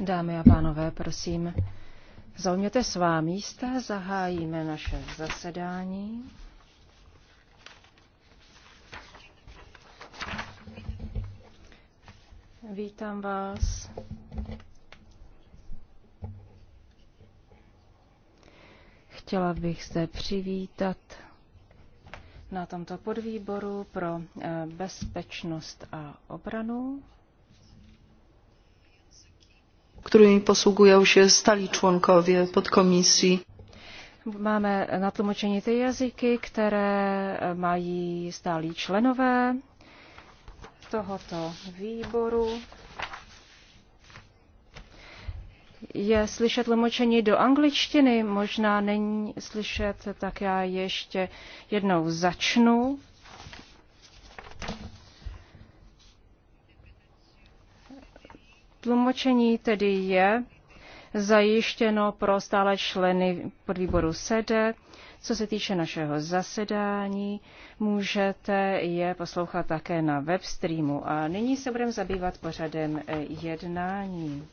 Dámy a pánové, prosím, zaujměte svá místa, zahájíme naše zasedání. Vítám vás. Chtěla bych zde přivítat na tomto podvýboru pro eh, bezpečnost a obranu. Kterými posługują się stali członkowie podkomisji. Máme na tlumočení ty jazyky, které eh, mají stálí členové tohoto výboru je slyšet tlumočení do angličtiny, možná není slyšet, tak já ještě jednou začnu. Tlumočení tedy je zajištěno pro stále členy podvýboru SEDE. Co se týče našeho zasedání, můžete je poslouchat také na webstreamu. A nyní se budeme zabývat pořadem jednání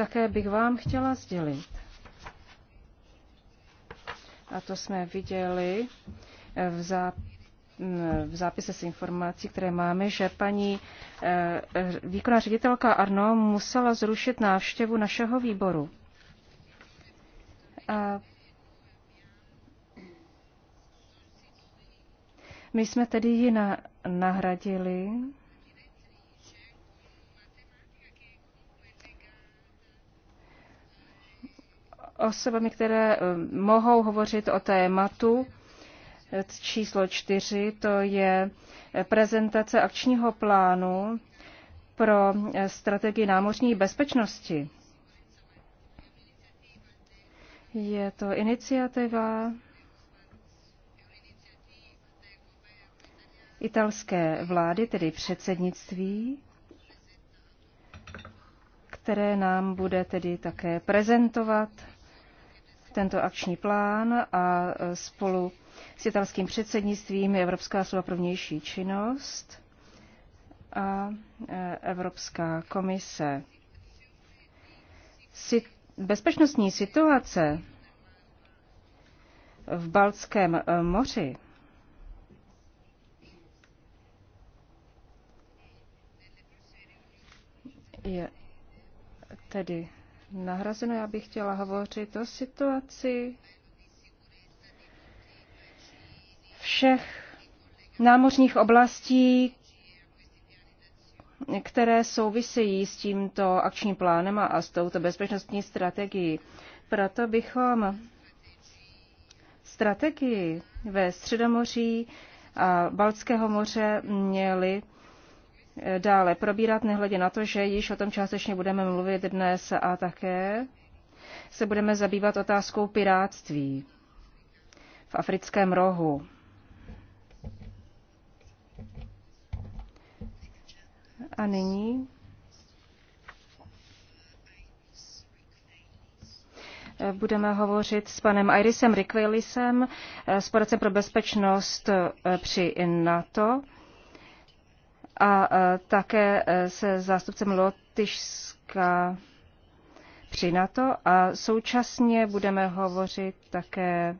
také bych vám chtěla sdělit. A to jsme viděli v, zá, v zápise s informací, které máme, že paní eh, výkonná ředitelka Arno musela zrušit návštěvu našeho výboru. A my jsme tedy ji nahradili osobami, které eh, mohou hovořit o tématu. Eh, číslo čtyři to je eh, prezentace akčního plánu pro strategii námořní bezpečnosti. Je to iniciativa italské vlády, tedy předsednictví, které nám bude tedy také prezentovat tento akční plán a e, spolu s italským předsednictvím Evropská služba pro vnější činnost a e, Evropská komise. Bezpečnostní situace v Balckém e, moři je tedy nahrazeno. Já bych chtěla hovořit o situaci všech námořních oblastí, které souvisejí s tímto akčním plánem a s touto bezpečnostní strategií. Proto bychom strategii ve Středomoří a Baltského moře měli dále probírat, nehledě na to, že již o tom částečně budeme mluvit dnes a také se budeme zabývat otázkou piráctví v africkém rohu. A nyní budeme hovořit s panem Irisem Rikvelisem, z poradcem pro bezpečnost při NATO a e, také e, se zástupcem Lotyšska při NATO a současně budeme hovořit také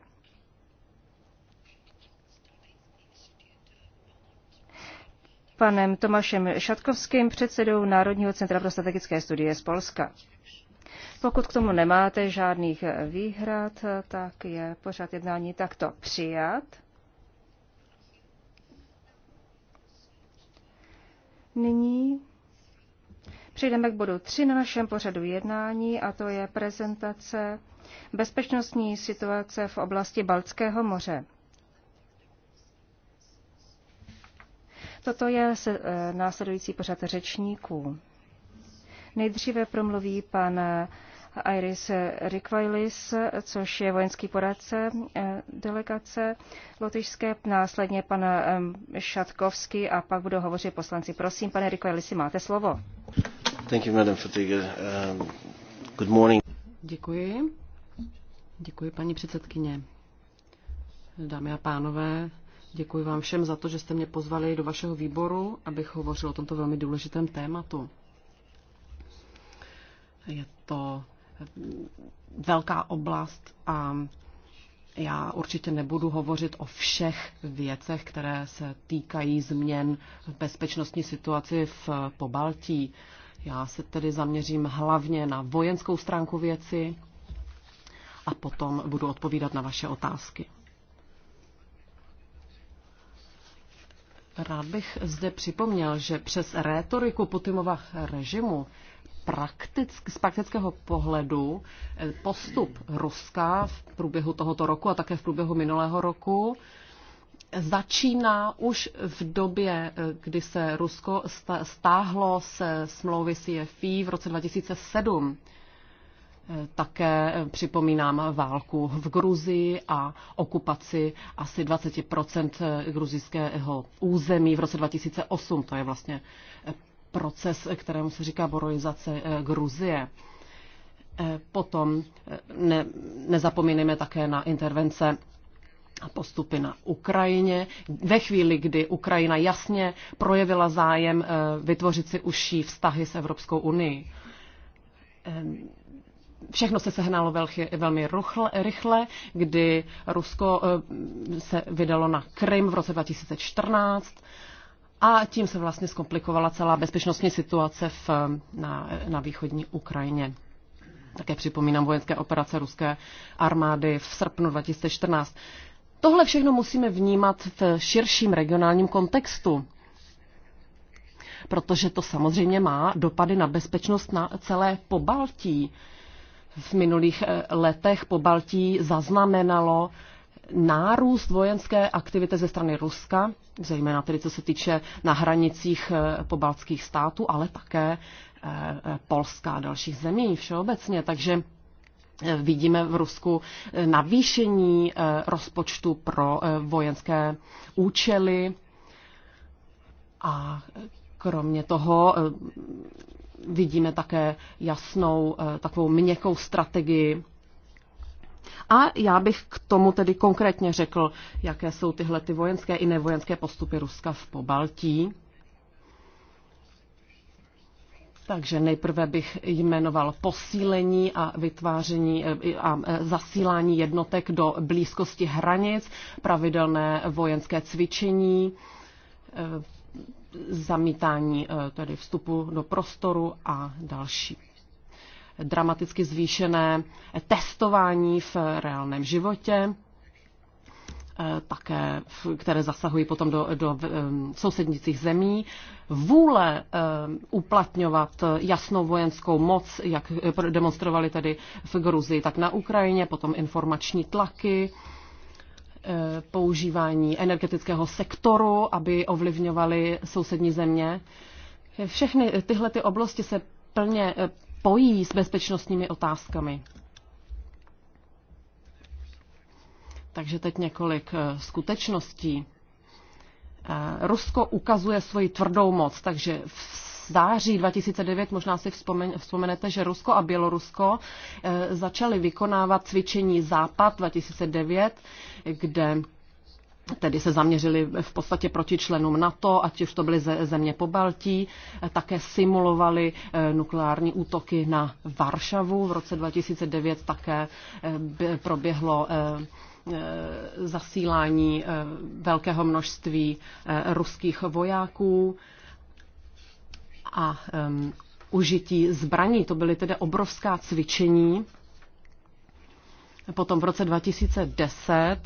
panem Tomášem Šatkovským, předsedou Národního centra pro strategické studie z Polska. Pokud k tomu nemáte žádných výhrad, tak je pořád jednání takto přijat. Nyní přejdeme k bodu 3 na našem pořadu jednání a to je prezentace bezpečnostní situace v oblasti Baltského moře. Toto je e, následující pořad řečníků. Nejdříve promluví pan Iris Rikvailis, což je vojenský poradce eh, delegace lotyšské, následně pan Šatkovský a pak budou hovořit poslanci. Prosím, pane Rikvailisi, máte slovo. Thank you, Madam Fatiga. Um, good morning. Děkuji. Děkuji, paní předsedkyně. Dámy a pánové, děkuji vám všem za to, že jste mě pozvali do vašeho výboru, abych hovořil o tomto velmi důležitém tématu. Je to velká oblast a já určitě nebudu hovořit o všech věcech, které se týkají změn v bezpečnostní situaci v Pobaltí. Já se tedy zaměřím hlavně na vojenskou stránku věci a potom budu odpovídat na vaše otázky. Rád bych zde připomněl, že přes rétoriku Putinova režimu praktick, z praktického pohledu eh, postup Ruska v průběhu tohoto roku a také v průběhu minulého roku začíná už v době, eh, kdy se Rusko stáhlo se smlouvy CFI v roce 2007. Eh, také připomínám válku v Gruzii a okupaci asi 20 gruzijského území v roce 2008. To je vlastně proces, kterému se říká borojizace eh, Gruzie. Eh, potom eh, ne, nezapomínejme také na intervence a postupy na Ukrajině. Ve chvíli, kdy Ukrajina jasně projevila zájem vytvořit si užší vztahy s Evropskou unii. Ehm, všechno se sehnalo velmi, rychle, kdy Rusko se vydalo na Krym v roce 2014 a tím se vlastně zkomplikovala celá bezpečnostní situace v, na, na východní Ukrajině. Také připomínám vojenské operace ruské armády v srpnu 2014. Tohle všechno musíme vnímat v širším regionálním kontextu, protože to samozřejmě má dopady na bezpečnost na celé Pobaltí. V minulých eh, letech Pobaltí zaznamenalo nárůst vojenské aktivity ze strany Ruska, zejména tedy co se týče na hranicích eh, pobaltských států, ale také eh, eh, Polska a dalších zemí všeobecně. Takže vidíme v Rusku navýšení rozpočtu pro vojenské účely a kromě toho vidíme také jasnou takovou měkkou strategii a já bych k tomu tedy konkrétně řekl, jaké jsou tyhle ty vojenské i nevojenské postupy Ruska v Pobaltí. Takže nejprve bych jmenoval posílení a vytváření eh, a eh, zasílání jednotek do blízkosti hranic, pravidelné vojenské cvičení, eh, zamítání tedy vstupu do prostoru a další dramaticky zvýšené testování v reálném životě, eh, také, které zasahují potom do, do sousednicích zemí, vůle eh, uplatňovat jasnou vojenskou moc, jak eh, demonstrovali tedy v Gruzii, tak na Ukrajině, potom informační tlaky, používání energetického sektoru, aby ovlivňovali sousední země. Všechny tyhle ty oblasti se plně pojí s bezpečnostními otázkami. Takže teď několik eh, skutečností. Eh, Rusko ukazuje svoji tvrdou moc, takže v září 2009, možná si vzpomenete, že Rusko a Bělorusko eh, začaly vykonávat cvičení Západ 2009, kde tedy se zaměřili v podstatě proti členům NATO, ať už to byly země po Baltí, také simulovali eh, nukleární útoky na Varšavu. V roce 2009 také eh, proběhlo eh, zasílání velkého množství ruských vojáků a ehm, užití zbraní. To byly tedy obrovská cvičení. Potom v roce 2010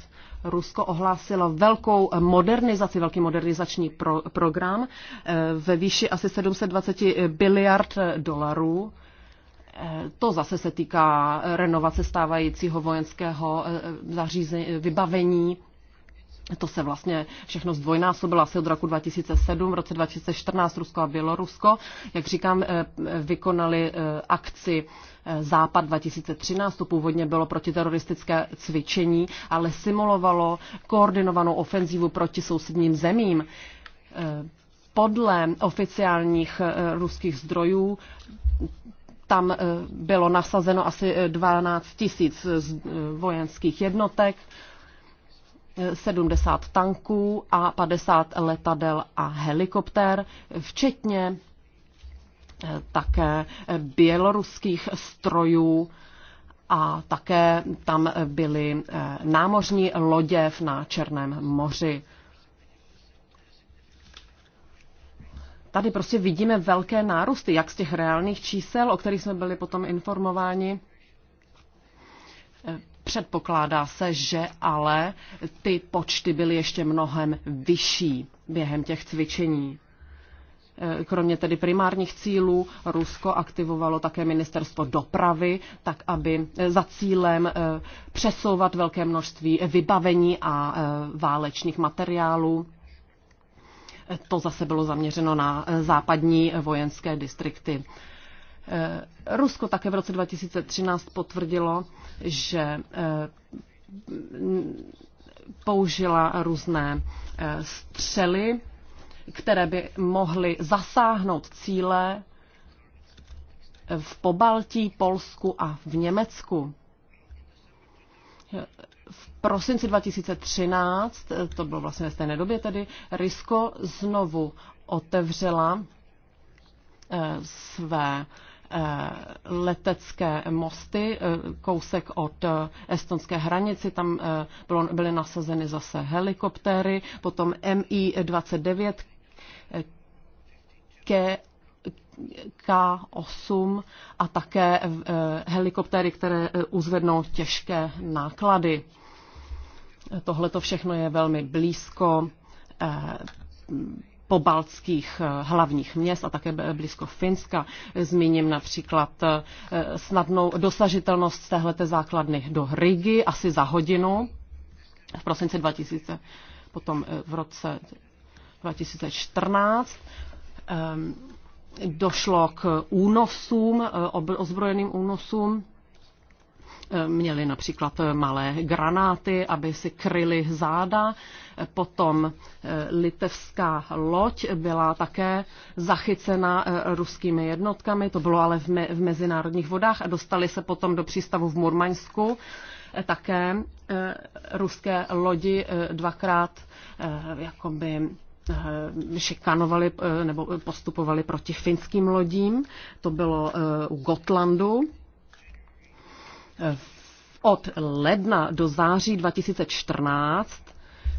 Rusko ohlásilo velkou modernizaci, velký modernizační pro, program eh, ve výši asi 720 biliard dolarů. Eh, to zase se týká renovace stávajícího vojenského eh, zařízení, vybavení to se vlastně všechno zdvojnásobilo asi od roku 2007. V roce 2014 Rusko a Bělorusko, jak říkám, eh, vykonali eh, akci eh, Západ 2013. To původně bylo protiteroristické cvičení, ale simulovalo koordinovanou ofenzívu proti sousedním zemím. Podle oficiálních ruských zdrojů tam bylo nasazeno asi 12 tisíc vojenských jednotek, 70 tanků a 50 letadel a helikoptér, včetně eh, také běloruských strojů a také tam byly eh, námořní lodě na Černém moři. Tady prostě vidíme velké nárůsty, jak z těch reálných čísel, o kterých jsme byli potom informováni, Předpokládá se, že ale ty počty byly ještě mnohem vyšší během těch cvičení. E, kromě tedy primárních cílů Rusko aktivovalo také ministerstvo dopravy, tak aby e, za cílem e, přesouvat velké množství vybavení a válečných materiálů. To zase bylo zaměřeno na západní vojenské distrikty Eh, Rusko také v roce 2013 potvrdilo, že eh, použila různé eh, střely, které by mohly zasáhnout cíle v Pobaltí, Polsku a v Německu. V prosinci 2013, to bylo vlastně ve stejné době tedy, Risko znovu otevřela své Eh, letecké mosty, eh, kousek od eh, estonské hranici, tam byly nasazeny zase helikoptéry, potom MI-29, K, K8 a také helikoptéry, které uzvednou těžké náklady. Tohle to všechno je velmi blízko pobaltských eh, hlavních měst a také blízko Finska. Zmíním například eh, snadnou dosažitelnost téhleté základny do Rigi asi za hodinu v prosinci 2000, potom eh, v roce 2014 ehm, došlo k únosům, ozbrojeným únosům měli například malé granáty, aby si kryli záda. Potom eh, litevská loď byla také zachycena eh, ruskými jednotkami, to bylo ale v, me- v mezinárodních vodách a dostali se potom do přístavu v Murmaňsku. Eh, také ruské lodi dvakrát jakoby šikanovali nebo postupovali proti finským lodím. To bylo u Gotlandu od ledna do září 2014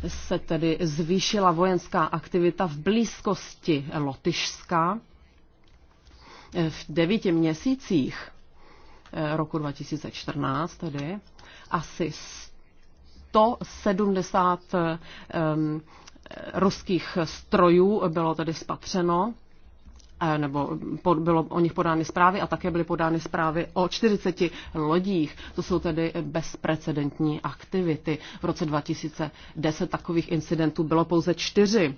se tedy zvýšila vojenská aktivita v blízkosti Lotyšska. V devíti měsících eh, roku 2014 tedy asi 170 um, eh, eh, ruských strojů bylo tedy spatřeno Eh, nebo bylo o nich podány zprávy a také byly podány zprávy o 40 lodích. To jsou tedy bezprecedentní aktivity. V roce 2010 takových incidentů bylo pouze čtyři.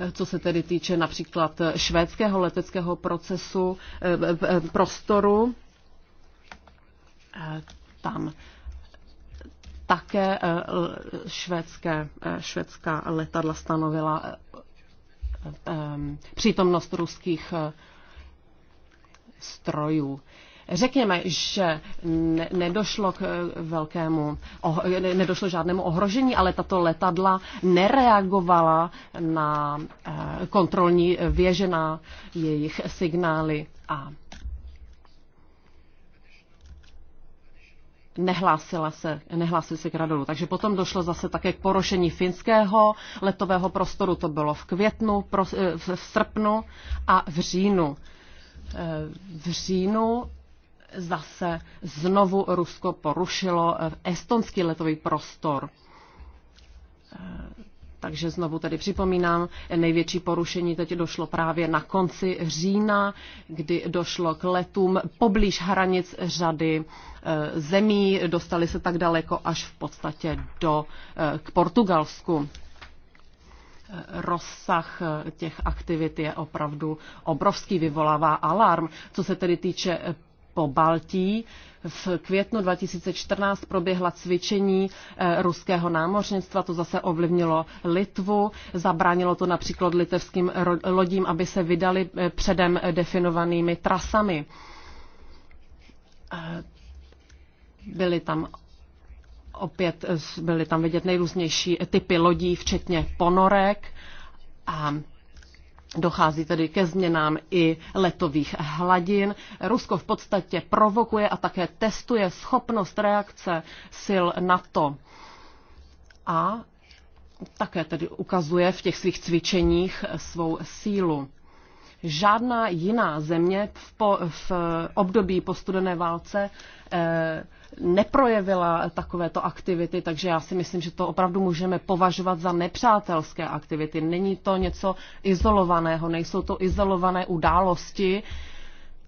Eh, co se tedy týče například švédského leteckého procesu, eh, prostoru, tam také švédské, švédská letadla stanovila Ehm, přítomnost ruských eh, strojů. Řekněme, že nedošlo k eh, velkému, nedošlo žádnému ohrožení, ale tato letadla nereagovala na eh, kontrolní věže, na jejich signály a nehlásila se, nehlásil se k radolu. Takže potom došlo zase také k porušení finského letového prostoru. To bylo v květnu, eh, v srpnu a v říjnu. Eh, v říjnu zase znovu Rusko porušilo eh, estonský letový prostor. Takže znovu tedy připomínám, největší porušení teď došlo právě na konci října, kdy došlo k letům poblíž hranic řady e, zemí, dostali se tak daleko až v podstatě do, e, k Portugalsku. E, rozsah těch aktivit je opravdu obrovský, vyvolává alarm. Co se tedy týče po Baltí. V květnu 2014 proběhla cvičení eh, ruského námořnictva, to zase ovlivnilo Litvu, zabránilo to například litevským lodím, aby se vydali eh, předem definovanými trasami. Eh, byly tam opět byly tam vidět nejrůznější typy lodí, včetně ponorek a Dochází tedy ke změnám i letových hladin. Rusko v podstatě provokuje a také testuje schopnost reakce sil NATO. A také tedy ukazuje v těch svých cvičeních svou sílu žádná jiná země v, po, v období po studené válce eh, neprojevila takovéto aktivity, takže já si myslím, že to opravdu můžeme považovat za nepřátelské aktivity. Není to něco izolovaného, nejsou to izolované události,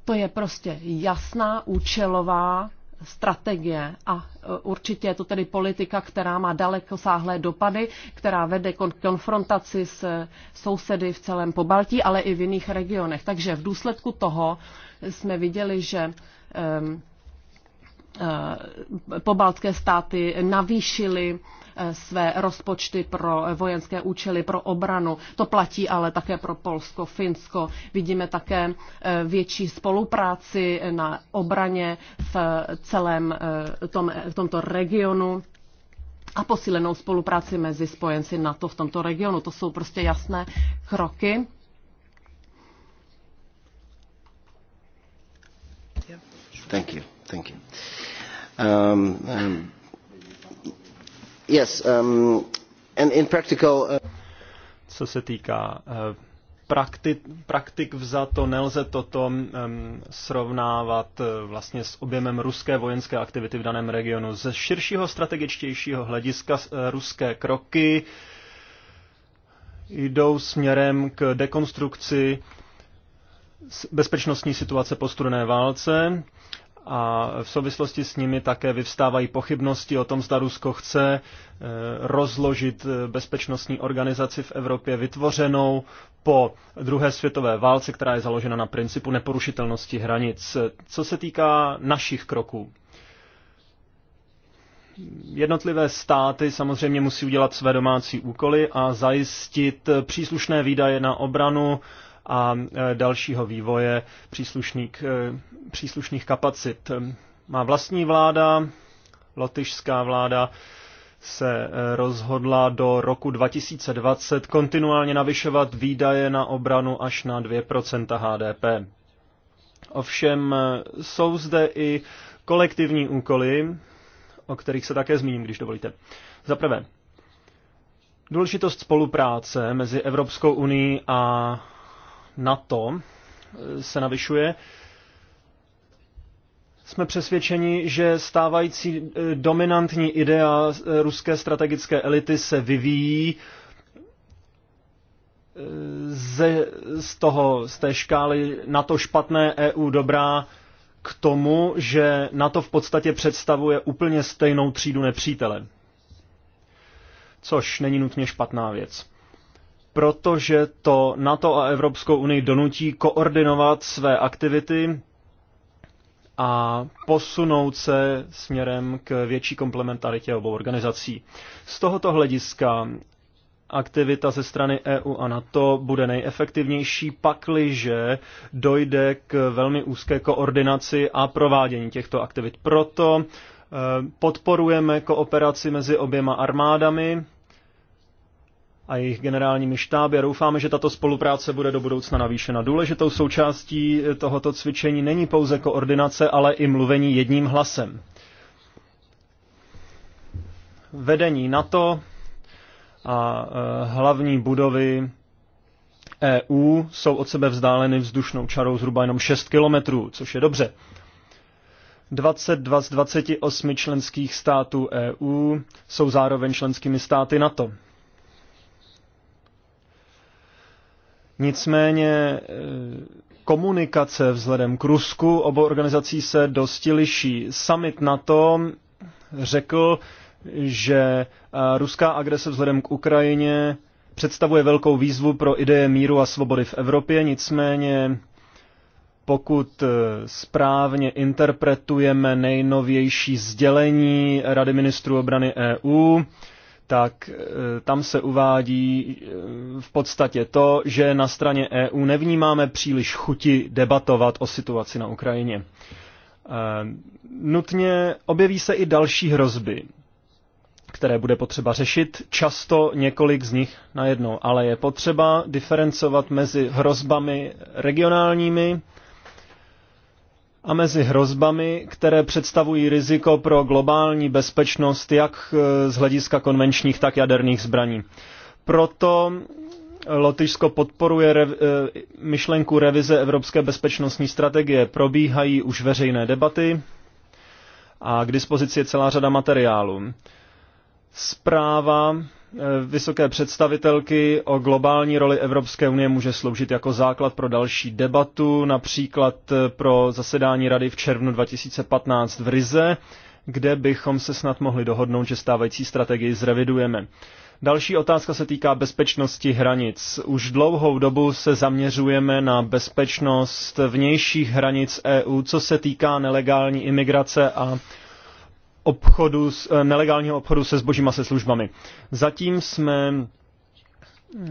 to je prostě jasná, účelová strategie a e, určitě je to tedy politika, která má dalekosáhlé dopady, která vede k konfrontaci s e, sousedy v celém Pobaltí, ale i v jiných regionech. Takže v důsledku toho jsme viděli, že e, pobaltské státy navýšily své rozpočty pro vojenské účely, pro obranu. To platí ale také pro Polsko, Finsko. Vidíme také eh, větší spolupráci na obraně v celém eh, tom, v tomto regionu a posílenou spolupráci mezi spojenci NATO v tomto regionu. To jsou prostě jasné kroky. Thank you. Thank you. Um, um, Um, uh, Co se týká uh, praktik, praktik vzato, nelze toto um, srovnávat uh, vlastně s objemem ruské vojenské aktivity v daném regionu. Ze širšího strategičtějšího hlediska ruské kroky jdou směrem k dekonstrukci bezpečnostní situace po studené válce, a v souvislosti s nimi také vyvstávají pochybnosti o tom, zda Rusko chce eh, rozložit eh, bezpečnostní organizaci v Evropě vytvořenou po druhé světové válce, která je založena na principu neporušitelnosti hranic. Co se týká našich kroků, jednotlivé státy samozřejmě musí udělat své domácí úkoly a zajistit příslušné výdaje na obranu, a e, dalšího vývoje příslušných e, kapacit. E, má vlastní vláda, lotyšská vláda, se rozhodla do roku 2020 kontinuálně navyšovat výdaje na obranu až na 2% HDP. Ovšem jsou zde i kolektivní úkoly, o kterých se také zmíním, když dovolíte. Za prvé, důležitost spolupráce mezi Evropskou unii a NATO se navyšuje, jsme přesvědčeni, že stávající eh, dominantní idea eh, ruské strategické elity se vyvíjí eh, ze, z, toho, z té škály na to špatné, EU dobrá, k tomu, že na to v podstatě představuje úplně stejnou třídu nepřítele. Což není nutně špatná věc protože to NATO a Evropskou unii donutí koordinovat své aktivity a posunout se směrem k větší komplementaritě obou organizací. Z tohoto hlediska aktivita ze strany EU a NATO bude nejefektivnější, pakliže dojde k velmi úzké koordinaci a provádění těchto aktivit. Proto eh, podporujeme kooperaci mezi oběma armádami, a jejich generálními štáby a doufáme, že tato spolupráce bude do budoucna navýšena. Důležitou součástí tohoto cvičení není pouze koordinace, ale i mluvení jedním hlasem. Vedení NATO a e, hlavní budovy EU jsou od sebe vzdáleny vzdušnou čarou zhruba jenom 6 kilometrů, což je dobře. 22 z 28 členských států EU jsou zároveň členskými státy NATO. Nicméně e, komunikace vzhledem k Rusku obou organizací se dosti liší. Summit tom řekl, že e, ruská agrese vzhledem k Ukrajině představuje velkou výzvu pro ideje míru a svobody v Evropě, nicméně pokud e, správně interpretujeme nejnovější sdělení Rady ministrů obrany EU, tak eh, tam se uvádí eh, v podstatě to, že na straně EU nevnímáme příliš chuti debatovat o situaci na Ukrajině. Eh, nutně objeví se i další hrozby, které bude potřeba řešit, často několik z nich najednou, ale je potřeba diferencovat mezi hrozbami regionálními, a mezi hrozbami, které představují riziko pro globální bezpečnost jak e, z hlediska konvenčních, tak jaderných zbraní. Proto Lotyšsko podporuje re- e, myšlenku revize Evropské bezpečnostní strategie. Probíhají už veřejné debaty a k dispozici je celá řada materiálů. Zpráva Eh, vysoké představitelky o globální roli Evropské unie může sloužit jako základ pro další debatu, například eh, pro zasedání Rady v červnu 2015 v Rize, kde bychom se snad mohli dohodnout, že stávající strategii zrevidujeme. Další otázka se týká bezpečnosti hranic. Už dlouhou dobu se zaměřujeme na bezpečnost vnějších hranic EU, co se týká nelegální imigrace a obchodu, eh, nelegálního obchodu se zbožím a se službami. Zatím jsme eh,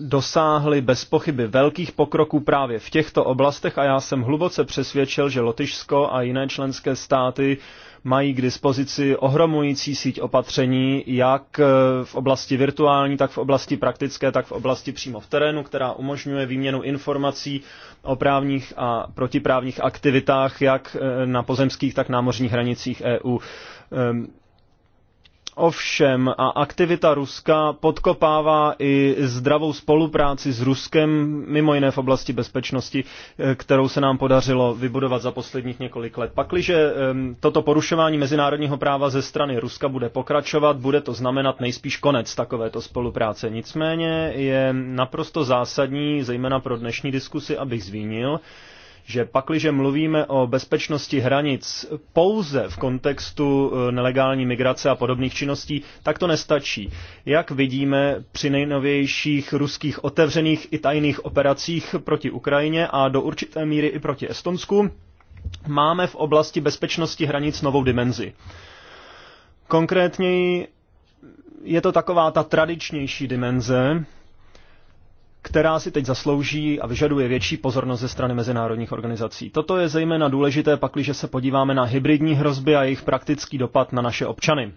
dosáhli bez pochyby velkých pokroků právě v těchto oblastech a já jsem hluboce přesvědčil, že Lotyšsko a jiné členské státy mají k dispozici ohromující síť opatření, jak eh, v oblasti virtuální, tak v oblasti praktické, tak v oblasti přímo v terénu, která umožňuje výměnu informací o právních a protiprávních aktivitách, jak eh, na pozemských, tak námořních hranicích EU. Ehm, Ovšem, a aktivita Ruska podkopává i zdravou spolupráci s Ruskem, mimo jiné v oblasti bezpečnosti, eh, kterou se nám podařilo vybudovat za posledních několik let. Pakliže eh, toto porušování mezinárodního práva ze strany Ruska bude pokračovat, bude to znamenat nejspíš konec takovéto spolupráce. Nicméně je naprosto zásadní, zejména pro dnešní diskusi, abych zvínil, že pakliže mluvíme o bezpečnosti hranic pouze v kontextu e, nelegální migrace a podobných činností, tak to nestačí. Jak vidíme při nejnovějších ruských otevřených i tajných operacích proti Ukrajině a do určité míry i proti Estonsku, máme v oblasti bezpečnosti hranic novou dimenzi. Konkrétněji je to taková ta tradičnější dimenze, která si teď zaslouží a vyžaduje větší pozornost ze strany mezinárodních organizací. Toto je zejména důležité, pakliže se podíváme na hybridní hrozby a jejich praktický dopad na naše občany.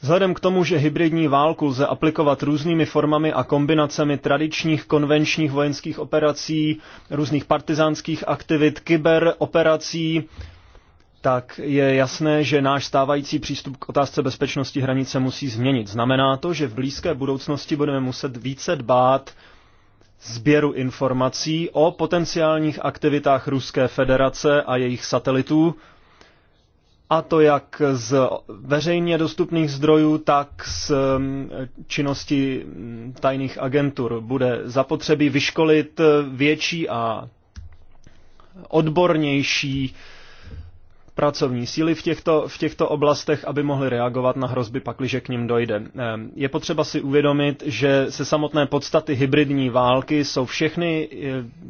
Vzhledem k tomu, že hybridní válku lze aplikovat různými formami a kombinacemi tradičních konvenčních vojenských operací, různých partizánských aktivit, kyberoperací, tak je jasné, že náš stávající přístup k otázce bezpečnosti hranice musí změnit. Znamená to, že v blízké budoucnosti budeme muset více dbát sběru informací o potenciálních aktivitách Ruské federace a jejich satelitů, a to jak z veřejně dostupných zdrojů, tak z mm, činnosti mm, tajných agentur. Bude zapotřebí vyškolit e, větší a odbornější pracovní síly v těchto, v těchto oblastech, aby mohly reagovat na hrozby, pakliže k ním dojde. Ehm, je potřeba si uvědomit, že se samotné podstaty hybridní války jsou všechny eh,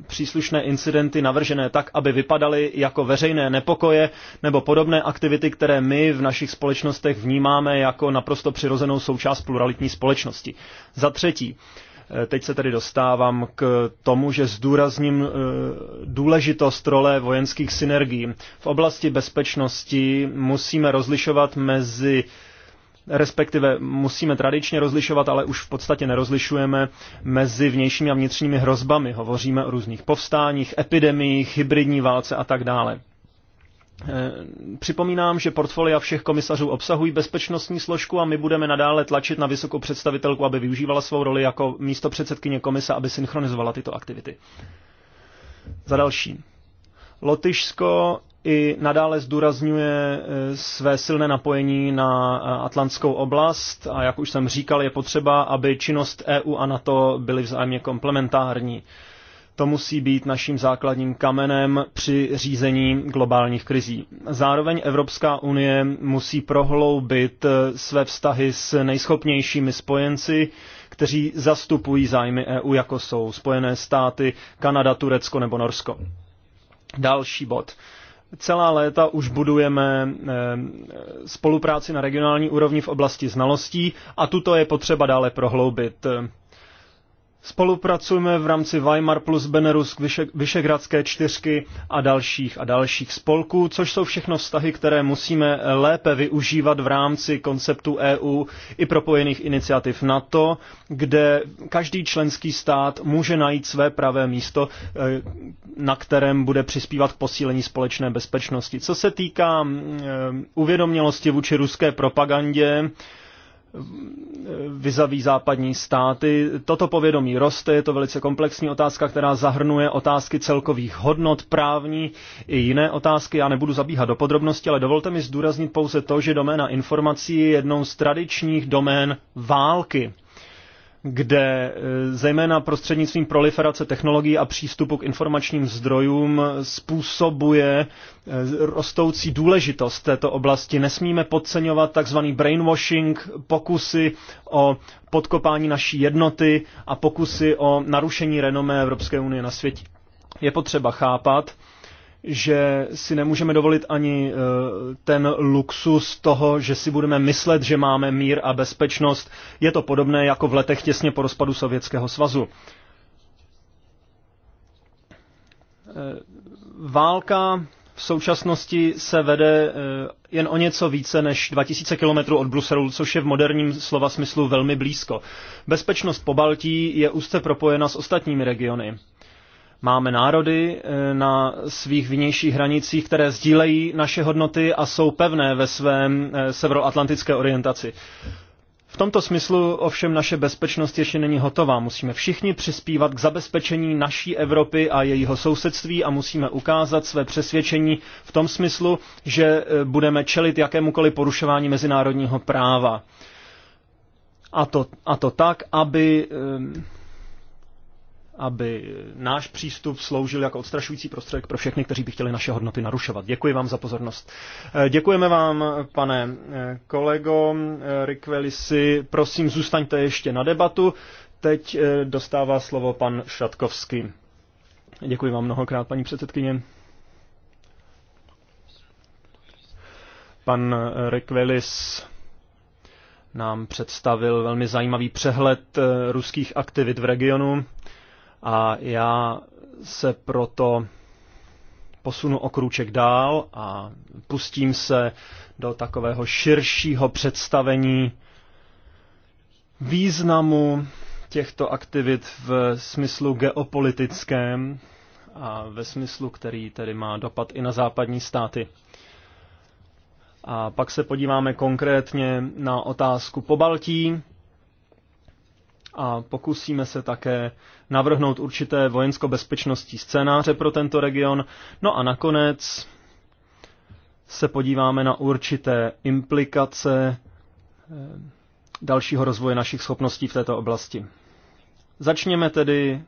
příslušné incidenty navržené tak, aby vypadaly jako veřejné nepokoje nebo podobné aktivity, které my v našich společnostech vnímáme jako naprosto přirozenou součást pluralitní společnosti. Za třetí, Eh, teď se tedy dostávám k tomu, že zdůrazním eh, důležitost role vojenských synergií. V oblasti bezpečnosti musíme rozlišovat mezi respektive musíme tradičně rozlišovat, ale už v podstatě nerozlišujeme mezi vnějšími a vnitřními hrozbami. Hovoříme o různých povstáních, epidemiích, hybridní válce a tak dále. Eh, připomínám, že portfolia všech komisařů obsahují bezpečnostní složku a my budeme nadále tlačit na vysokou představitelku, aby využívala svou roli jako místo předsedkyně komise, aby synchronizovala tyto aktivity. Za další. Lotyšsko i nadále zdůrazňuje eh, své silné napojení na eh, Atlantskou oblast a jak už jsem říkal, je potřeba, aby činnost EU a NATO byly vzájemně komplementární. To musí být naším základním kamenem při řízení globálních krizí. Zároveň Evropská unie musí prohloubit eh, své vztahy s nejschopnějšími spojenci, kteří zastupují zájmy EU, jako jsou Spojené státy, Kanada, Turecko nebo Norsko. Další bod celá léta už budujeme eh, spolupráci na regionální úrovni v oblasti znalostí a tuto je potřeba dále prohloubit. Spolupracujeme v rámci Weimar plus Benerus Vyše, Vyšegradské čtyřky a dalších a dalších spolků, což jsou všechno vztahy, které musíme lépe využívat v rámci konceptu EU i propojených iniciativ NATO, kde každý členský stát může najít své pravé místo, eh, na kterém bude přispívat k posílení společné bezpečnosti. Co se týká mm, eh, uvědomělosti vůči ruské propagandě, vizaví západní státy. Toto povědomí roste, je to velice komplexní otázka, která zahrnuje otázky celkových hodnot, právní i jiné otázky. Já nebudu zabíhat do podrobností, ale dovolte mi zdůraznit pouze to, že doména informací je jednou z tradičních domén války kde eh, zejména prostřednictvím proliferace technologií a přístupu k informačním zdrojům způsobuje eh, rostoucí důležitost této oblasti. Nesmíme podceňovat tzv. brainwashing, pokusy o podkopání naší jednoty a pokusy o narušení renomé Evropské unie na světě. Je potřeba chápat, že si nemůžeme dovolit ani eh, ten luxus toho, že si budeme myslet, že máme mír a bezpečnost. Je to podobné jako v letech těsně po rozpadu Sovětského svazu. Eh, válka v současnosti se vede eh, jen o něco více než 2000 km od Bruselu, což je v moderním slova smyslu velmi blízko. Bezpečnost po Baltí je úzce propojena s ostatními regiony. Máme národy eh, na svých vnějších hranicích, které sdílejí naše hodnoty a jsou pevné ve svém eh, severoatlantické orientaci. V tomto smyslu ovšem naše bezpečnost ještě není hotová. Musíme všichni přispívat k zabezpečení naší Evropy a jejího sousedství a musíme ukázat své přesvědčení v tom smyslu, že eh, budeme čelit jakémukoliv porušování mezinárodního práva. A to, a to tak, aby. Um, aby náš přístup sloužil jako odstrašující prostředek pro všechny, kteří by chtěli naše hodnoty narušovat. Děkuji vám za pozornost. Eh, děkujeme vám, pane eh, kolego eh, Rikvelisi. Prosím, zůstaňte ještě na debatu. Teď dostává slovo pan Šatkovský. Děkuji vám mnohokrát, paní předsedkyně. Pan Rikvelis nám představil velmi zajímavý přehled ruských aktivit v regionu a já se proto posunu o krůček dál a pustím se do takového širšího představení významu těchto aktivit v smyslu geopolitickém a ve smyslu, který tedy má dopad i na západní státy. A pak se podíváme konkrétně na otázku po Pobaltí a pokusíme se také navrhnout určité vojensko-bezpečnostní scénáře pro tento region. No a nakonec se podíváme na určité implikace eh, dalšího rozvoje našich schopností v této oblasti. Začněme tedy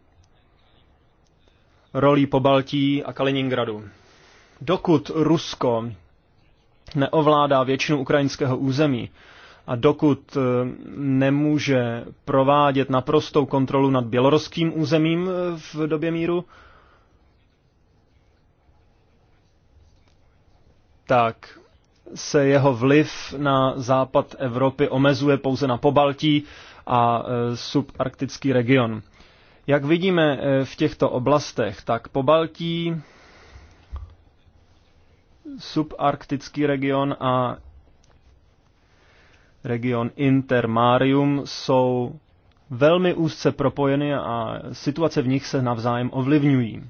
rolí Baltí a Kaliningradu. Dokud Rusko neovládá většinu ukrajinského území, a dokud eh, nemůže provádět naprostou kontrolu nad běloruským územím eh, v době míru, tak se jeho vliv na západ Evropy omezuje pouze na Pobaltí a eh, subarktický region. Jak vidíme v těchto oblastech, tak Pobaltí, subarktický region a region Intermarium jsou velmi úzce propojeny a situace v nich se navzájem ovlivňují.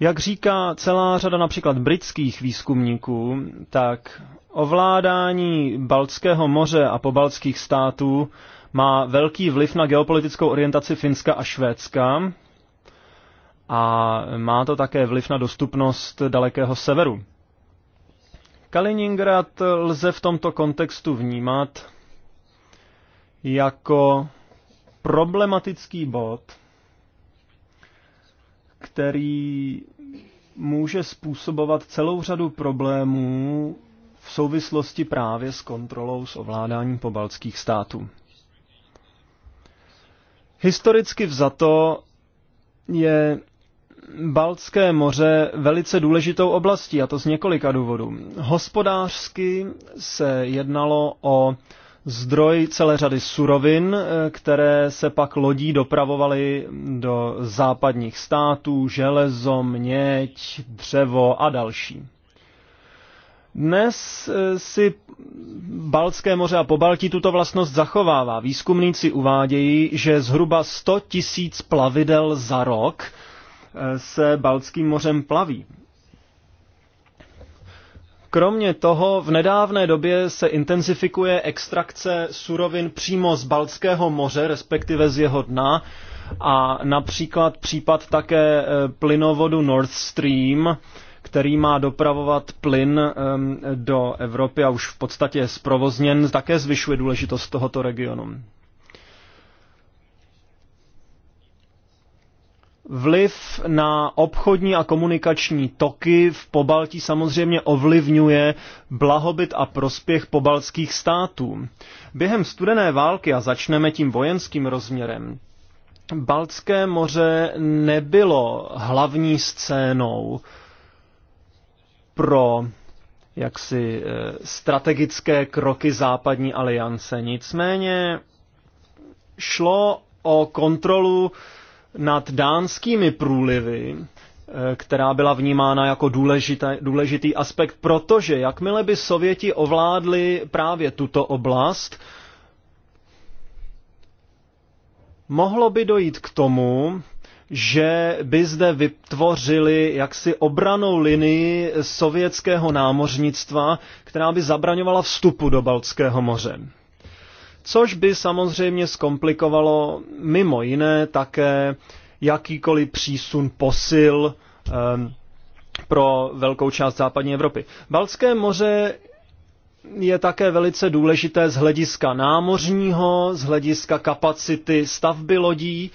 Jak říká celá řada například britských výzkumníků, tak ovládání Baltského moře a pobaltských států má velký vliv na geopolitickou orientaci Finska a Švédska a má to také vliv na dostupnost dalekého severu. Kaliningrad lze v tomto kontextu vnímat jako problematický bod, který může způsobovat celou řadu problémů v souvislosti právě s kontrolou s ovládáním pobaltských států. Historicky vzato je Baltské moře velice důležitou oblastí, a to z několika důvodů. Hospodářsky se jednalo o zdroj celé řady surovin, eh, které se pak lodí dopravovaly do západních států, železo, měď, dřevo a další. Dnes eh, si Balské moře a Pobaltí tuto vlastnost zachovává. Výzkumníci uvádějí, že zhruba 100 tisíc plavidel za rok se Baltským mořem plaví. Kromě toho v nedávné době se intenzifikuje extrakce surovin přímo z Baltského moře, respektive z jeho dna, a například případ také eh, plynovodu Nord Stream, který má dopravovat plyn ehm, do Evropy a už v podstatě je zprovozněn, také zvyšuje důležitost tohoto regionu. vliv na obchodní a komunikační toky v Pobaltí samozřejmě ovlivňuje blahobyt a prospěch pobaltských států. Během studené války, a začneme tím vojenským rozměrem, Baltské moře nebylo hlavní scénou pro jaksi eh, strategické kroky západní aliance. Nicméně šlo o kontrolu nad dánskými průlivy, eh, která byla vnímána jako důležité, důležitý aspekt, protože jakmile by Sověti ovládli právě tuto oblast, mohlo by dojít k tomu, že by zde vytvořili jaksi obranou linii sovětského námořnictva, která by zabraňovala vstupu do Baltského moře což by samozřejmě zkomplikovalo mimo jiné také jakýkoliv přísun posil ehm, pro velkou část západní Evropy. Balské moře je také velice důležité z hlediska námořního, z hlediska kapacity stavby lodí,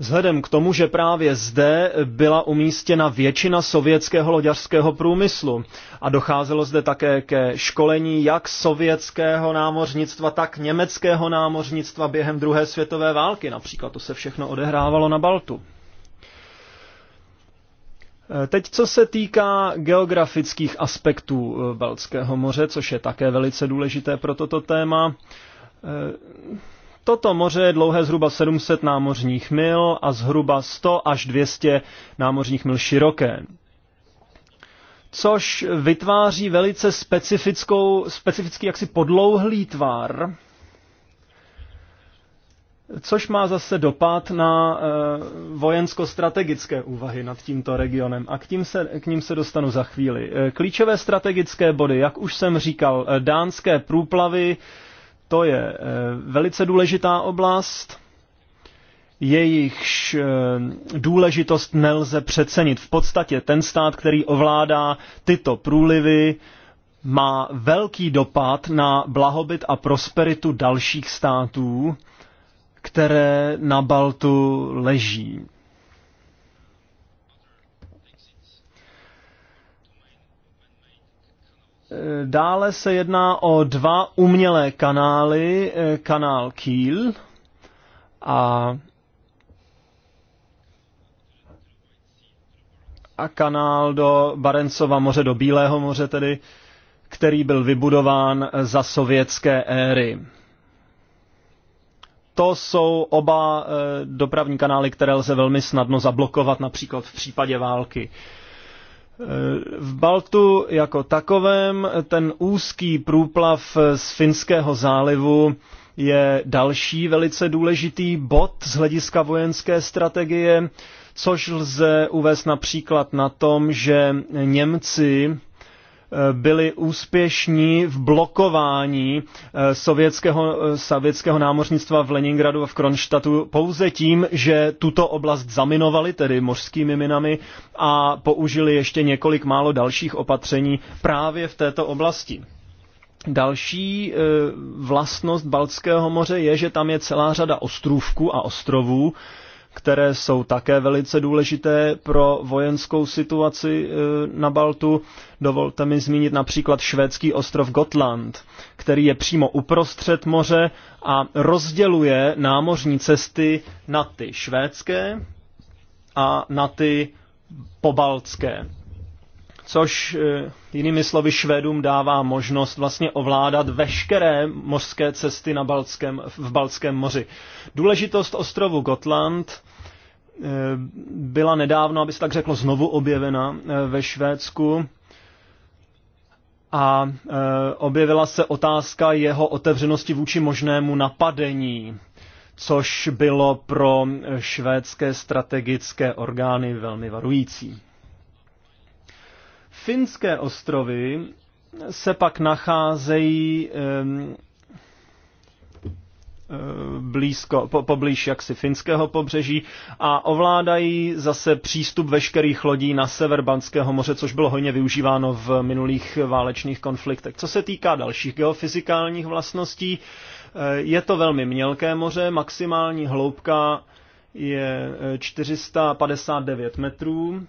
Vzhledem k tomu, že právě zde byla umístěna většina sovětského loďařského průmyslu a docházelo zde také ke školení jak sovětského námořnictva, tak německého námořnictva během druhé světové války. Například to se všechno odehrávalo na Baltu. E, teď co se týká geografických aspektů e, Baltského moře, což je také velice důležité pro toto téma, e, Toto moře je dlouhé zhruba 700 námořních mil a zhruba 100 až 200 námořních mil široké což vytváří velice specifickou, specifický jaksi podlouhlý tvar, což má zase dopad na e, vojensko-strategické úvahy nad tímto regionem a k, tím se, k ním se dostanu za chvíli. E, klíčové strategické body, jak už jsem říkal, e, dánské průplavy, e, to je eh, velice důležitá oblast, jejichž eh, důležitost nelze přecenit. V podstatě ten stát, který ovládá tyto průlivy, má velký dopad na blahobyt a prosperitu dalších států, které na Baltu leží. Dále se jedná o dva umělé kanály, eh, kanál Kiel a, a kanál do Barencova moře, do Bílého moře tedy, který byl vybudován za sovětské éry. To jsou oba eh, dopravní kanály, které lze velmi snadno zablokovat, například v případě války. Eh, v Baltu jako takovém ten úzký průplav z Finského zálivu je další velice důležitý bod z hlediska vojenské strategie, což lze uvést například na tom, že Němci Eh, byli úspěšní v blokování eh, sovětského, eh, sovětského námořnictva v Leningradu a v Kronštatu pouze tím, že tuto oblast zaminovali, tedy mořskými minami, a použili ještě několik málo dalších opatření právě v této oblasti. Další vlastnost Baltského moře je, že tam je celá řada ostrůvků a ostrovů, které jsou také velice důležité pro vojenskou situaci eh, na Baltu. Dovolte mi zmínit například švédský ostrov Gotland, který je přímo uprostřed moře a rozděluje námořní cesty na ty švédské a na ty pobaltské což eh, jinými slovy Švédům dává možnost vlastně ovládat veškeré mořské cesty na Balckém, v Balckém moři. Důležitost ostrovu Gotland eh, byla nedávno, aby se tak řeklo, znovu objevena eh, ve Švédsku a objevila se otázka jeho otevřenosti vůči možnému napadení, což bylo pro švédské strategické orgány velmi varující. Finské ostrovy se pak nacházejí blízko, po, poblíž jaksi finského pobřeží a ovládají zase přístup veškerých lodí na sever Banského moře, což bylo hojně využíváno v minulých válečných konfliktech. Co se týká dalších geofyzikálních vlastností, eh, je to velmi mělké moře, maximální hloubka je 459 eh, metrů,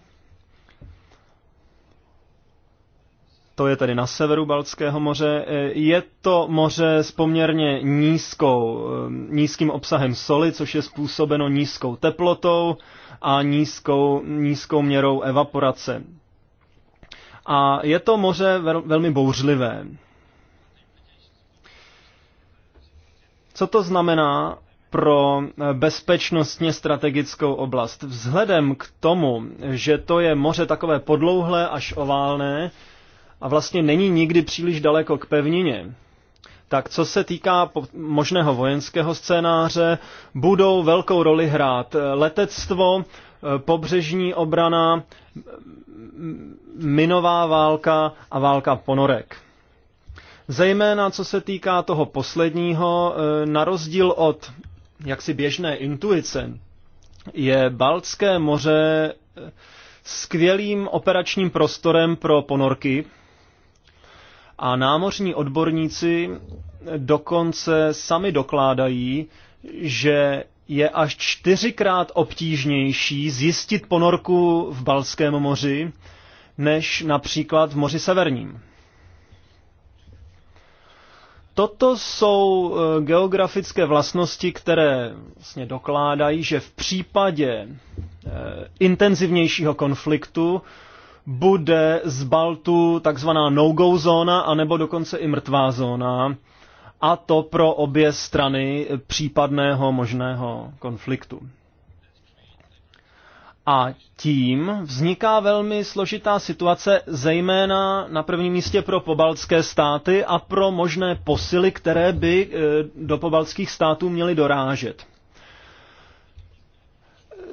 to je tedy na severu Baltského moře. E, je to moře s poměrně nízkou, e, nízkým obsahem soli, což je způsobeno nízkou teplotou a nízkou, nízkou měrou evaporace. A je to moře vel, velmi bouřlivé. Co to znamená pro bezpečnostně strategickou oblast? Vzhledem k tomu, že to je moře takové podlouhlé až oválné, a vlastně není nikdy příliš daleko k pevnině. Tak co se týká možného vojenského scénáře, budou velkou roli hrát eh, letectvo, eh, pobřežní obrana, minová válka a válka ponorek. Zejména co se týká toho posledního, eh, na rozdíl od jaksi běžné intuice, je Baltské moře skvělým operačním prostorem pro ponorky, a námořní odborníci dokonce sami dokládají, že je až čtyřikrát obtížnější zjistit ponorku v Balském moři, než například v moři severním. Toto jsou e, geografické vlastnosti, které vlastně dokládají, že v případě e, intenzivnějšího konfliktu bude z Baltu takzvaná no-go zóna, anebo dokonce i mrtvá zóna, a to pro obě strany případného možného konfliktu. A tím vzniká velmi složitá situace, zejména na prvním místě pro pobaltské státy a pro možné posily, které by e, do pobaltských států měly dorážet.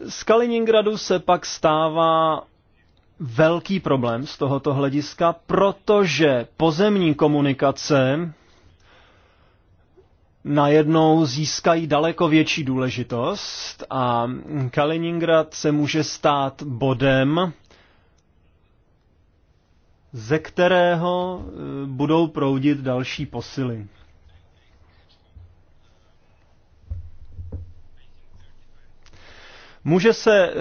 Z Kaliningradu se pak stává velký problém z tohoto hlediska, protože pozemní komunikace najednou získají daleko větší důležitost a Kaliningrad se může stát bodem, ze kterého eh, budou proudit další posily. Může se e,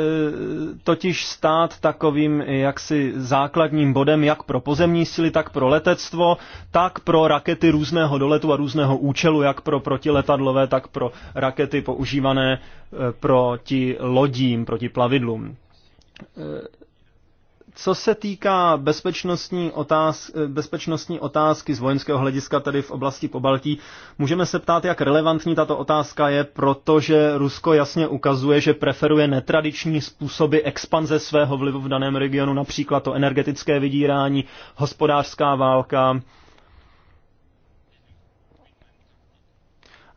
totiž stát takovým jaksi základním bodem jak pro pozemní síly, tak pro letectvo, tak pro rakety různého doletu a různého účelu, jak pro protiletadlové, tak pro rakety používané e, proti lodím, proti plavidlům. E, co se týká bezpečnostní, otáz, bezpečnostní otázky z vojenského hlediska tady v oblasti Pobaltí, můžeme se ptát, jak relevantní tato otázka je, protože Rusko jasně ukazuje, že preferuje netradiční způsoby expanze svého vlivu v daném regionu, například to energetické vydírání, hospodářská válka,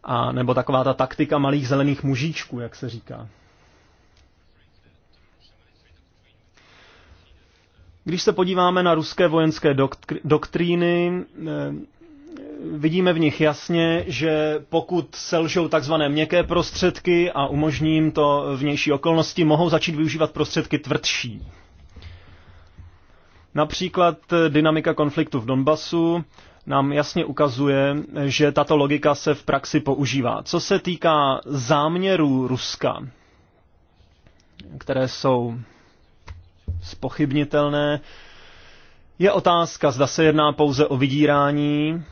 a nebo taková ta taktika malých zelených mužíčků, jak se říká. Když se podíváme na ruské vojenské doktríny, eh, vidíme v nich jasně, že pokud selžou takzvané měkké prostředky a umožní jim to vnější okolnosti, mohou začít využívat prostředky tvrdší. Například eh, dynamika konfliktu v Donbasu nám jasně ukazuje, eh, že tato logika se v praxi používá. Co se týká záměrů Ruska, které jsou spochybnitelné. Je otázka, zda se jedná pouze o vydírání,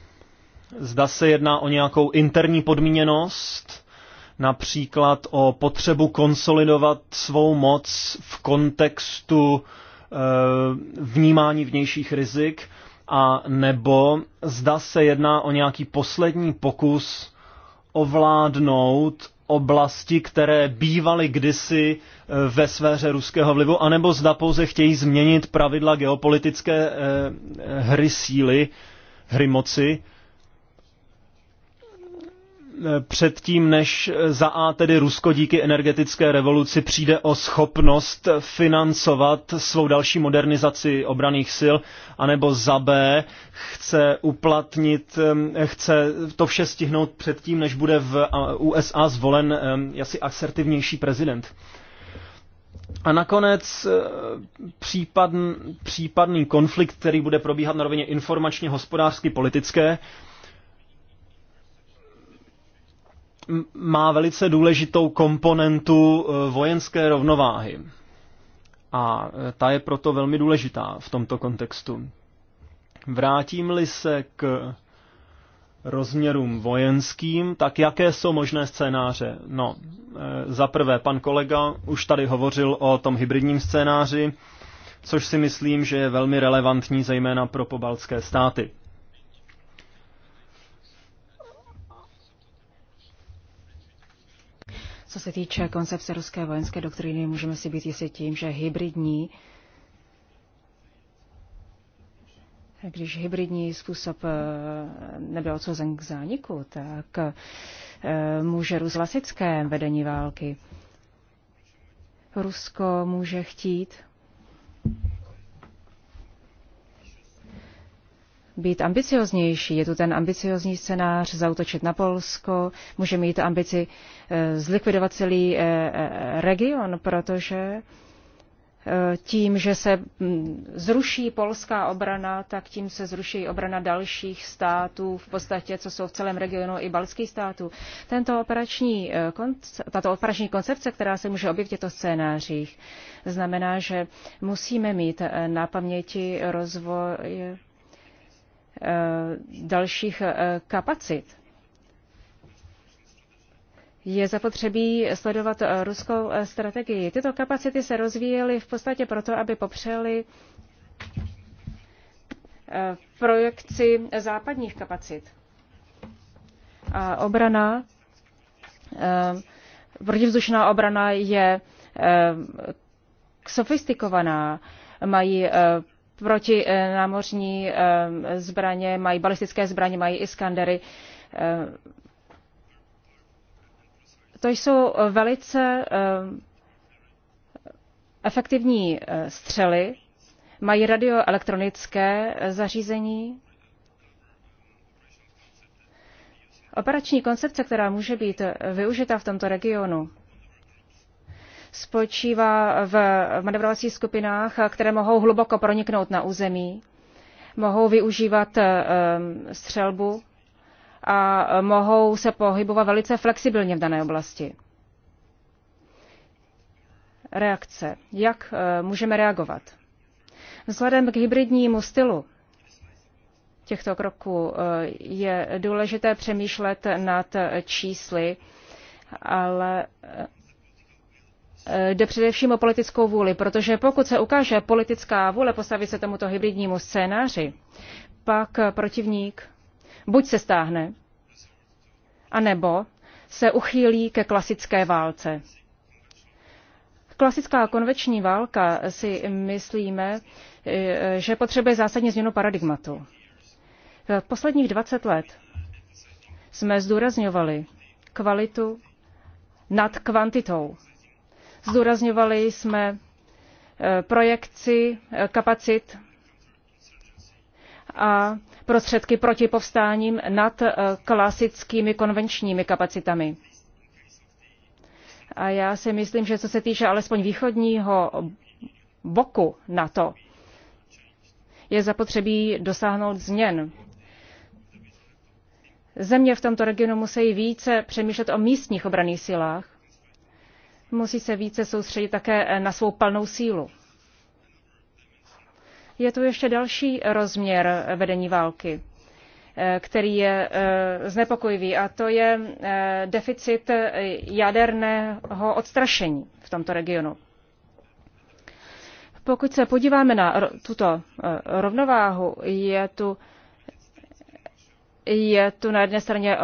zda se jedná o nějakou interní podmíněnost, například o potřebu konsolidovat svou moc v kontextu e, vnímání vnějších rizik, a nebo zda se jedná o nějaký poslední pokus ovládnout oblasti, které bývaly kdysi ve sféře ruského vlivu, anebo zda pouze chtějí změnit pravidla geopolitické eh, hry síly, hry moci, eh, předtím, než za A tedy Rusko díky energetické revoluci přijde o schopnost financovat svou další modernizaci obraných sil, anebo za B chce uplatnit, eh, chce to vše stihnout předtím, než bude v USA zvolen jasi asertivnější prezident. A nakonec eh, případn, případný konflikt, který bude probíhat na rovině informačně, hospodářsky, politické, má velice důležitou komponentu eh, vojenské rovnováhy. A eh, ta je proto velmi důležitá v tomto kontextu. Vrátím-li se k rozměrům vojenským, tak jaké jsou možné scénáře? No, e, za prvé, pan kolega už tady hovořil o tom hybridním scénáři, což si myslím, že je velmi relevantní zejména pro pobaltské státy. Co se týče koncepce ruské vojenské doktríny, můžeme si být jistí tím, že hybridní Když hybridní způsob eh, nebyl odsouzen k zániku, tak eh, může Ruslasické klasické vedení války. Rusko může chtít být ambicioznější. Je tu ten ambiciozní scénář zautočit na Polsko, může mít ambici eh, zlikvidovat celý region, protože tím, že se mm, zruší polská obrana, tak tím se zruší obrana dalších států, v podstatě, co jsou v celém regionu i balských států. Tento operační, eh, tato operační koncepce, která se může objevit v těchto scénářích, znamená, že musíme mít eh, na paměti rozvoj eh, dalších kapacit je zapotřebí sledovat eh, ruskou eh, strategii. Tyto kapacity se rozvíjely v podstatě proto, aby popřely eh, projekci západních kapacit. A obrana, protivzdušná obrana je sofistikovaná, mají proti námořní zbraně, mají balistické zbraně, mají Iskandery to jsou eh, velice eh, efektivní eh, střely, mají radioelektronické zařízení. Operační koncepce, která může být využita v tomto regionu, spočívá v manevrovacích skupinách, které mohou hluboko proniknout na území, mohou využívat střelbu a mohou se pohybovat velice flexibilně v dané oblasti. Reakce. Jak eh, můžeme reagovat? Vzhledem k hybridnímu stylu těchto kroků eh, je důležité přemýšlet nad čísly, ale eh, jde především o politickou vůli, protože pokud se ukáže politická vůle postavit se tomuto hybridnímu scénáři, pak protivník buď se stáhne, anebo se uchýlí ke klasické válce. Klasická konveční válka si myslíme, eh, že potřebuje zásadně změnu paradigmatu. V posledních 20 let jsme zdůrazňovali kvalitu nad kvantitou. Zdůrazňovali jsme eh, projekci eh, kapacit a prostředky proti povstáním nad eh, klasickými konvenčními kapacitami. A já si myslím, že co se týče alespoň východního boku NATO, je zapotřebí dosáhnout změn. Země v tomto regionu musí více přemýšlet o místních obraných silách. Musí se více soustředit také na svou plnou sílu je tu ještě další rozměr vedení války, eh, který je eh, znepokojivý, a to je eh, deficit jaderného odstrašení v tomto regionu. Pokud se podíváme na tuto rovnováhu, je tu je tu na jedné straně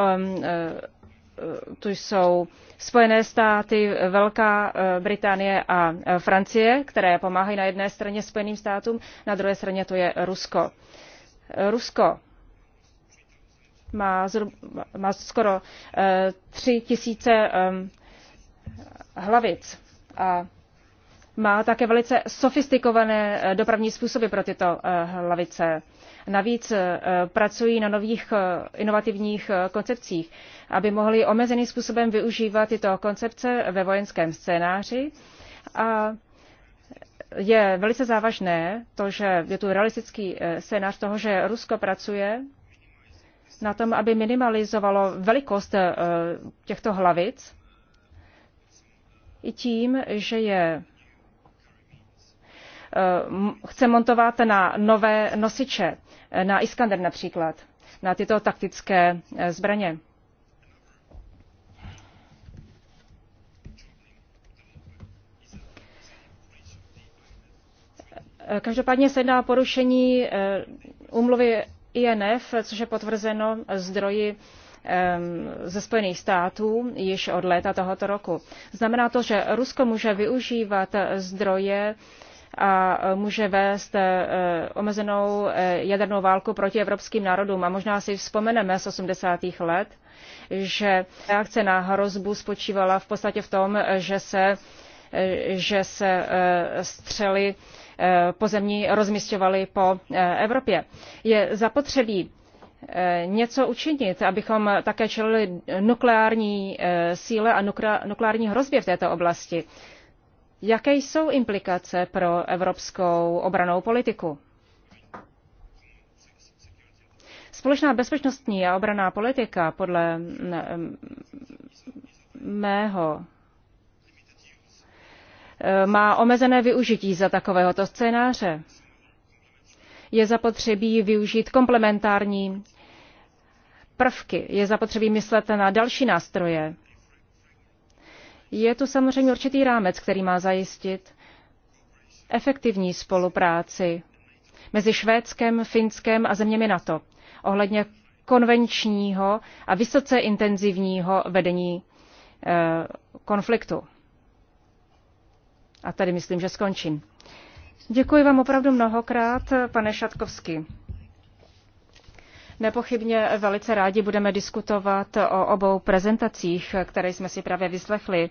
Eh, to jsou Spojené státy, Velká eh, Británie a eh, Francie, které pomáhají na jedné straně Spojeným státům, na druhé straně to je Rusko. Rusko má, zhruba, má skoro tři tisíce hlavic a má také velice sofistikované dopravní způsoby pro tyto hlavice. Navíc eh, pracují na nových eh, inovativních eh, koncepcích, aby mohli omezeným způsobem využívat tyto koncepce ve vojenském scénáři. A je velice závažné to, že je tu realistický scénář toho, že Rusko pracuje na tom, aby minimalizovalo velikost těchto hlavic i tím, že je Eh, chce montovat na nové nosiče, eh, na Iskander například, na tyto taktické eh, zbraně. Každopádně se jedná porušení úmluvy INF, což je potvrzeno zdroji ze Spojených států již od léta tohoto roku. Znamená to, že Rusko může využívat zdroje a e, může vést e, omezenou e, jadernou válku proti evropským národům. A možná si vzpomeneme z 80. let, že reakce na hrozbu spočívala v podstatě v tom, že se, že se střely pozemní rozmístěvaly po Evropě. Je zapotřebí něco učinit, abychom také čelili nukleární síle a nukleární hrozbě v této oblasti. Jaké jsou implikace pro evropskou obranou politiku? Společná bezpečnostní a obraná politika podle mého eh, má omezené využití za takovéhoto scénáře. Je zapotřebí využít komplementární prvky, je zapotřebí myslet na další nástroje, je tu samozřejmě určitý rámec, který má zajistit efektivní spolupráci mezi Švédskem, Finskem a zeměmi NATO ohledně konvenčního a vysoce intenzivního vedení eh, konfliktu. A tady myslím, že skončím. Děkuji vám opravdu mnohokrát, pane Šatkovský. Nepochybně velice rádi budeme diskutovat o obou prezentacích, které jsme si právě vyslechli.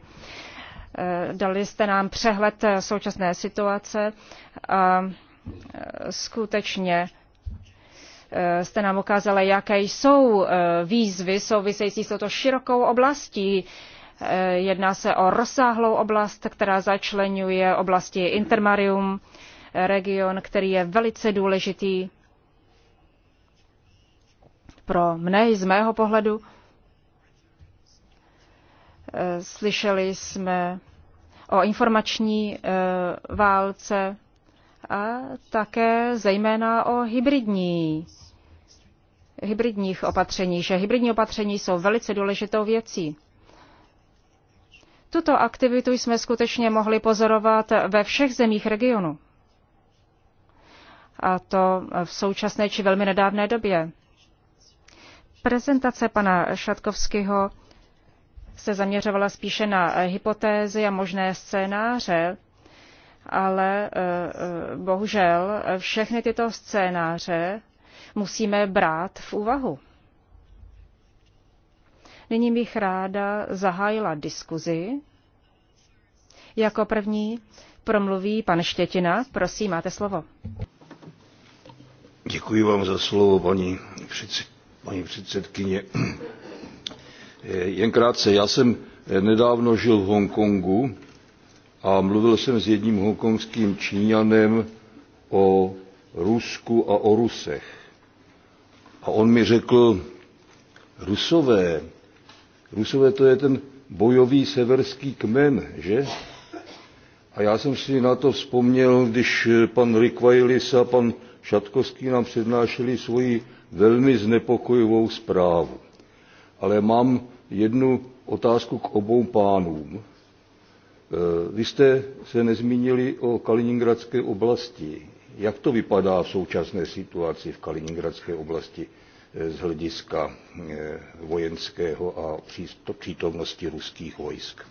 Eh, dali jste nám přehled současné situace a eh, skutečně eh, jste nám ukázala, jaké jsou výzvy související s touto širokou oblastí. Jedná se o rozsáhlou oblast, která začlenuje oblasti Intermarium, region, který je velice důležitý pro mne z mého pohledu. E, slyšeli jsme o informační e, válce a také zejména o hybridní hybridních opatření, že hybridní opatření jsou velice důležitou věcí. Tuto aktivitu jsme skutečně mohli pozorovat ve všech zemích regionu. A to v současné či velmi nedávné době. Prezentace pana Šatkovského se zaměřovala spíše na eh, hypotézy a možné scénáře, ale eh, eh, bohužel všechny tyto scénáře musíme brát v úvahu. Nyní bych ráda zahájila diskuzi. Jako první promluví pan Štětina. Prosím, máte slovo. Děkuji vám za slovo, paní předsedkyně paní předsedkyně. Jen krátce, já jsem nedávno žil v Hongkongu a mluvil jsem s jedním hongkongským Číňanem o Rusku a o Rusech. A on mi řekl, Rusové, Rusové to je ten bojový severský kmen, že? A já jsem si na to vzpomněl, když pan Rikvajlis a pan Šatkovský nám přednášeli svoji velmi znepokojivou zprávu. Ale mám jednu otázku k obou pánům. E, vy jste se nezmínili o Kaliningradské oblasti. Jak to vypadá v současné situaci v Kaliningradské oblasti e, z hlediska e, vojenského a přítomnosti ruských vojsk?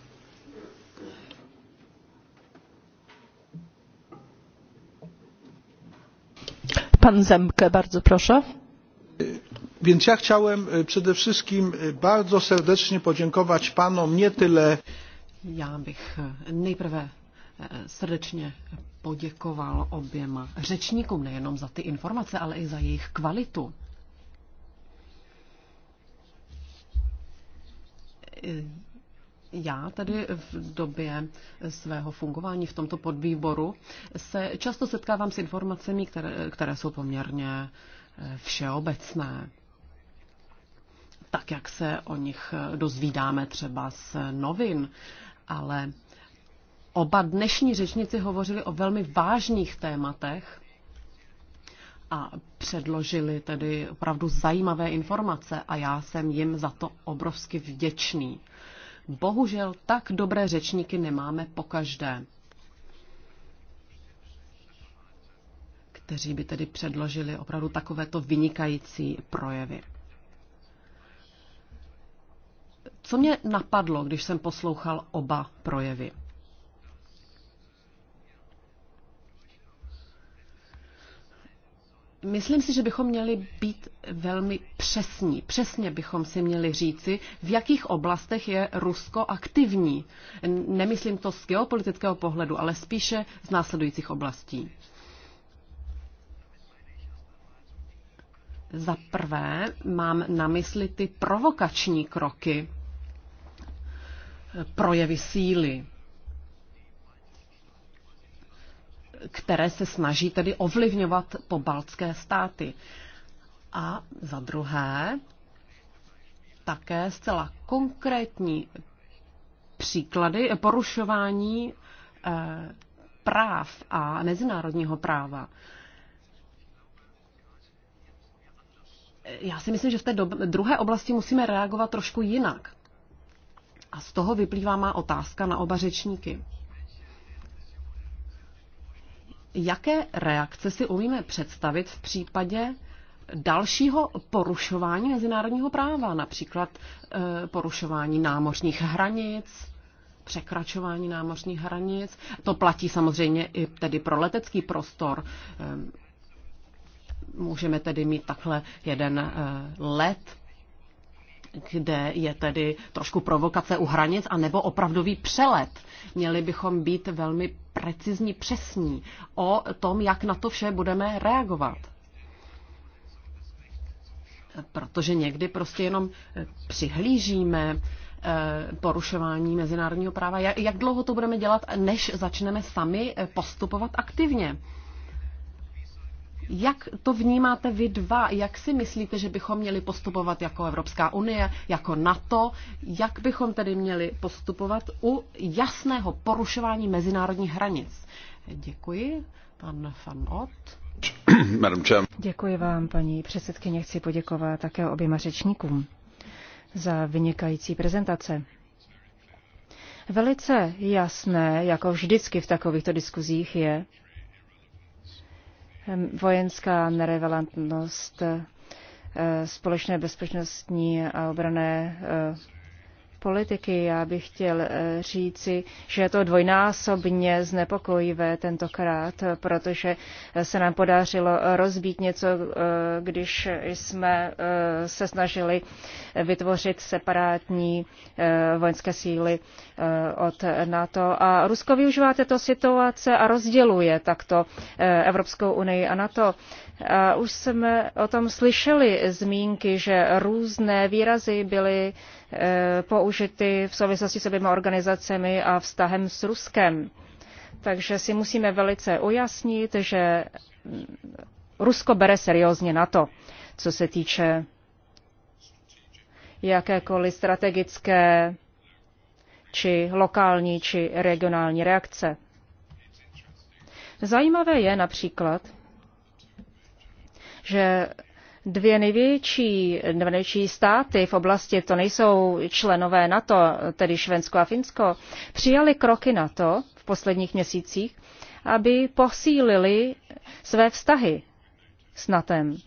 Pan Zemke, bardzo proszę. Więc ja chciałem przede wszystkim bardzo serdecznie podziękować panom nie tyle. Já bych e, nejprve e, srdečně poděkoval oběma řečníkům nejenom za ty informace, ale i za jejich kvalitu. E, já tady v době svého fungování v tomto podvýboru se často setkávám s informacemi, které, které jsou poměrně všeobecné, tak jak se o nich dozvídáme třeba z novin, ale oba dnešní řečníci hovořili o velmi vážných tématech a předložili tedy opravdu zajímavé informace a já jsem jim za to obrovsky vděčný. Bohužel tak dobré řečníky nemáme po každé. kteří by tedy předložili opravdu takovéto vynikající projevy. Co mě napadlo, když jsem poslouchal oba projevy? Myslím si, že bychom měli být velmi přesní. Přesně bychom si měli říci, v jakých oblastech je Rusko aktivní. Nemyslím to z geopolitického pohledu, ale spíše z následujících oblastí. Za prvé mám na mysli ty provokační kroky, projevy síly, které se snaží tedy ovlivňovat pobaltské státy. A za druhé také zcela konkrétní příklady porušování eh, práv a mezinárodního práva. já si myslím, že v té druhé oblasti musíme reagovat trošku jinak. A z toho vyplývá má otázka na oba řečníky. Jaké reakce si umíme představit v případě dalšího porušování mezinárodního práva, například e, porušování námořních hranic, překračování námořních hranic. To platí samozřejmě i tedy pro letecký prostor, ehm, můžeme tedy mít takhle jeden eh, let kde je tedy trošku provokace u hranic, anebo opravdový přelet. Měli bychom být velmi precizní, přesní o tom, jak na to vše budeme reagovat. Protože někdy prostě jenom eh, přihlížíme eh, porušování mezinárodního práva. Jak dlouho to budeme dělat, než začneme sami postupovat aktivně? Jak to vnímáte vy dva? Jak si myslíte, že bychom měli postupovat jako Evropská unie, jako NATO? Jak bychom tedy měli postupovat u jasného porušování mezinárodních hranic? Děkuji, pan Van Ott. Děkuji vám, paní předsedkyně. Chci poděkovat také oběma řečníkům za vynikající prezentace. Velice jasné, jako vždycky v takovýchto diskuzích, je, vojenská nerelevantnost eh, společné bezpečnostní a obrané eh, politiky. Já bych chtěl eh, říci, že je to dvojnásobně znepokojivé tentokrát, protože eh, se nám podařilo rozbít něco, eh, když jsme se snažili vytvořit separátní vojenské síly od NATO. A Rusko využívá této situace a rozděluje takto Evropskou unii a NATO. Eh, už jsme o tom slyšeli zmínky, že různé výrazy byly eh, použity v souvislosti s oběma organizacemi a vztahem s Ruskem. Takže si musíme velice ujasnit, že mm, Rusko bere seriózně na to, co se týče jakékoliv strategické či lokální či regionální reakce. Zajímavé je například, že dvě největší, dvě největší státy v oblasti, to nejsou členové NATO, tedy Švensko a Finsko, přijali kroky na to v posledních měsících, aby posílili své vztahy s NATEM.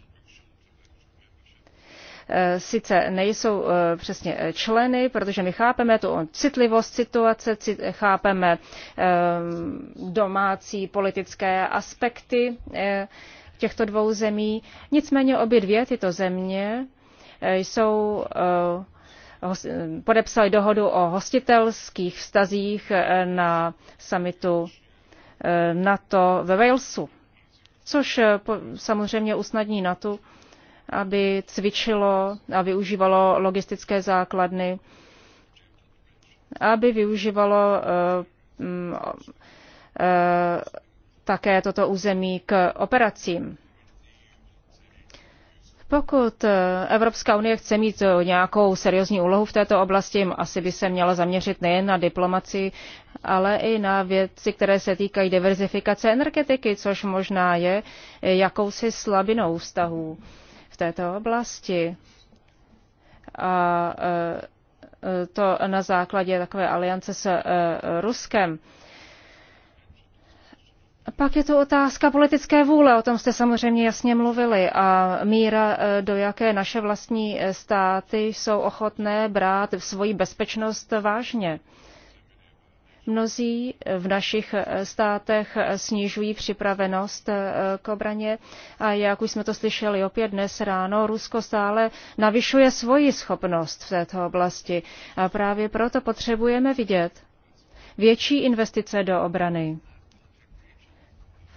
E, sice nejsou e, přesně členy, protože my chápeme tu citlivost situace, chápeme e, domácí politické aspekty těchto dvou zemí. Nicméně obě dvě tyto země eh, jsou eh, podepsali dohodu o hostitelských vztazích eh, na samitu NATO ve Walesu, což samozřejmě usnadní NATO, aby cvičilo a využívalo logistické základny, aby využívalo také toto území k operacím. Pokud Evropská unie chce mít nějakou seriózní úlohu v této oblasti, asi by se měla zaměřit nejen na diplomaci, ale i na věci, které se týkají diverzifikace energetiky, což možná je jakousi slabinou vztahů v této oblasti. A e, e, to na základě takové aliance s e, Ruskem. Pak je to otázka politické vůle, o tom jste samozřejmě jasně mluvili a míra, eh, do jaké naše vlastní eh, státy jsou ochotné brát svoji bezpečnost vážně. Mnozí eh, v našich státech snižují připravenost k obraně a jak už jsme to slyšeli opět dnes ráno, Rusko stále navyšuje svoji schopnost v této oblasti a právě proto potřebujeme vidět větší investice do obrany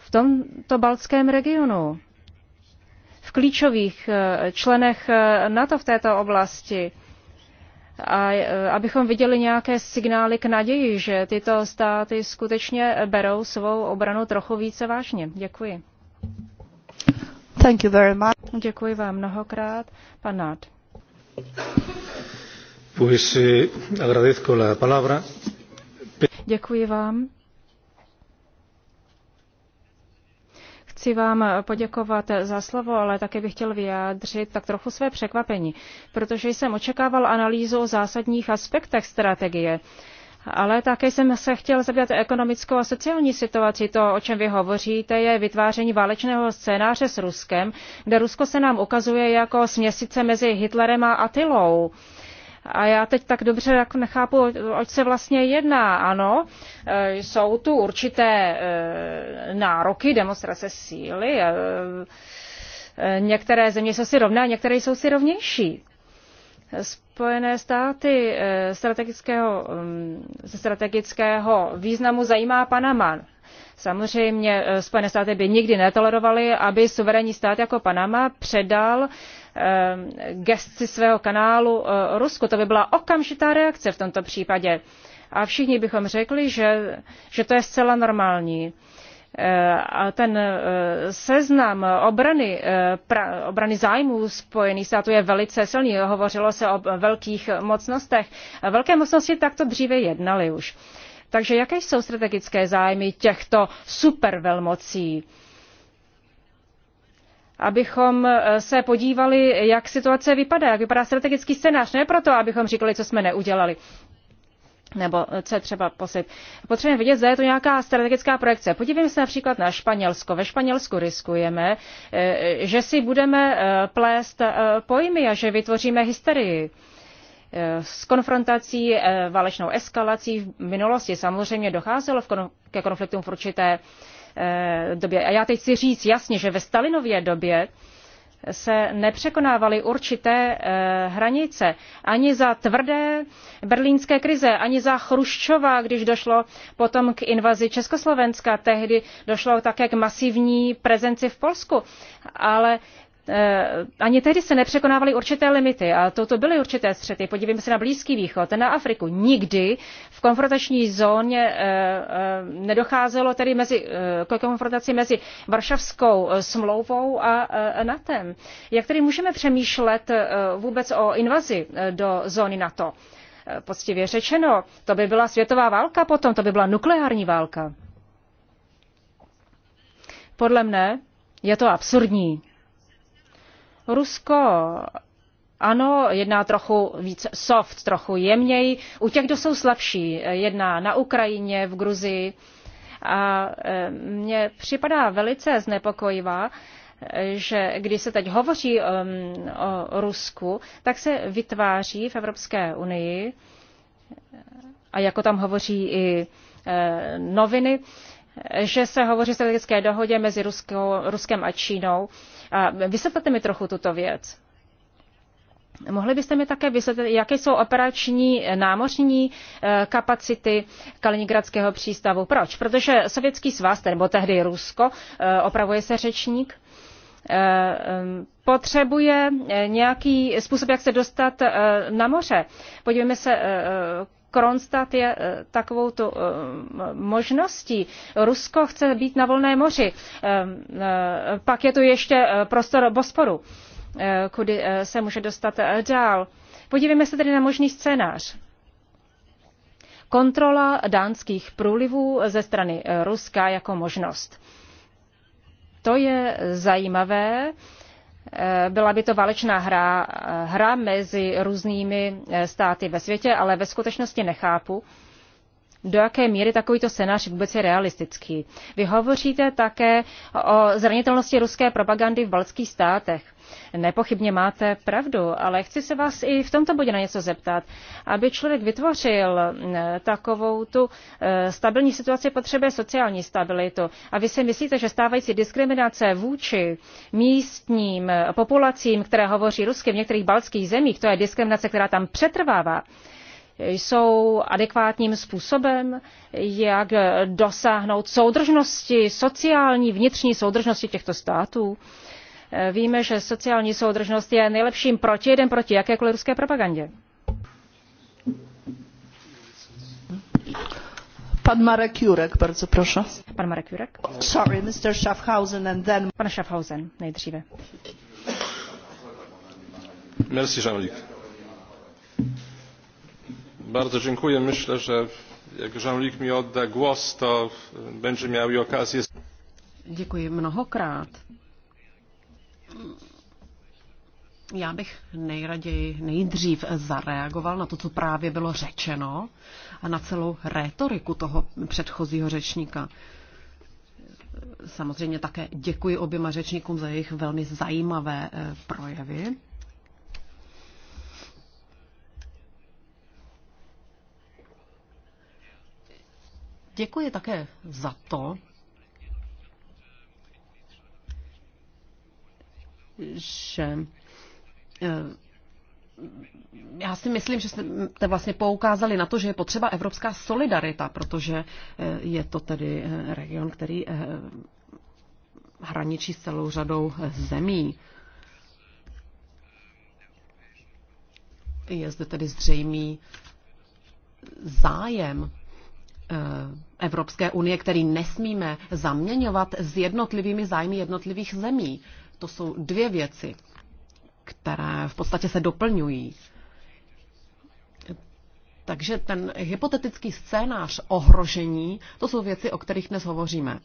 v tomto baltském regionu, v klíčových eh, členech eh, NATO v této oblasti, a eh, abychom viděli nějaké signály k naději, že tyto státy skutečně berou svou obranu trochu více vážně. Děkuji. Thank you very much. Děkuji vám mnohokrát. Pan Nád. Děkuji vám. Chci vám poděkovat za slovo, ale také bych chtěl vyjádřit tak trochu své překvapení, protože jsem očekával analýzu o zásadních aspektech strategie. Ale také jsem se chtěl zabývat ekonomickou a sociální situaci. To, o čem vy hovoříte, je vytváření válečného scénáře s Ruskem, kde Rusko se nám ukazuje jako směsice mezi Hitlerem a Atilou. Uh, a já teď tak dobře jako nechápu, oč se vlastně jedná. Ano, e, jsou tu určité e, nároky, demonstrace síly. E, některé země jsou si rovné, některé jsou si rovnější. Spojené státy strategického, ze mm, strategického významu zajímá Panama. Samozřejmě Spojené státy by nikdy netolerovaly, aby suverénní stát jako Panama předal Eh, gesci svého kanálu eh, Rusku. To by byla okamžitá reakce v tomto případě. A všichni bychom řekli, že, že to je zcela normální. Eh, a ten seznam obrany, pra, obrany zájmů Spojených států je velice silný. Hovořilo se o velkých mocnostech. Velké mocnosti takto dříve jednaly už. Takže jaké jsou strategické zájmy těchto supervelmocí? abychom e, se podívali, jak situace vypadá, jak vypadá strategický scénář. Ne proto, abychom říkali, co jsme neudělali nebo e, co je třeba posit. Potřebujeme vidět, zda je to nějaká strategická projekce. Podívejme se například na Španělsko. Ve Španělsku riskujeme, e, že si budeme plést pojmy a že vytvoříme hysterii s konfrontací, válečnou eskalací. V minulosti samozřejmě docházelo ke konfliktům v určité Eh, době. A já teď si říct jasně, že ve Stalinově době se nepřekonávaly určité eh, hranice. Ani za tvrdé berlínské krize, ani za Chruščova, když došlo potom k invazi Československa, tehdy došlo také k masivní prezenci v Polsku. Ale Eh, ani tehdy se nepřekonávaly určité limity a toto byly určité střety. Podívejme se na Blízký východ, na Afriku. Nikdy v konfrontační zóně eh, eh, nedocházelo tedy mezi, k konfrontaci mezi Varšavskou smlouvou a NATEM. Jak tedy můžeme přemýšlet vůbec o invazi do zóny NATO? Poctivě řečeno, to by byla světová válka potom, to by byla nukleární válka. Podle mne je to absurdní. Rusko ano, jedná trochu víc soft, trochu jemněji. U těch, kdo jsou slabší, jedná na Ukrajině, v Gruzii. A e, mně připadá velice znepokojivá, e, že když se teď hovoří um, o Rusku, tak se vytváří v Evropské unii, a jako tam hovoří i e, noviny, že se hovoří o strategické dohodě mezi Ruskou, Ruskem a Čínou a vysvětlete mi trochu tuto věc. Mohli byste mi také vysvětlit, jaké jsou operační eh, námořní eh, kapacity Kaliningradského přístavu? Proč? Protože Sovětský svaz, nebo tehdy Rusko, eh, opravuje se řečník, potřebuje nějaký způsob, jak se dostat na moře. Podívejme se, Kronstadt je eh, takovou tu eh, možností. Rusko chce být na volné moři. Ehm, eh, pak je tu ještě prostor Bosporu, kudy se může dostat dál. Podívejme se tedy na možný scénář. Kontrola dánských průlivů ze strany Ruska jako možnost. To je zajímavé Eh, byla by to válečná hra, eh, hra mezi různými eh, státy ve světě, ale ve skutečnosti nechápu, do jaké míry takovýto scénář vůbec je realistický. Vy hovoříte také o zranitelnosti ruské propagandy v baltských státech. Nepochybně máte pravdu, ale chci se vás i v tomto bodě na něco zeptat. Aby člověk vytvořil mm, takovou tu eh, stabilní situaci, potřebuje sociální stabilitu. A vy si myslíte, že stávající diskriminace vůči místním eh, populacím, které hovoří rusky v některých baltských zemích, to je diskriminace, která tam přetrvává, jsou adekvátním způsobem, jak dosáhnout soudržnosti, sociální vnitřní soudržnosti těchto států. Eh, víme, že sociální soudržnost je nejlepším proti jeden proti jakékoliv ruské propagandě. Pan Marek Jurek, bardzo proszę. Pan Marek Jurek. Sorry, Mr. Schaffhausen and then... Pan Schaffhausen, nejdříve. Merci, Jean-Luc Bardzo dziękuję. Myślę, że jak Jean-Luc mi odda głos, to będzie miał i okazję. Děkuji mnohokrát. Já bych nejraději nejdřív zareagoval na to, co právě bylo řečeno a na celou rétoriku toho předchozího řečníka. Samozřejmě také děkuji oběma řečníkům za jejich velmi zajímavé eh, projevy. Děkuji také za to, že eh, já si myslím, že jste vlastně poukázali na to, že je potřeba evropská solidarita, protože eh, je to tedy eh, region, který hraničí s celou řadou zemí. Je zde tedy zřejmý zájem Eh, Evropské unie, který nesmíme zaměňovat s jednotlivými zájmy jednotlivých zemí. To jsou dvě věci, které v podstatě se doplňují. Takže ten hypotetický scénář ohrožení, to jsou věci, o kterých dnes hovoříme.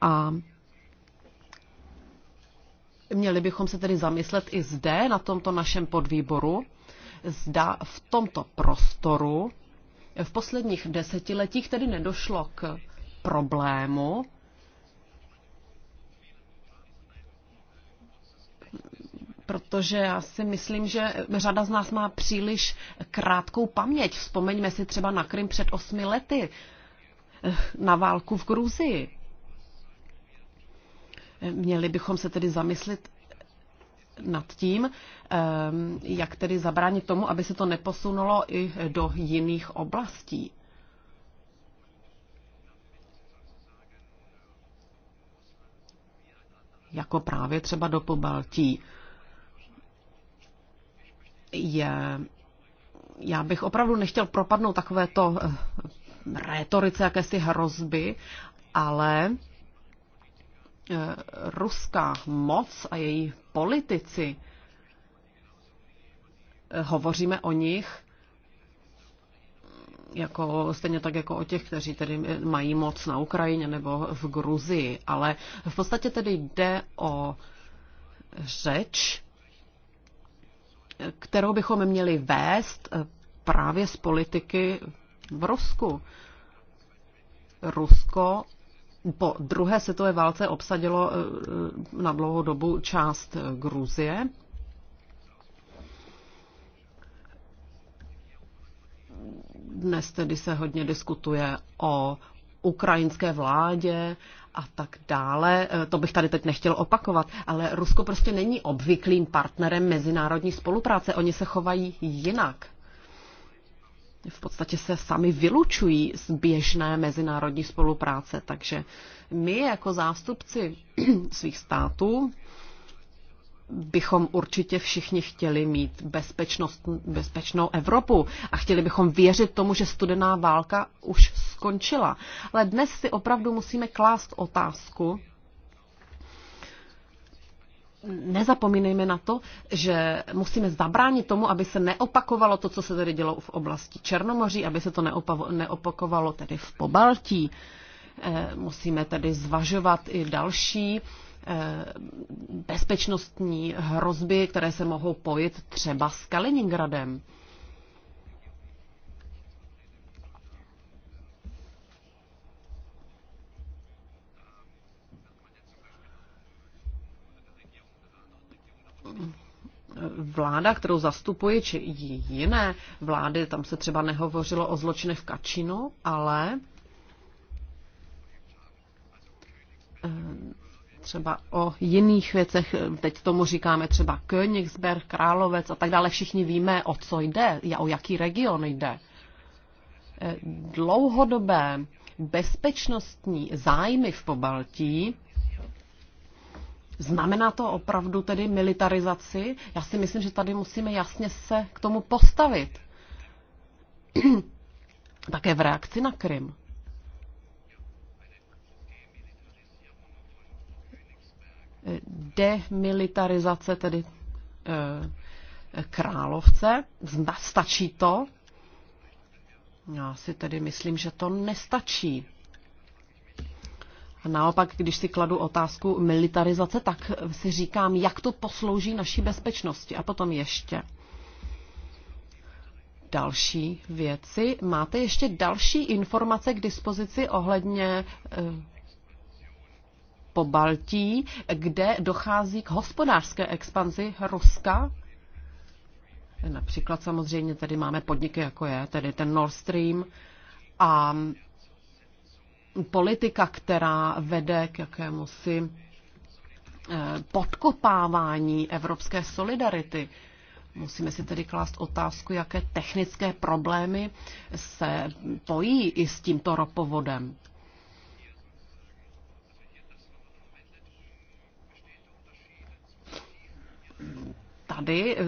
A měli bychom se tedy zamyslet i zde, na tomto našem podvýboru, zda v tomto prostoru v posledních desetiletích tedy nedošlo k problému, protože já si myslím, že řada z nás má příliš krátkou paměť. Vzpomeňme si třeba na Krym před osmi lety, na válku v Gruzii. Měli bychom se tedy zamyslet nad tím, ehm, jak tedy zabránit tomu, aby se to neposunulo i do jiných oblastí. Jako právě třeba do Pobaltí. Je, já bych opravdu nechtěl propadnout takovéto eh, rétorice, jakési hrozby, ale Eh, ruská moc a její politici, eh, hovoříme o nich jako, stejně tak jako o těch, kteří tedy mají moc na Ukrajině nebo v Gruzii, ale v podstatě tedy jde o řeč, kterou bychom měli vést eh, právě z politiky v Rusku. Rusko po druhé světové válce obsadilo eh, na dlouhou dobu část eh, Gruzie. Dnes tedy se hodně diskutuje o ukrajinské vládě a tak dále. Eh, to bych tady teď nechtěl opakovat, ale Rusko prostě není obvyklým partnerem mezinárodní spolupráce. Oni se chovají jinak v podstatě se sami vylučují z běžné mezinárodní spolupráce. Takže my jako zástupci svých států bychom určitě všichni chtěli mít bezpečnost, bezpečnou Evropu a chtěli bychom věřit tomu, že studená válka už skončila. Ale dnes si opravdu musíme klást otázku, nezapomínejme na to, že musíme zabránit tomu, aby se neopakovalo to, co se tady dělo v oblasti Černomoří, aby se to neopakovalo tedy v Pobaltí. Eh, musíme tedy zvažovat i další eh, bezpečnostní hrozby, které se mohou pojit třeba s Kaliningradem. vláda, kterou zastupuji, či jiné vlády, tam se třeba nehovořilo o zločinech v Kačinu, ale eh, třeba o jiných věcech, teď tomu říkáme třeba Königsberg, Královec a tak dále, všichni víme, o co jde, o jaký region jde. Eh, dlouhodobé bezpečnostní zájmy v Pobaltí Znamená to opravdu tedy militarizaci? Já si myslím, že tady musíme jasně se k tomu postavit. Také v reakci na Krym. Demilitarizace tedy eh, královce. Stačí to? Já si tedy myslím, že to nestačí. A naopak, když si kladu otázku militarizace, tak si říkám, jak to poslouží naší bezpečnosti. A potom ještě další věci. Máte ještě další informace k dispozici ohledně eh, po Baltí, kde dochází k hospodářské expanzi Ruska? Například samozřejmě tady máme podniky, jako je tedy ten Nord Stream a politika, která vede k jakémusi eh, podkopávání evropské solidarity. Musíme si tedy klást otázku, jaké technické problémy se pojí i s tímto ropovodem. Tady eh,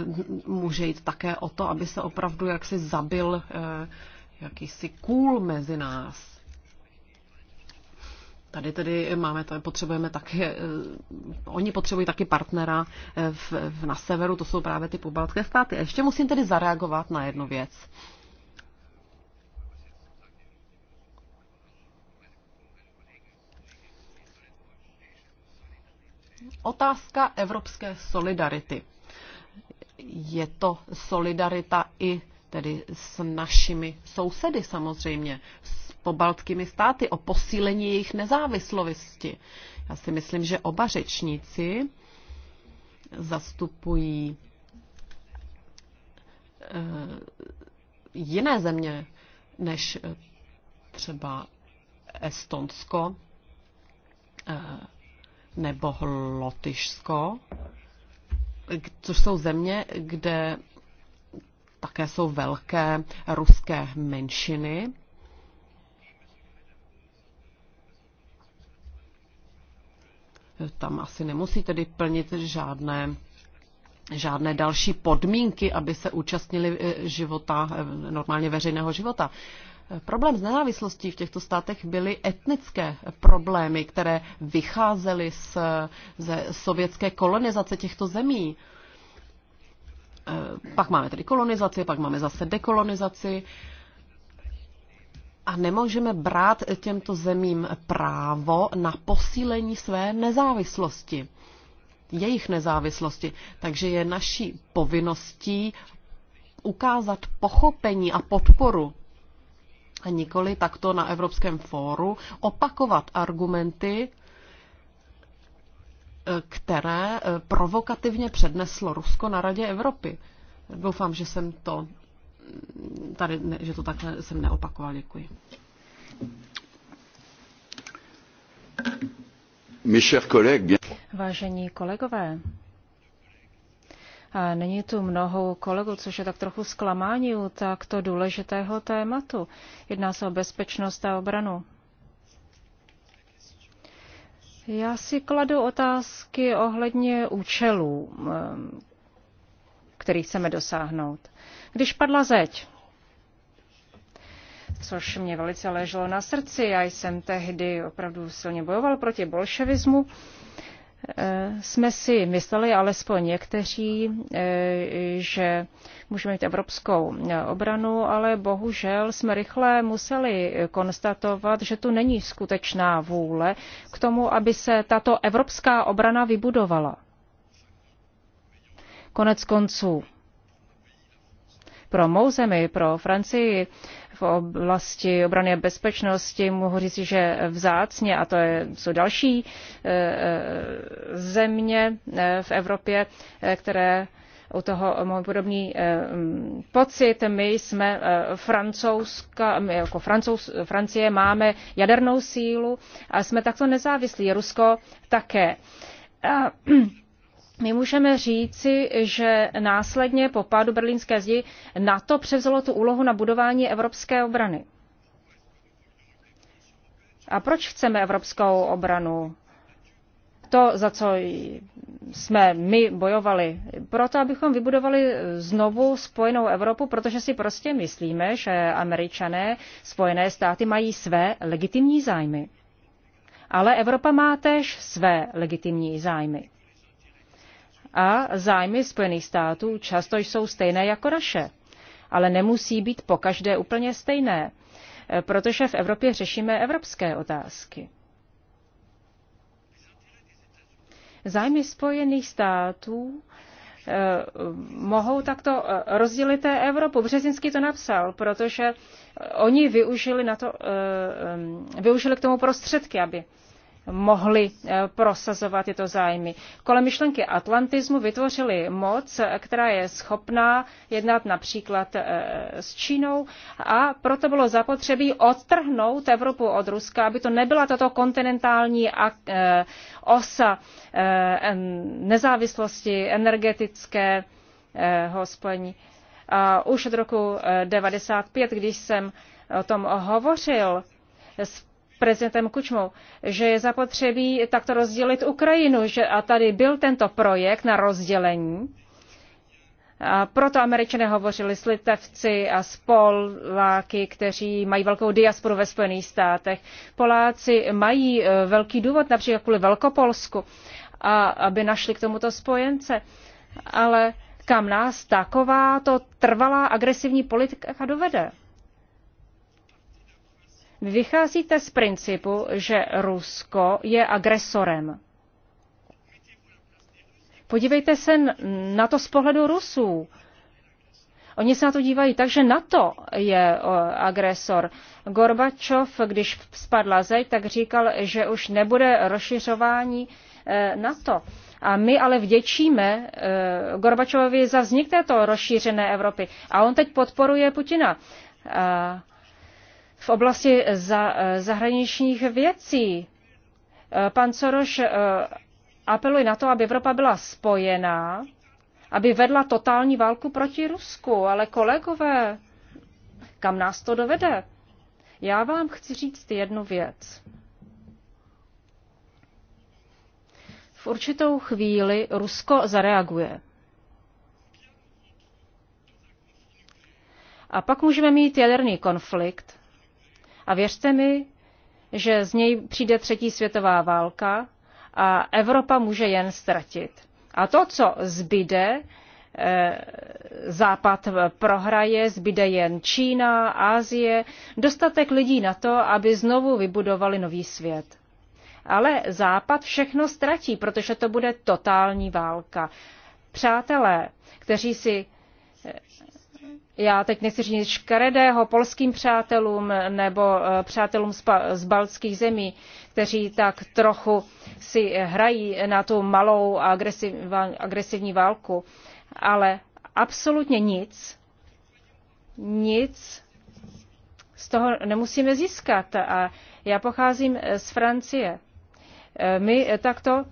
může jít také o to, aby se opravdu jaksi zabil eh, jakýsi kůl mezi nás. Tady tedy máme, to potřebujeme taky, eh, oni potřebují taky partnera eh, v, v, na severu, to jsou právě ty pobaltské státy. Ještě musím tedy zareagovat na jednu věc. Otázka evropské solidarity. Je to solidarita i tedy s našimi sousedy samozřejmě pobaltskými státy o posílení jejich nezávislosti. Já si myslím, že oba řečníci zastupují eh, jiné země než eh, třeba Estonsko eh, nebo Lotyšsko, což jsou země, kde také jsou velké ruské menšiny. tam asi nemusí tedy plnit žádné žádné další podmínky, aby se účastnili eh, života, eh, normálně veřejného života. Eh, problém s nezávislostí v těchto státech byly etnické problémy, které vycházely z, ze sovětské kolonizace těchto zemí. Pak máme tedy kolonizaci, pak máme zase dekolonizaci. A nemůžeme brát těmto zemím právo na posílení své nezávislosti, jejich nezávislosti. Takže je naší povinností ukázat pochopení a podporu a nikoli takto na Evropském fóru opakovat argumenty, které provokativně předneslo Rusko na Radě Evropy. Doufám, že jsem to tady, že to takhle jsem neopakoval. Děkuji. Vážení kolegové, a není tu mnoho kolegů, což je tak trochu zklamání u takto důležitého tématu. Jedná se o bezpečnost a obranu. Já si kladu otázky ohledně účelů, který chceme dosáhnout když padla zeď. Což mě velice leželo na srdci, já jsem tehdy opravdu silně bojoval proti bolševismu. E, jsme si mysleli, alespoň někteří, e, že můžeme mít evropskou e, obranu, ale bohužel jsme rychle museli konstatovat, že tu není skutečná vůle k tomu, aby se tato evropská obrana vybudovala. Konec konců pro mou zemi, pro Francii v oblasti obrany a bezpečnosti, mohu říct, že vzácně, a to je, jsou další eh, eh, země eh, v Evropě, které u toho můj podobný mm, pocit. My jsme francouzska, my jako francouz, Francie máme jadernou sílu a jsme takto nezávislí. Rusko také. A, my můžeme říci, že následně po pádu berlínské zdi NATO převzalo tu úlohu na budování evropské obrany. A proč chceme evropskou obranu? To, za co jsme my bojovali, proto, abychom vybudovali znovu spojenou Evropu, protože si prostě myslíme, že američané, spojené státy mají své legitimní zájmy. Ale Evropa má též své legitimní zájmy a zájmy Spojených států často jsou stejné jako naše, ale nemusí být po každé úplně stejné, eh, protože v Evropě řešíme evropské otázky. Zájmy Spojených států eh, mohou takto eh, rozdělit Evropu. Březinský to napsal, protože oni využili, na to, využili k tomu prostředky, aby mohli eh, prosazovat tyto zájmy. Kolem myšlenky atlantismu vytvořili moc, eh, která je schopná jednat například eh, s Čínou a proto bylo zapotřebí odtrhnout Evropu od Ruska, aby to nebyla tato kontinentální osa nezávislosti energetické spojení. A už od roku 1995, když jsem o tom hovořil s prezidentem Kučmou, že je zapotřebí takto rozdělit Ukrajinu. Že, a tady byl tento projekt na rozdělení. A proto američané hovořili s Litevci a s Poláky, kteří mají velkou diasporu ve Spojených státech. Poláci mají e, velký důvod, například kvůli Velkopolsku, a aby našli k tomuto spojence. Ale kam nás takováto trvalá agresivní politika dovede? vycházíte z principu, že Rusko je agresorem. Podívejte se na to z pohledu Rusů. Oni se na to dívají tak, že NATO je agresor. Gorbačov, když spadla zeď, tak říkal, že už nebude rozšiřování e, NATO. A my ale vděčíme e, Gorbačovovi za vznik této rozšířené Evropy. A on teď podporuje Putina v oblasti eh, za, eh, zahraničních věcí. Eh, pan Soroš apeluje na to, aby Evropa byla spojená, aby vedla totální válku proti Rusku. Ale kolegové, kam nás to dovede? Já vám chci říct jednu věc. V určitou chvíli Rusko zareaguje. A pak můžeme mít jaderný konflikt, a věřte mi, že z něj přijde třetí světová válka a Evropa může jen ztratit. A to, co zbyde, eh, Západ prohraje, zbyde jen Čína, Ázie, dostatek lidí na to, aby znovu vybudovali nový svět. Ale Západ všechno ztratí, protože to bude totální válka. Přátelé, kteří si eh, já teď nechci říct škaredého polským přátelům nebo eh, přátelům z, baltských zemí, kteří tak trochu si hrají na tu malou a agresivní válku, ale absolutně nic, nic z toho nemusíme získat. A já pocházím eh, z Francie. Eh, my takto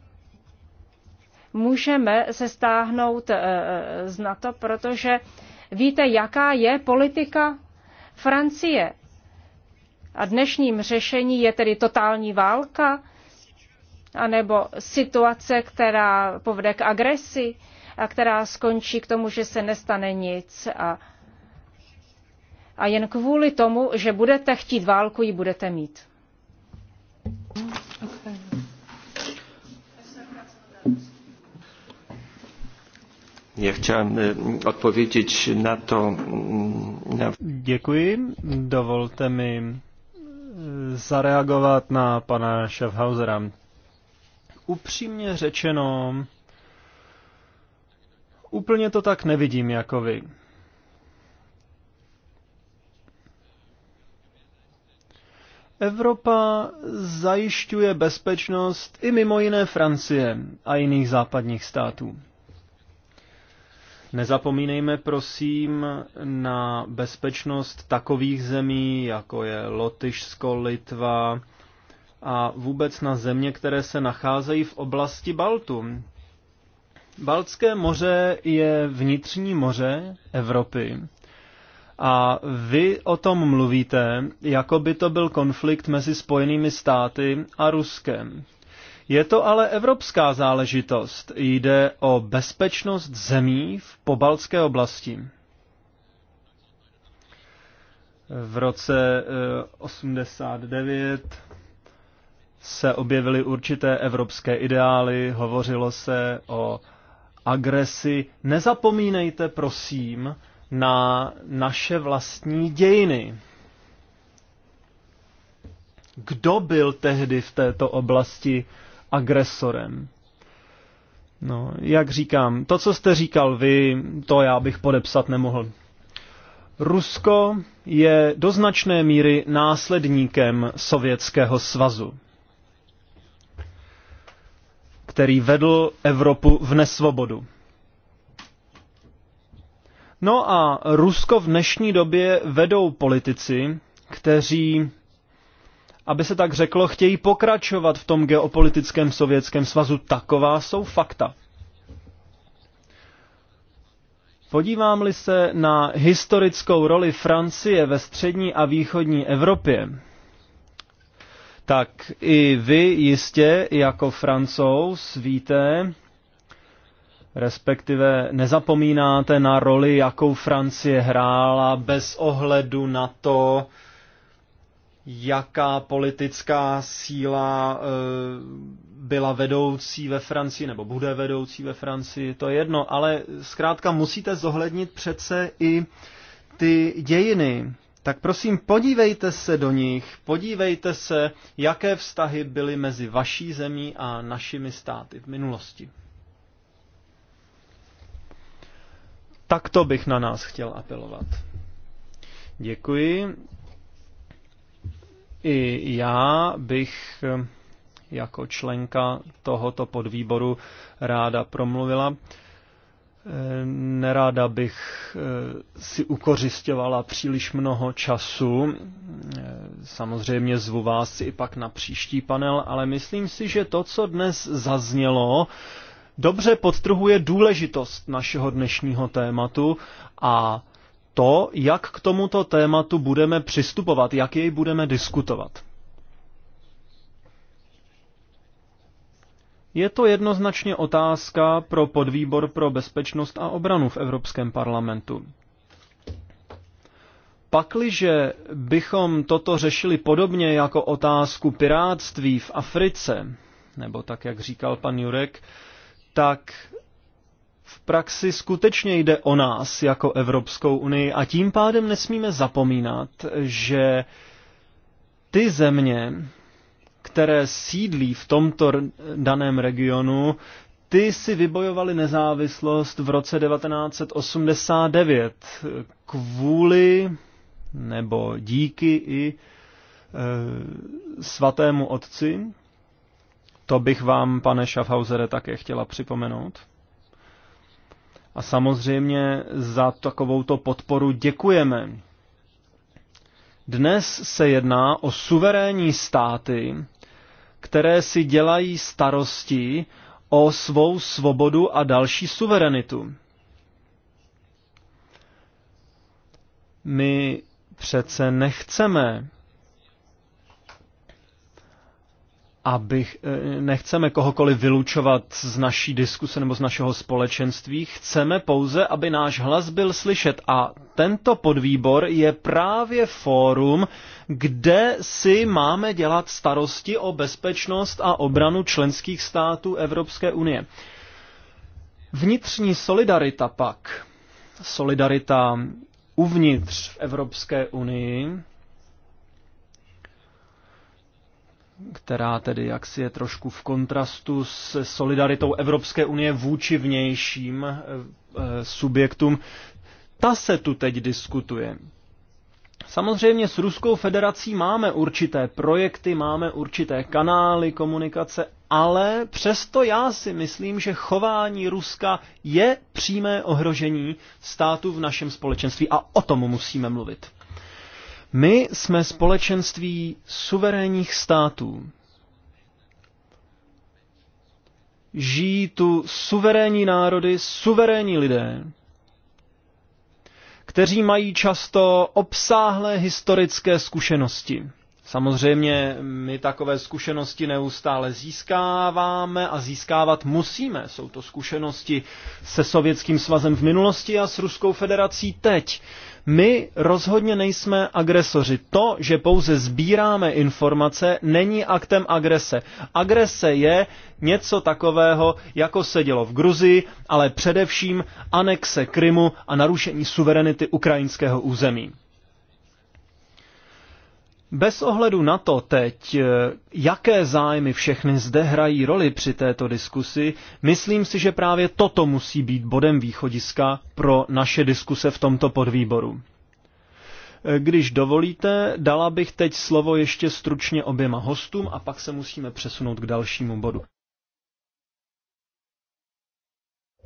můžeme se stáhnout z NATO, protože Víte, jaká je politika Francie? A dnešním řešení je tedy totální válka, anebo situace, která povede k agresi a která skončí k tomu, že se nestane nic. A, a jen kvůli tomu, že budete chtít válku, ji budete mít. Já chciałem e, odpovědět na to. Mm, na... Děkuji. Dovolte mi e, zareagovat na pana Schaffhausera. Upřímně řečeno, úplně to tak nevidím jako vy. Evropa zajišťuje bezpečnost i mimo jiné Francie a jiných západních států. Nezapomínejme prosím na bezpečnost takových zemí, jako je Lotyšsko, Litva a vůbec na země, které se nacházejí v oblasti Baltu. Baltské moře je vnitřní moře Evropy. A vy o tom mluvíte, jako by to byl konflikt mezi Spojenými státy a Ruskem. Je to ale evropská záležitost. Jde o bezpečnost zemí v pobaltské oblasti. V roce 89 eh, se objevily určité evropské ideály, hovořilo se o agresi. Nezapomínejte, prosím, na naše vlastní dějiny. Kdo byl tehdy v této oblasti agresorem. No, jak říkám, to, co jste říkal vy, to já bych podepsat nemohl. Rusko je do značné míry následníkem Sovětského svazu, který vedl Evropu v nesvobodu. No a Rusko v dnešní době vedou politici, kteří aby se tak řeklo, chtějí pokračovat v tom geopolitickém sovětském svazu. Taková jsou fakta. Podívám-li se na historickou roli Francie ve střední a východní Evropě, tak i vy jistě jako francouz víte, respektive nezapomínáte na roli, jakou Francie hrála bez ohledu na to, jaká politická síla eh, byla vedoucí ve Francii nebo bude vedoucí ve Francii, to je jedno, ale zkrátka musíte zohlednit přece i ty dějiny. Tak prosím, podívejte se do nich, podívejte se, jaké vztahy byly mezi vaší zemí a našimi státy v minulosti. Tak to bych na nás chtěl apelovat. Děkuji. I já bych eh, jako členka tohoto podvýboru ráda promluvila. Eh, neráda bych eh, si ukořisťovala příliš mnoho času. Samozřejmě zvu vás i pak na příští panel, ale myslím si, že to, co dnes zaznělo, dobře podtrhuje důležitost našeho dnešního tématu a to, jak k tomuto tématu budeme přistupovat, jak jej budeme diskutovat. Je to jednoznačně otázka pro podvýbor pro bezpečnost a obranu v Evropském parlamentu. Pakliže bychom toto řešili podobně jako otázku pirátství v Africe, nebo tak, jak říkal pan Jurek, tak v praxi skutečně jde o nás jako Evropskou unii a tím pádem nesmíme zapomínat, že ty země, které sídlí v tomto daném regionu, ty si vybojovali nezávislost v roce 1989 kvůli nebo díky i e, svatému otci. To bych vám, pane Schaffhausere, také chtěla připomenout. A samozřejmě za takovouto podporu děkujeme. Dnes se jedná o suverénní státy, které si dělají starosti o svou svobodu a další suverenitu. My přece nechceme abych, eh, nechceme kohokoliv vylučovat z naší diskuse nebo z našeho společenství, chceme pouze, aby náš hlas byl slyšet a tento podvýbor je právě fórum, kde si máme dělat starosti o bezpečnost a obranu členských států Evropské unie. Vnitřní solidarita pak, solidarita uvnitř v Evropské unii, která tedy jaksi je trošku v kontrastu s solidaritou Evropské unie vůči vnějším eh, eh, subjektům, ta se tu teď diskutuje. Samozřejmě s Ruskou federací máme určité projekty, máme určité kanály komunikace, ale přesto já si myslím, že chování Ruska je přímé ohrožení státu v našem společenství a o tom musíme mluvit. My jsme společenství suverénních států. Žijí tu suverénní národy, suverénní lidé, kteří mají často obsáhlé historické zkušenosti. Samozřejmě my takové zkušenosti neustále získáváme a získávat musíme. Jsou to zkušenosti se Sovětským svazem v minulosti a s Ruskou federací teď. My rozhodně nejsme agresoři. To, že pouze sbíráme informace, není aktem agrese. Agrese je něco takového, jako se dělo v Gruzii, ale především anexe Krymu a narušení suverenity ukrajinského území. Bez ohledu na to teď, eh, jaké zájmy všechny zde hrají roli při této diskusi, myslím si, že právě toto musí být bodem východiska pro naše diskuse v tomto podvýboru. Eh, když dovolíte, dala bych teď slovo ještě stručně oběma hostům a pak se musíme přesunout k dalšímu bodu.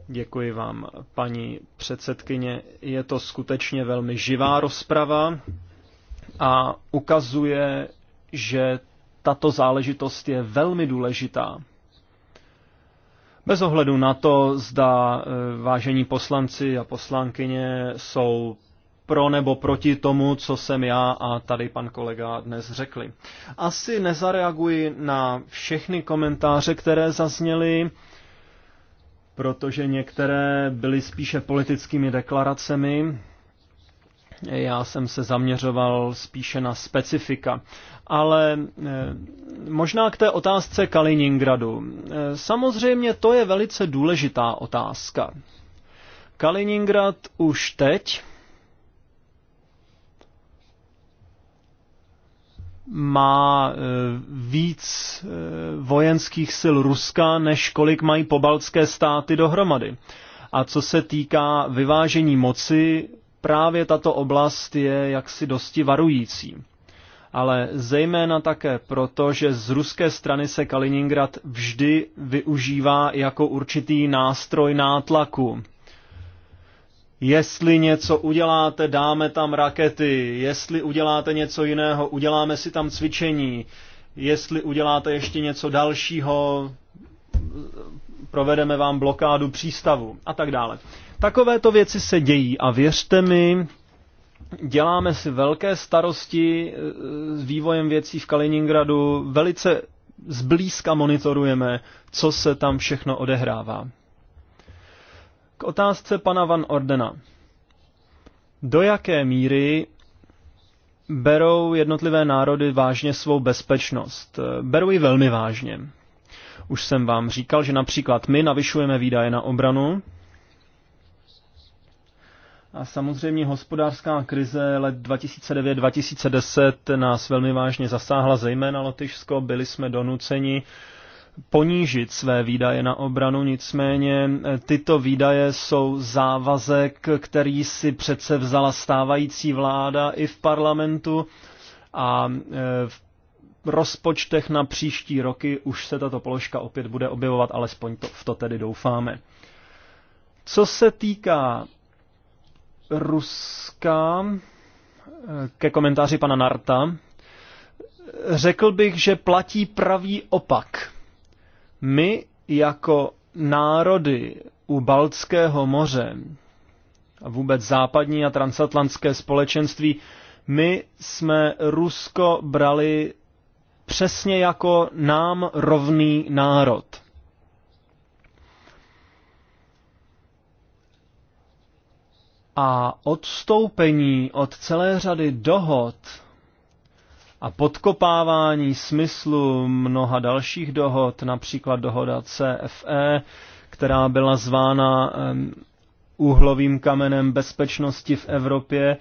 Děkuji vám, paní předsedkyně. Je to skutečně velmi živá rozprava a ukazuje, že tato záležitost je velmi důležitá. Bez ohledu na to, zda e, vážení poslanci a poslankyně jsou pro nebo proti tomu, co jsem já a tady pan kolega dnes řekli. Asi nezareaguji na všechny komentáře, které zazněly, protože některé byly spíše politickými deklaracemi, já jsem se zaměřoval spíše na specifika. Ale eh, možná k té otázce Kaliningradu. Eh, samozřejmě to je velice důležitá otázka. Kaliningrad už teď má eh, víc vojenských sil Ruska, než kolik mají pobaltské státy dohromady. A co se týká vyvážení moci, právě tato oblast je jaksi dosti varující. Ale zejména také proto, že z ruské strany se Kaliningrad vždy využívá jako určitý nástroj nátlaku. Jestli něco uděláte, dáme tam rakety. Jestli uděláte něco jiného, uděláme si tam cvičení. Jestli uděláte ještě něco dalšího, provedeme vám blokádu přístavu a tak dále. Takovéto věci se dějí a věřte mi, děláme si velké starosti eh, s vývojem věcí v Kaliningradu, velice zblízka monitorujeme, co se tam všechno odehrává. K otázce pana Van Ordena. Do jaké míry berou jednotlivé národy vážně svou bezpečnost? Eh, berou ji velmi vážně. Už jsem vám říkal, že například my navyšujeme výdaje na obranu, a samozřejmě hospodářská krize let 2009-2010 nás velmi vážně zasáhla, zejména Lotyšsko. Byli jsme donuceni ponížit své výdaje na obranu, nicméně e, tyto výdaje jsou závazek, který si přece vzala stávající vláda i v parlamentu a e, v rozpočtech na příští roky už se tato položka opět bude objevovat, alespoň to, v to tedy doufáme. Co se týká Ruska eh, ke komentáři pana Narta. Řekl bych, že platí pravý opak. My jako národy u Baltského moře a vůbec západní a transatlantské společenství, my jsme Rusko brali přesně jako nám rovný národ. a odstoupení od celé řady dohod a podkopávání smyslu mnoha dalších dohod, například dohoda CFE, která byla zvána úhlovým kamenem bezpečnosti v Evropě.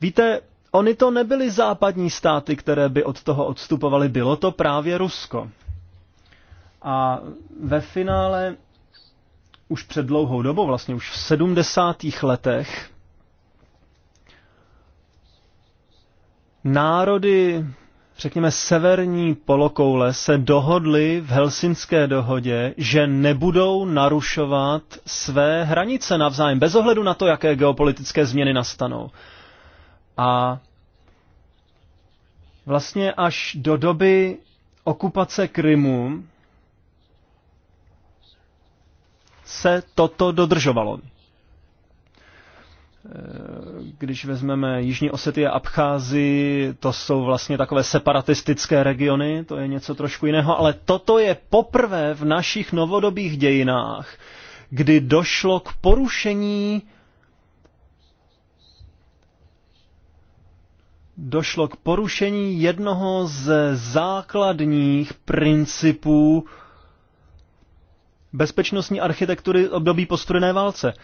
Víte, oni to nebyly západní státy, které by od toho odstupovaly, bylo to právě Rusko. A ve finále už před dlouhou dobou, vlastně už v 70. letech, národy, řekněme, severní polokoule se dohodly v Helsinské dohodě, že nebudou narušovat své hranice navzájem, bez ohledu na to, jaké geopolitické změny nastanou. A vlastně až do doby okupace Krymu se toto dodržovalo když vezmeme Jižní Osety a Abcházy, to jsou vlastně takové separatistické regiony, to je něco trošku jiného, ale toto je poprvé v našich novodobých dějinách, kdy došlo k porušení došlo k porušení jednoho ze základních principů bezpečnostní architektury období po studené válce –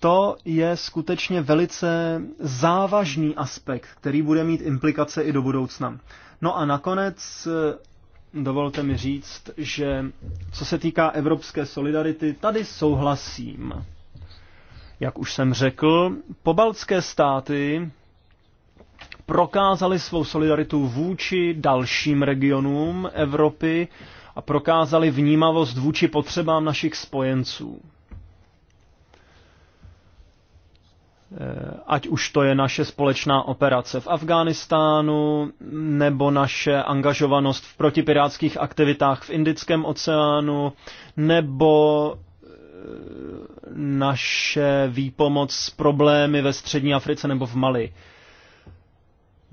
to je skutečně velice závažný aspekt, který bude mít implikace i do budoucna. No a nakonec eh, dovolte mi říct, že co se týká evropské solidarity, tady souhlasím. Jak už jsem řekl, pobaltské státy prokázali svou solidaritu vůči dalším regionům Evropy a prokázali vnímavost vůči potřebám našich spojenců. Eh, ať už to je naše společná operace v Afghánistánu, nebo naše angažovanost v protipirátských aktivitách v Indickém oceánu, nebo eh, naše výpomoc s problémy ve střední Africe nebo v Mali.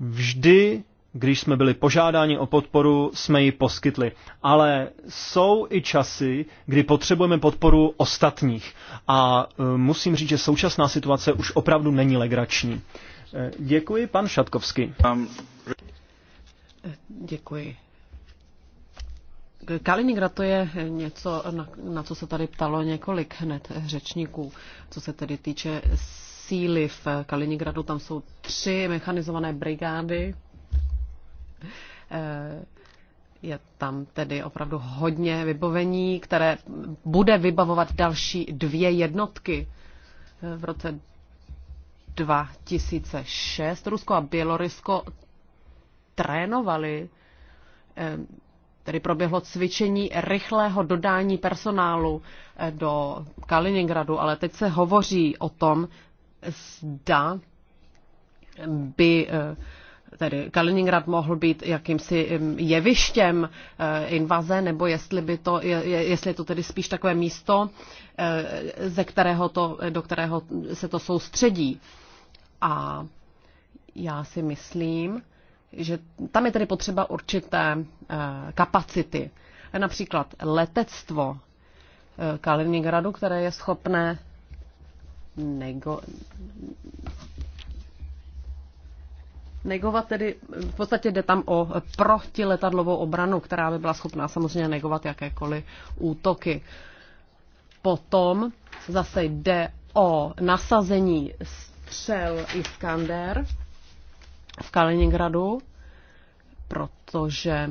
Vždy když jsme byli požádáni o podporu, jsme ji poskytli. Ale jsou i časy, kdy potřebujeme podporu ostatních. A e, musím říct, že současná situace už opravdu není legrační. E, děkuji, pan Šatkovský. Um, děkuji. Kaliningrad to je něco, na, na co se tady ptalo několik hned řečníků, co se tedy týče síly v Kaliningradu. Tam jsou tři mechanizované brigády, je tam tedy opravdu hodně vybavení, které bude vybavovat další dvě jednotky. V roce 2006 Rusko a Bělorusko trénovali, eh, tedy proběhlo cvičení rychlého dodání personálu eh, do Kaliningradu, ale teď se hovoří o tom, zda by eh, tedy Kaliningrad mohl být jakýmsi jevištěm eh, invaze, nebo jestli, by to, jestli je to tedy spíš takové místo, eh, ze kterého to, do kterého se to soustředí. A já si myslím, že tam je tedy potřeba určité eh, kapacity. Například letectvo Kaliningradu, které je schopné nego, negovat tedy, v podstatě jde tam o protiletadlovou obranu, která by byla schopná samozřejmě negovat jakékoliv útoky. Potom zase jde o nasazení střel Iskander v Kaliningradu, protože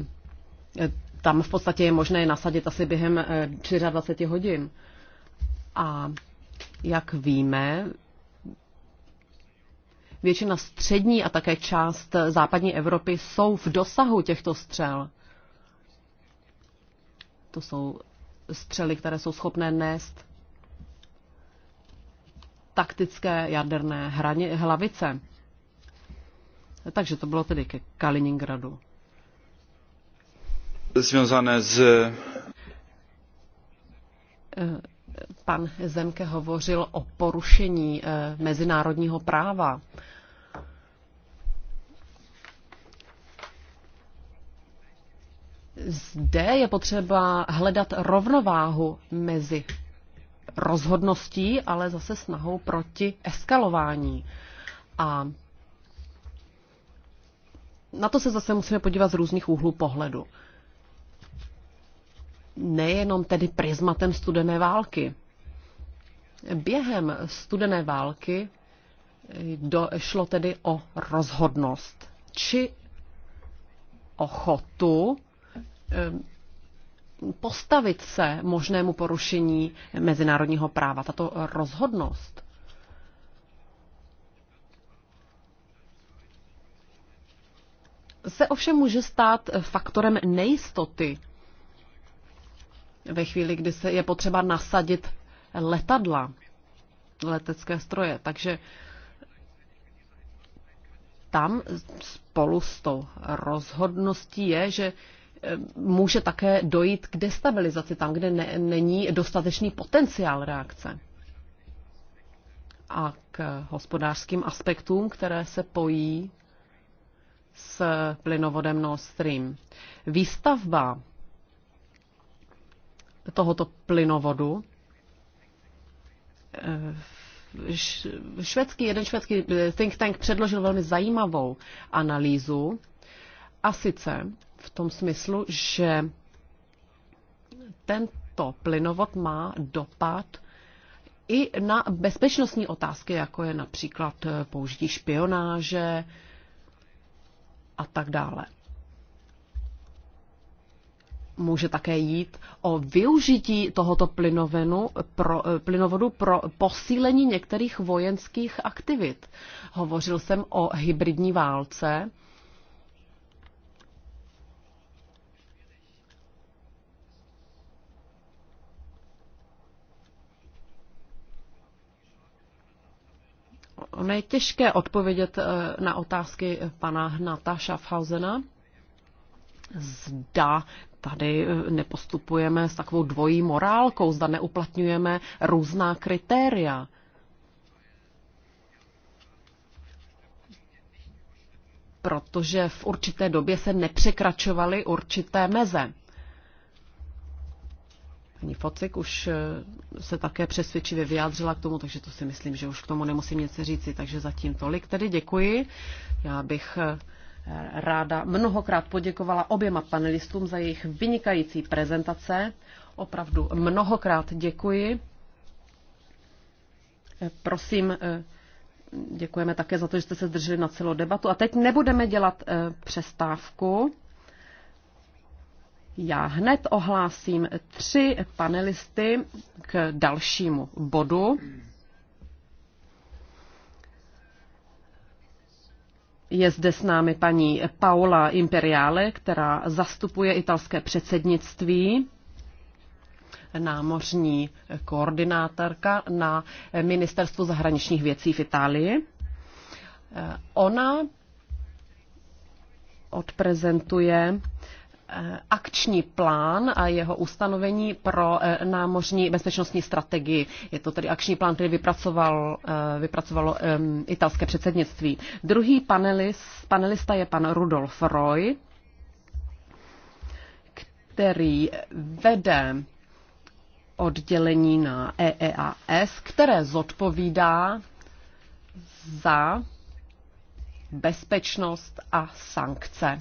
eh, tam v podstatě je možné je nasadit asi během eh, 24 hodin. A jak víme, většina střední a také část západní Evropy jsou v dosahu těchto střel. To jsou střely, které jsou schopné nést taktické jaderné hraně, hlavice. Takže to bylo tedy ke Kaliningradu. Związané z... Eh, pan Zemke hovořil o porušení eh, mezinárodního práva. Zde je potřeba hledat rovnováhu mezi rozhodností, ale zase snahou proti eskalování. A na to se zase musíme podívat z různých úhlů pohledu. Nejenom tedy prismatem studené války. Během studené války šlo tedy o rozhodnost či ochotu Eh, postavit se možnému porušení mezinárodního práva, tato rozhodnost. se ovšem může stát faktorem nejistoty. Ve chvíli, kdy se je potřeba nasadit letadla, letecké stroje. Takže tam spolu s tou rozhodností je, že může také dojít k destabilizaci tam, kde ne, není dostatečný potenciál reakce. A k hospodářským aspektům, které se pojí s plynovodem Nord Stream. Výstavba tohoto plynovodu eh, švédský, jeden švédský eh, think tank předložil velmi zajímavou analýzu a sice v tom smyslu, že tento plynovod má dopad i na bezpečnostní otázky, jako je například eh, použití špionáže a tak dále. Může také jít o využití tohoto pro, eh, plynovodu pro posílení některých vojenských aktivit. Hovořil jsem o hybridní válce Ono je těžké odpovědět eh, na otázky pana Hnata Schaffhausena. Zda tady eh, nepostupujeme s takovou dvojí morálkou, zda neuplatňujeme různá kritéria. Protože v určité době se nepřekračovaly určité meze. Paní Focek už eh, se také přesvědčivě vyjádřila k tomu, takže to si myslím, že už k tomu nemusím něco říci, takže zatím tolik. Tedy děkuji. Já bych eh, ráda mnohokrát poděkovala oběma panelistům za jejich vynikající prezentace. Opravdu mnohokrát děkuji. Eh, prosím, děkujeme také za to, že jste se zdrželi na celou debatu. A teď nebudeme dělat přestávku. Já hned ohlásím tři panelisty k dalšímu bodu. Je zde s námi paní Paola Imperiale, která zastupuje italské předsednictví, námořní koordinátorka na Ministerstvu zahraničních věcí v Itálii. Ona odprezentuje akční plán a jeho ustanovení pro eh, námořní bezpečnostní strategii. Je to tedy akční plán, který vypracoval, eh, vypracovalo italské předsednictví. Druhý panelist, panelista je pan Rudolf Roy, který vede oddělení na EEAS, které zodpovídá za bezpečnost a sankce.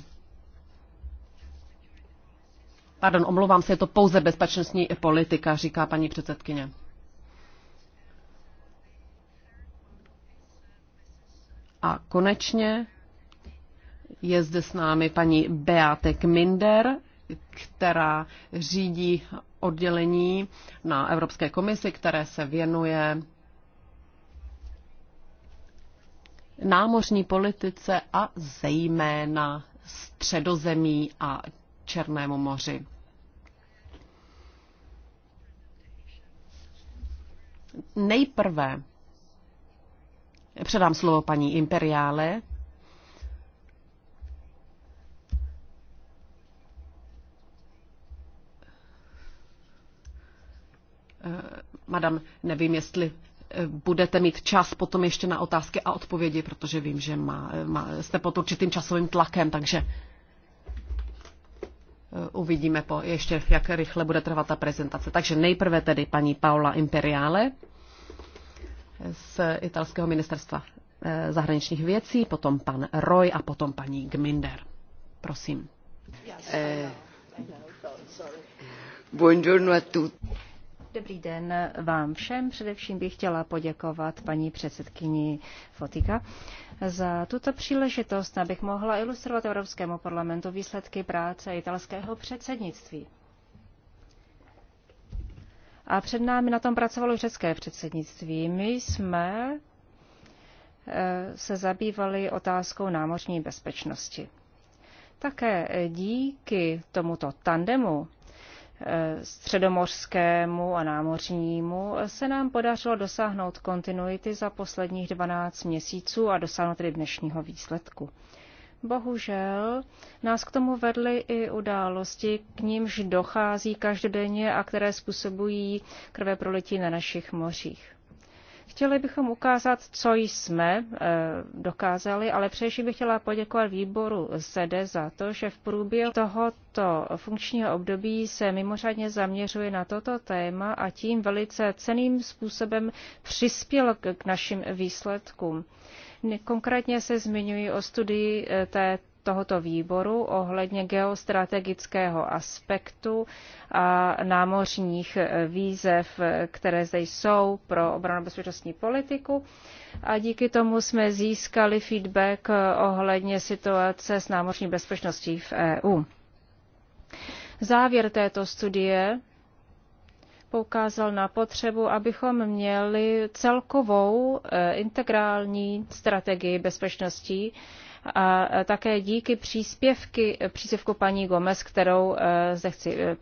Pardon, omlouvám se, je to pouze bezpečnostní politika, říká paní předsedkyně. A konečně je zde s námi paní Beate Kminder, která řídí oddělení na Evropské komisi, které se věnuje námořní politice a zejména středozemí a Černému moři. Nejprve předám slovo paní Imperiále. Eh, madam, nevím, jestli eh, budete mít čas potom ještě na otázky a odpovědi, protože vím, že má, eh, má, jste pod určitým časovým tlakem, takže Eh, uvidíme po, ještě, jak rychle bude trvat ta prezentace. Takže nejprve tedy paní Paula Imperiale z italského ministerstva eh, zahraničních věcí, potom pan Roy a potom paní Gminder. Prosím. Eh, buongiorno a tutti. Dobrý den vám všem. Především bych chtěla poděkovat paní předsedkyni Fotika za tuto příležitost, abych mohla ilustrovat Evropskému parlamentu výsledky práce italského předsednictví. A před námi na tom pracovalo řecké předsednictví. My jsme eh, se zabývali otázkou námořní bezpečnosti. Také díky tomuto tandemu středomořskému a námořnímu, se nám podařilo dosáhnout kontinuity za posledních 12 měsíců a dosáhnout tedy dnešního výsledku. Bohužel nás k tomu vedly i události, k nímž dochází každodenně a které způsobují krveprolití na našich mořích. Chtěli bychom ukázat, co jsme eh, dokázali, ale především bych chtěla poděkovat výboru SEDE za to, že v průběhu tohoto funkčního období se mimořádně zaměřuje na toto téma a tím velice ceným způsobem přispěl k našim výsledkům. Konkrétně se zmiňuji o studii eh, té tohoto výboru ohledně geostrategického aspektu a námořních výzev, které zde jsou pro obranu bezpečnostní politiku. A díky tomu jsme získali feedback ohledně situace s námořní bezpečností v EU. Závěr této studie poukázal na potřebu, abychom měli celkovou eh, integrální strategii bezpečnosti a také díky příspěvky, příspěvku paní Gomez, kterou e, zde chci e,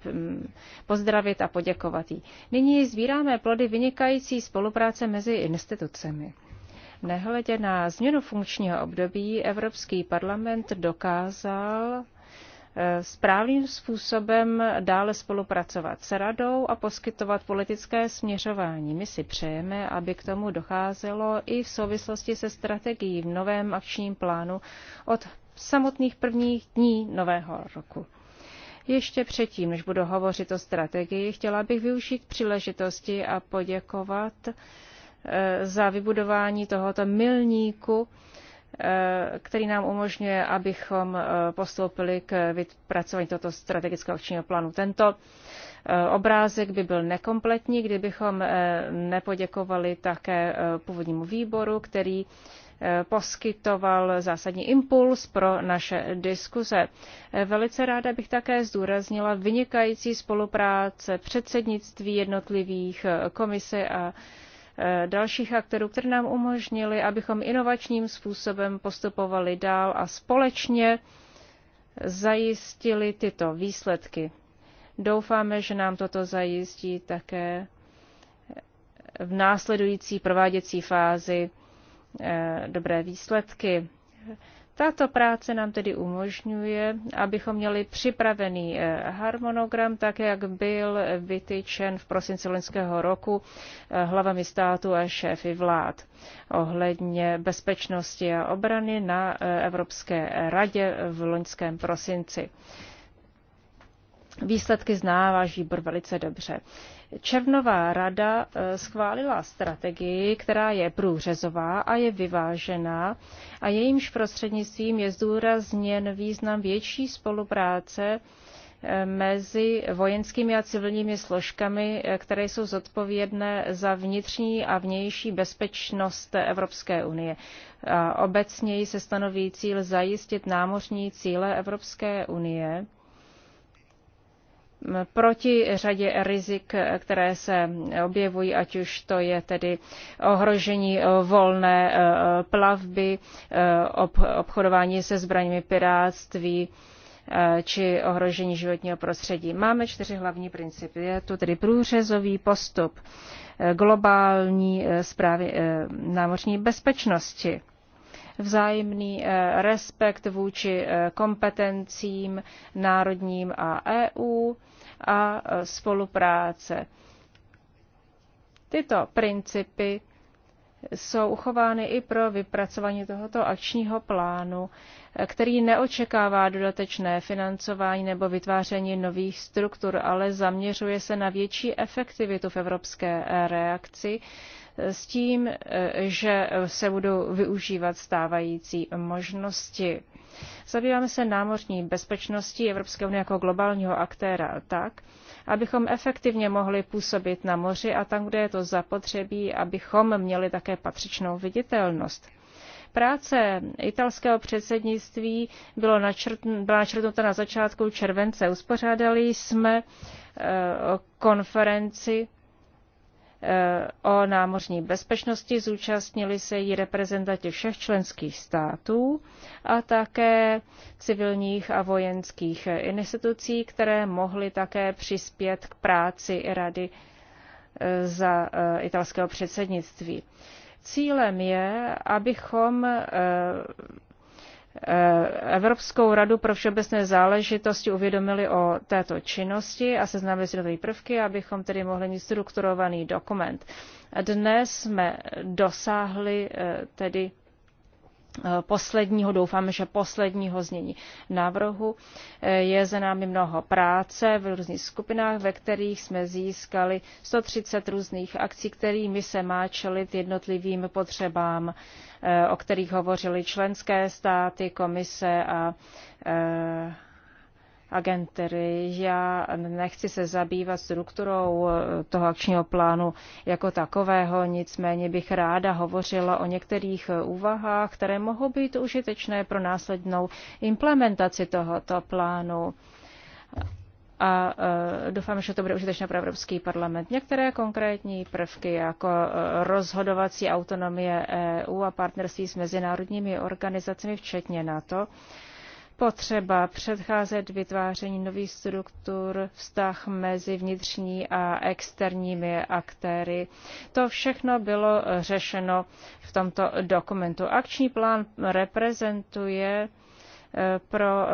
pozdravit a poděkovat jí. Nyní sbíráme plody vynikající spolupráce mezi institucemi. Nehledě na změnu funkčního období Evropský parlament dokázal Eh, správným způsobem dále spolupracovat s radou a poskytovat politické směřování. My si přejeme, aby k tomu docházelo i v souvislosti se strategií v novém akčním plánu od samotných prvních dní nového roku. Ještě předtím, než budu hovořit o strategii, chtěla bych využít příležitosti a poděkovat eh, za vybudování tohoto milníku Eh, který nám umožňuje, abychom eh, postoupili k vypracování tohoto strategického akčního plánu. Tento eh, obrázek by byl nekompletní, kdybychom nepoděkovali také původnímu výboru, který poskytoval zásadní impuls pro naše diskuze. Velice ráda bych také zdůraznila vynikající spolupráce předsednictví jednotlivých komise a Eh, dalších aktérů, které nám umožnili, abychom inovačním způsobem postupovali dál a společně zajistili tyto výsledky. Doufáme, že nám toto zajistí také v následující prováděcí fázi eh, dobré výsledky. Tato práce nám tedy umožňuje, abychom měli připravený eh, harmonogram, tak jak byl vytyčen v prosinci loňského roku eh, hlavami státu a šéfy vlád ohledně bezpečnosti a obrany na eh, Evropské radě v loňském prosinci. Výsledky zná váš výbor velice dobře. Červnová rada eh, schválila strategii, která je průřezová a je vyvážená a jejímž prostřednictvím je zdůrazněn význam větší spolupráce eh, mezi vojenskými a civilními složkami, eh, které jsou zodpovědné za vnitřní a vnější bezpečnost Evropské unie. A obecněji se stanoví cíl zajistit námořní cíle Evropské unie proti řadě rizik, které se objevují, ať už to je tedy ohrožení eh, volné eh, plavby, eh, obchodování se zbraněmi piráctví či ohrožení životního prostředí. Máme čtyři hlavní principy. Je to tedy průřezový postup globální zprávy námořní bezpečnosti vzájemný eh, respekt vůči eh, kompetencím národním a EU a eh, spolupráce. Tyto principy jsou uchovány i pro vypracování tohoto akčního plánu, který neočekává dodatečné financování nebo vytváření nových struktur, ale zaměřuje se na větší efektivitu v evropské reakci s tím, eh, že se budou využívat stávající možnosti. Zabýváme se námořní bezpečností Evropské unie jako globálního aktéra tak, abychom efektivně mohli působit na moři a tam, kde je to zapotřebí, abychom měli také patřičnou viditelnost. Práce italského předsednictví bylo načrtn, byla načrtnuta na začátku července. Uspořádali jsme eh, konferenci Eh, o námořní bezpečnosti. Zúčastnili se jí reprezentanti všech členských států a také civilních a vojenských institucí, které mohly také přispět k práci Rady eh, za eh, italského předsednictví. Cílem je, abychom Eh, Evropskou radu pro všeobecné záležitosti uvědomili o této činnosti a seznámili si nové prvky, abychom tedy mohli mít strukturovaný dokument. Dnes jsme dosáhli eh, tedy Eh, posledního, doufám, že posledního znění návrhu. Eh, je za námi mnoho práce v různých skupinách, ve kterých jsme získali 130 různých akcí, kterými se má čelit jednotlivým potřebám, eh, o kterých hovořili členské státy, komise a agentury. Já nechci se zabývat strukturou eh, toho akčního plánu jako takového, nicméně bych ráda hovořila o některých eh, úvahách, které mohou být užitečné pro následnou implementaci tohoto plánu. A eh, doufám, že to bude užitečné pro Evropský parlament. Některé konkrétní prvky, jako rozhodovací autonomie EU a partnerství s mezinárodními organizacemi, včetně NATO, potřeba předcházet vytváření nových struktur, vztah mezi vnitřní a externími aktéry. To všechno bylo řešeno v tomto dokumentu. Akční plán reprezentuje eh, pro eh,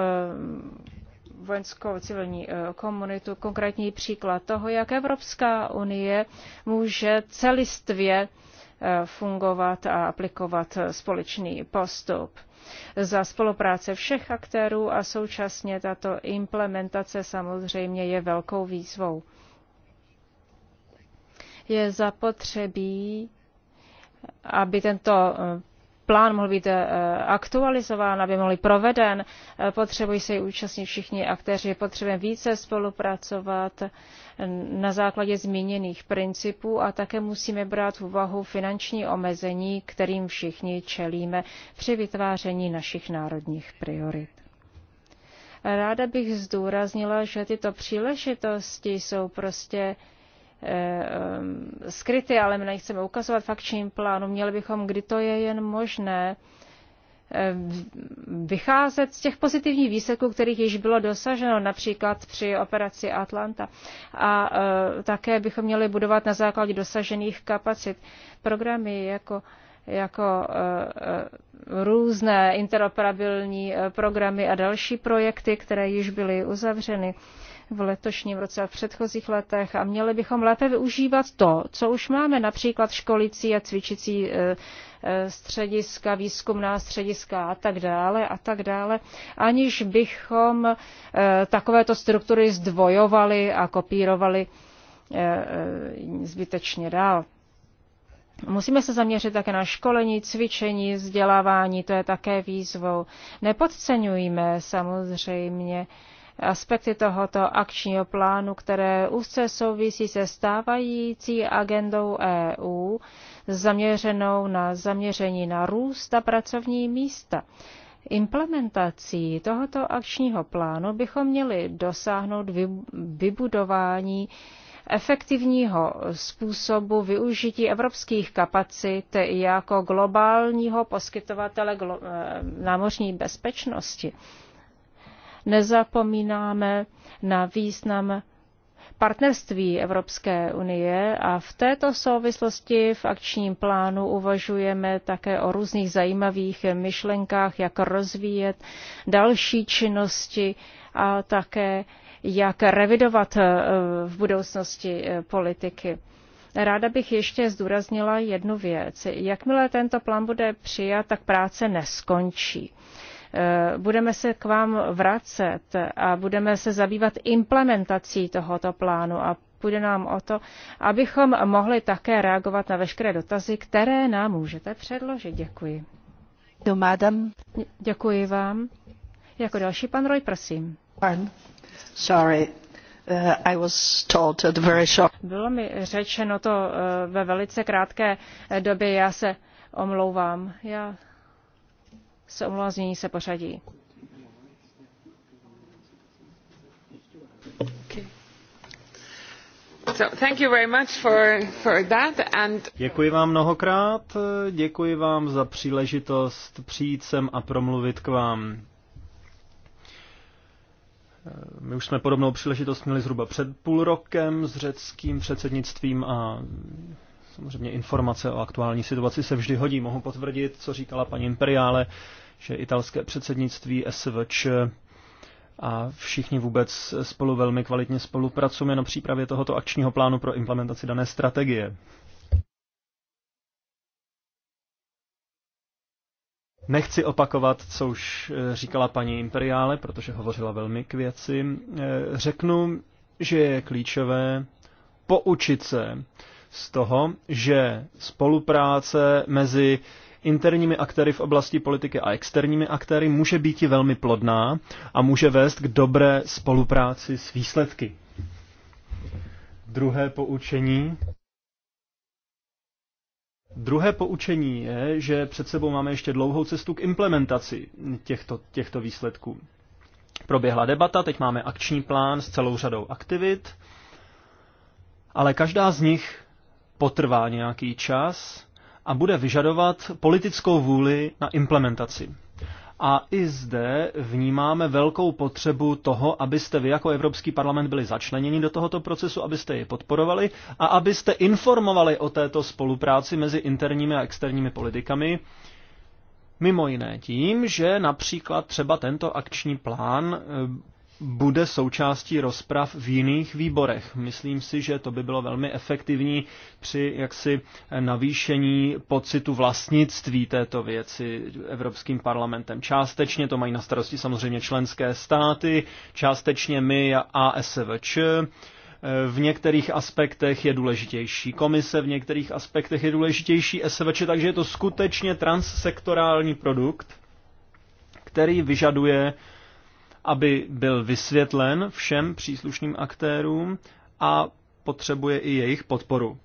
vojenskou civilní eh, komunitu konkrétní příklad toho, jak Evropská unie může celistvě fungovat a aplikovat společný postup za spolupráce všech aktérů a současně tato implementace samozřejmě je velkou výzvou. Je zapotřebí, aby tento eh, plán mohl být eh, aktualizován, aby mohl být proveden. Eh, potřebují se účastnit všichni aktéři, potřebujeme více spolupracovat na základě zmíněných principů a také musíme brát v úvahu finanční omezení, kterým všichni čelíme při vytváření našich národních priorit. Ráda bych zdůraznila, že tyto příležitosti jsou prostě Eh, eh, skryty, ale my nechceme ukazovat v akčním plánu. Měli bychom, kdy to je jen možné, eh, vycházet z těch pozitivních výsledků, kterých již bylo dosaženo, například při operaci Atlanta. A také bychom měli budovat na základě dosažených kapacit programy jako jako různé interoperabilní programy a další projekty, které již byly uzavřeny v letošním roce a v předchozích letech a měli bychom lépe využívat to, co už máme, například školicí a cvičicí eh, eh, střediska, výzkumná střediska a tak dále a tak dále, aniž bychom eh, takovéto struktury zdvojovali a kopírovali zbytečně dál. Musíme se zaměřit také na školení, cvičení, vzdělávání, to je také výzvou. Nepodceňujme samozřejmě aspekty tohoto akčního plánu, které úzce souvisí se stávající agendou EU, zaměřenou na zaměření na růst a pracovní místa. Implementací tohoto akčního plánu bychom měli dosáhnout vybudování efektivního způsobu využití evropských kapacit jako globálního poskytovatele eh, námořní bezpečnosti nezapomínáme na význam partnerství Evropské unie a v této souvislosti v akčním plánu uvažujeme také o různých zajímavých myšlenkách, jak rozvíjet další činnosti a také jak revidovat eh, v budoucnosti eh, politiky. Ráda bych ještě zdůraznila jednu věc. Jakmile tento plán bude přijat, tak práce neskončí. Eh, budeme se k vám vracet a budeme se zabývat implementací tohoto plánu a půjde nám o to, abychom mohli také reagovat na veškeré dotazy, které nám můžete předložit. Děkuji. Do madam. Děkuji vám. Jako další pan Roy, prosím. Pardon. Sorry. Uh, I was told at very short... Bylo mi řečeno to uh, ve velice krátké době. Já se omlouvám. Já omlouvám, změní se pořadí. Děkuji vám mnohokrát, děkuji vám za příležitost přijít sem a promluvit k vám. My už jsme podobnou příležitost měli zhruba před půl rokem s řeckým předsednictvím a Samozřejmě informace o aktuální situaci se vždy hodí. Mohu potvrdit, co říkala paní Imperiále, že italské předsednictví SVČ a všichni vůbec spolu velmi kvalitně spolupracujeme na přípravě tohoto akčního plánu pro implementaci dané strategie. Nechci opakovat, co už eh, říkala paní Imperiále, protože hovořila velmi k věci. Eh, řeknu, že je klíčové poučit se z toho, že spolupráce mezi interními aktéry v oblasti politiky a externími aktéry může být i velmi plodná a může vést k dobré spolupráci s výsledky. Druhé poučení. Druhé poučení je, že před sebou máme ještě dlouhou cestu k implementaci těchto, těchto výsledků. Proběhla debata, teď máme akční plán s celou řadou aktivit, ale každá z nich potrvá nějaký čas a bude vyžadovat politickou vůli na implementaci. A i zde vnímáme velkou potřebu toho, abyste vy jako Evropský parlament byli začleněni do tohoto procesu, abyste ji podporovali a abyste informovali o této spolupráci mezi interními a externími politikami, Mimo jiné tím, že například třeba tento akční plán eh, bude součástí rozprav v jiných výborech. Myslím si, že to by bylo velmi efektivní při jaksi navýšení pocitu vlastnictví této věci Evropským parlamentem. Částečně to mají na starosti samozřejmě členské státy, částečně my a ASVČ. V některých aspektech je důležitější komise, v některých aspektech je důležitější SVČ, takže je to skutečně transsektorální produkt, který vyžaduje aby byl vysvětlen všem příslušným aktérům a potřebuje i jejich podporu.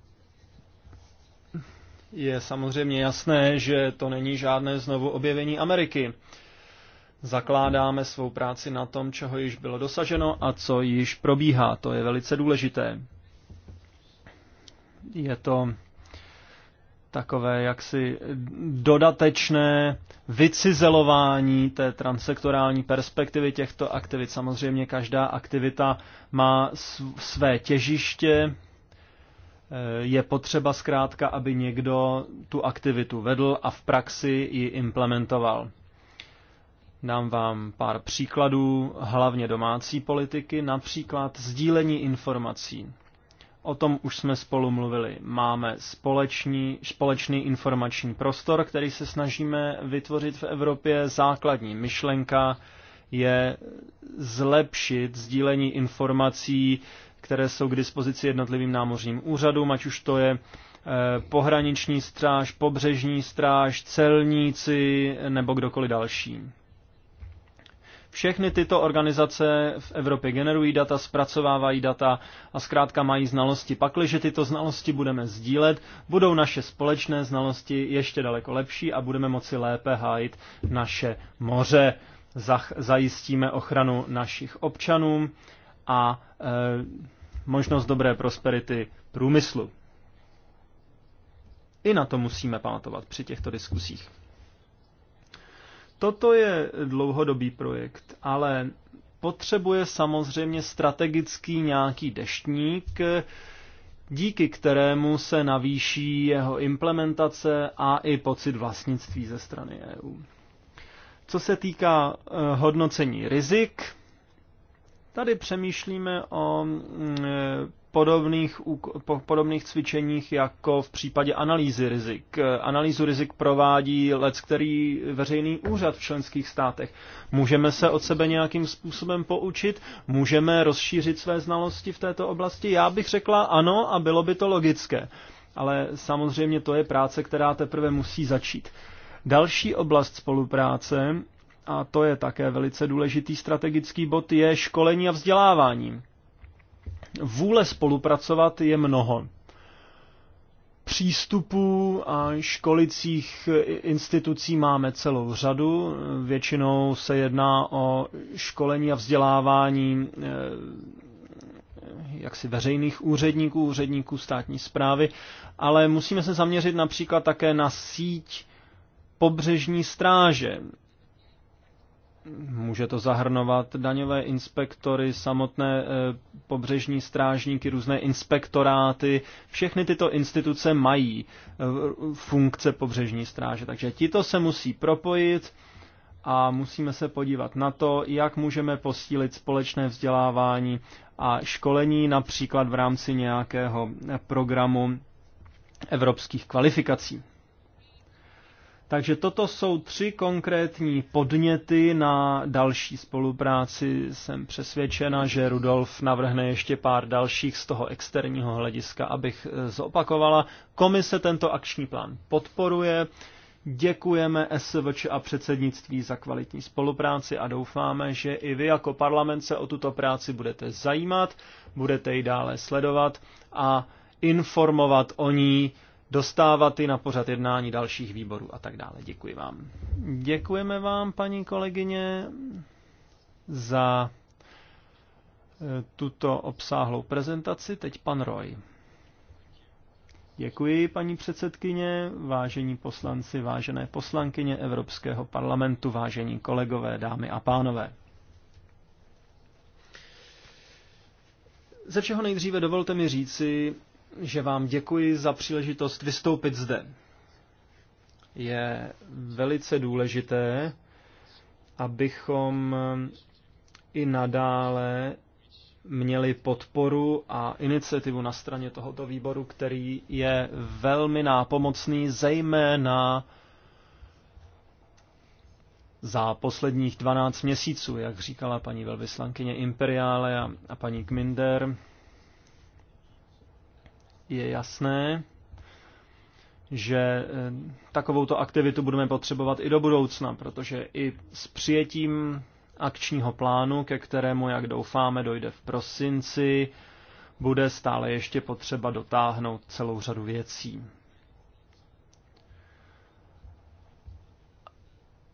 Je samozřejmě jasné, že to není žádné znovu objevení Ameriky. Zakládáme svou práci na tom, čeho již bylo dosaženo a co již probíhá. To je velice důležité. Je to takové jaksi dodatečné vycizelování té transsektorální perspektivy těchto aktivit. Samozřejmě každá aktivita má své těžiště, e, je potřeba zkrátka, aby někdo tu aktivitu vedl a v praxi ji implementoval. Dám vám pár příkladů, hlavně domácí politiky, například sdílení informací. O tom už jsme spolu mluvili. Máme společný, společný informační prostor, který se snažíme vytvořit v Evropě. Základní myšlenka je zlepšit sdílení informací, které jsou k dispozici jednotlivým námořním úřadům, ať už to je eh, pohraniční stráž, pobřežní stráž, celníci nebo kdokoliv další. Všechny tyto organizace v Evropě generují data, zpracovávají data a zkrátka mají znalosti. Pakliže tyto znalosti budeme sdílet, budou naše společné znalosti ještě daleko lepší a budeme moci lépe hájit naše moře. Zajistíme ochranu našich občanů a e, možnost dobré prosperity průmyslu. I na to musíme pamatovat při těchto diskusích. Toto je dlouhodobý projekt, ale potřebuje samozřejmě strategický nějaký deštník, díky kterému se navýší jeho implementace a i pocit vlastnictví ze strany EU. Co se týká eh, hodnocení rizik, tady přemýšlíme o mm, eh, podobných, po podobných cvičeních jako v případě analýzy rizik. Analýzu rizik provádí lec, který veřejný úřad v členských státech. Můžeme se od sebe nějakým způsobem poučit? Můžeme rozšířit své znalosti v této oblasti? Já bych řekla ano a bylo by to logické. Ale samozřejmě to je práce, která teprve musí začít. Další oblast spolupráce, a to je také velice důležitý strategický bod, je školení a vzdělávání vůle spolupracovat je mnoho. Přístupů a školicích institucí máme celou řadu. Většinou se jedná o školení a vzdělávání eh, jaksi veřejných úředníků, úředníků státní zprávy, ale musíme se zaměřit například také na síť pobřežní stráže, Může to zahrnovat daňové inspektory, samotné eh, pobřežní strážníky, různé inspektoráty. Všechny tyto instituce mají eh, funkce pobřežní stráže, takže tito se musí propojit a musíme se podívat na to, jak můžeme posílit společné vzdělávání a školení, například v rámci nějakého eh, programu evropských kvalifikací. Takže toto jsou tři konkrétní podněty na další spolupráci. Jsem přesvědčena, že Rudolf navrhne ještě pár dalších z toho externího hlediska, abych eh, zopakovala. Komise tento akční plán podporuje. Děkujeme SVČ a předsednictví za kvalitní spolupráci a doufáme, že i vy jako parlament se o tuto práci budete zajímat, budete ji dále sledovat a informovat o ní dostávat i na pořad jednání dalších výborů a tak dále. Děkuji vám. Děkujeme vám, paní kolegyně, za eh, tuto obsáhlou prezentaci. Teď pan Roy. Děkuji, paní předsedkyně, vážení poslanci, vážené poslankyně Evropského parlamentu, vážení kolegové, dámy a pánové. Ze všeho nejdříve dovolte mi říci, že vám děkuji za příležitost vystoupit zde. Je velice důležité, abychom i nadále měli podporu a iniciativu na straně tohoto výboru, který je velmi nápomocný, zejména za posledních 12 měsíců, jak říkala paní velvyslankyně Imperiále a, a paní Gminder, je jasné, že eh, takovouto aktivitu budeme potřebovat i do budoucna, protože i s přijetím akčního plánu, ke kterému, jak doufáme, dojde v prosinci, bude stále ještě potřeba dotáhnout celou řadu věcí.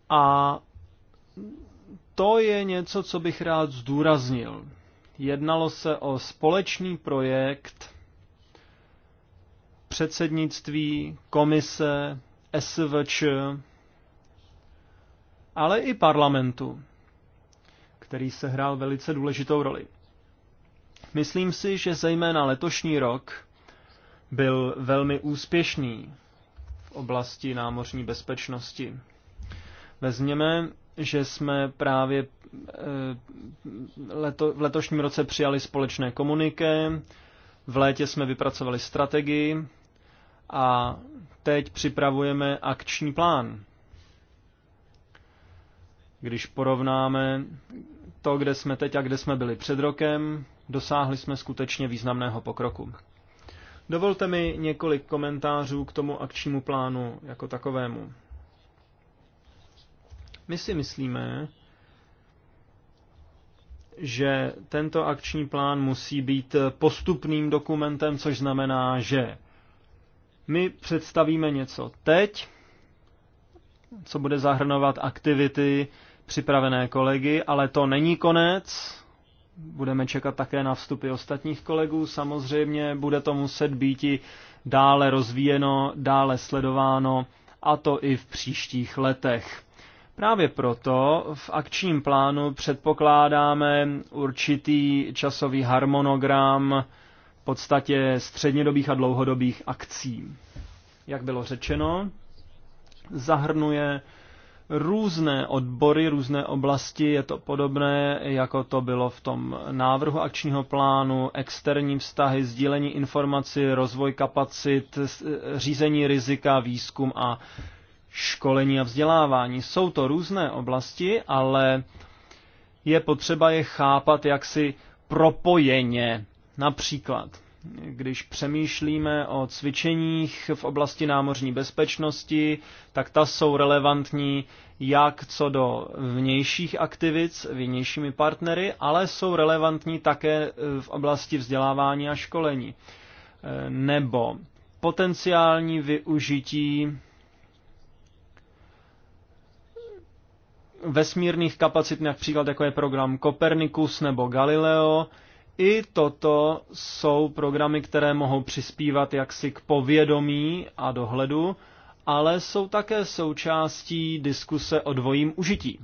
A to je něco, co bych rád zdůraznil. Jednalo se o společný projekt předsednictví, komise, SVČ, ale i parlamentu, který se hrál velice důležitou roli. Myslím si, že zejména letošní rok byl velmi úspěšný v oblasti námořní bezpečnosti. Vezměme, že jsme právě eh, leto, v letošním roce přijali společné komuniké, v létě jsme vypracovali strategii a teď připravujeme akční plán. Když porovnáme to, kde jsme teď a kde jsme byli před rokem, dosáhli jsme skutečně významného pokroku. Dovolte mi několik komentářů k tomu akčnímu plánu jako takovému. My si myslíme, že tento akční plán musí být postupným dokumentem, což znamená, že my představíme něco teď, co bude zahrnovat aktivity připravené kolegy, ale to není konec. Budeme čekat také na vstupy ostatních kolegů. Samozřejmě bude to muset být i dále rozvíjeno, dále sledováno, a to i v příštích letech. Právě proto v akčním plánu předpokládáme určitý časový harmonogram, podstatě střednědobých a dlouhodobých akcí. Jak bylo řečeno, zahrnuje různé odbory, různé oblasti. Je to podobné, jako to bylo v tom návrhu akčního plánu, externí vztahy, sdílení informací, rozvoj kapacit, řízení rizika, výzkum a školení a vzdělávání. Jsou to různé oblasti, ale je potřeba je chápat jaksi propojeně Například, když přemýšlíme o cvičeních v oblasti námořní bezpečnosti, tak ta jsou relevantní jak co do vnějších aktivit s vnějšími partnery, ale jsou relevantní také eh, v oblasti vzdělávání a školení. Eh, nebo potenciální využití vesmírných kapacit, například jako je program Copernicus nebo Galileo, i toto jsou programy, které mohou přispívat jaksi k povědomí a dohledu, ale jsou také součástí diskuse o dvojím užití.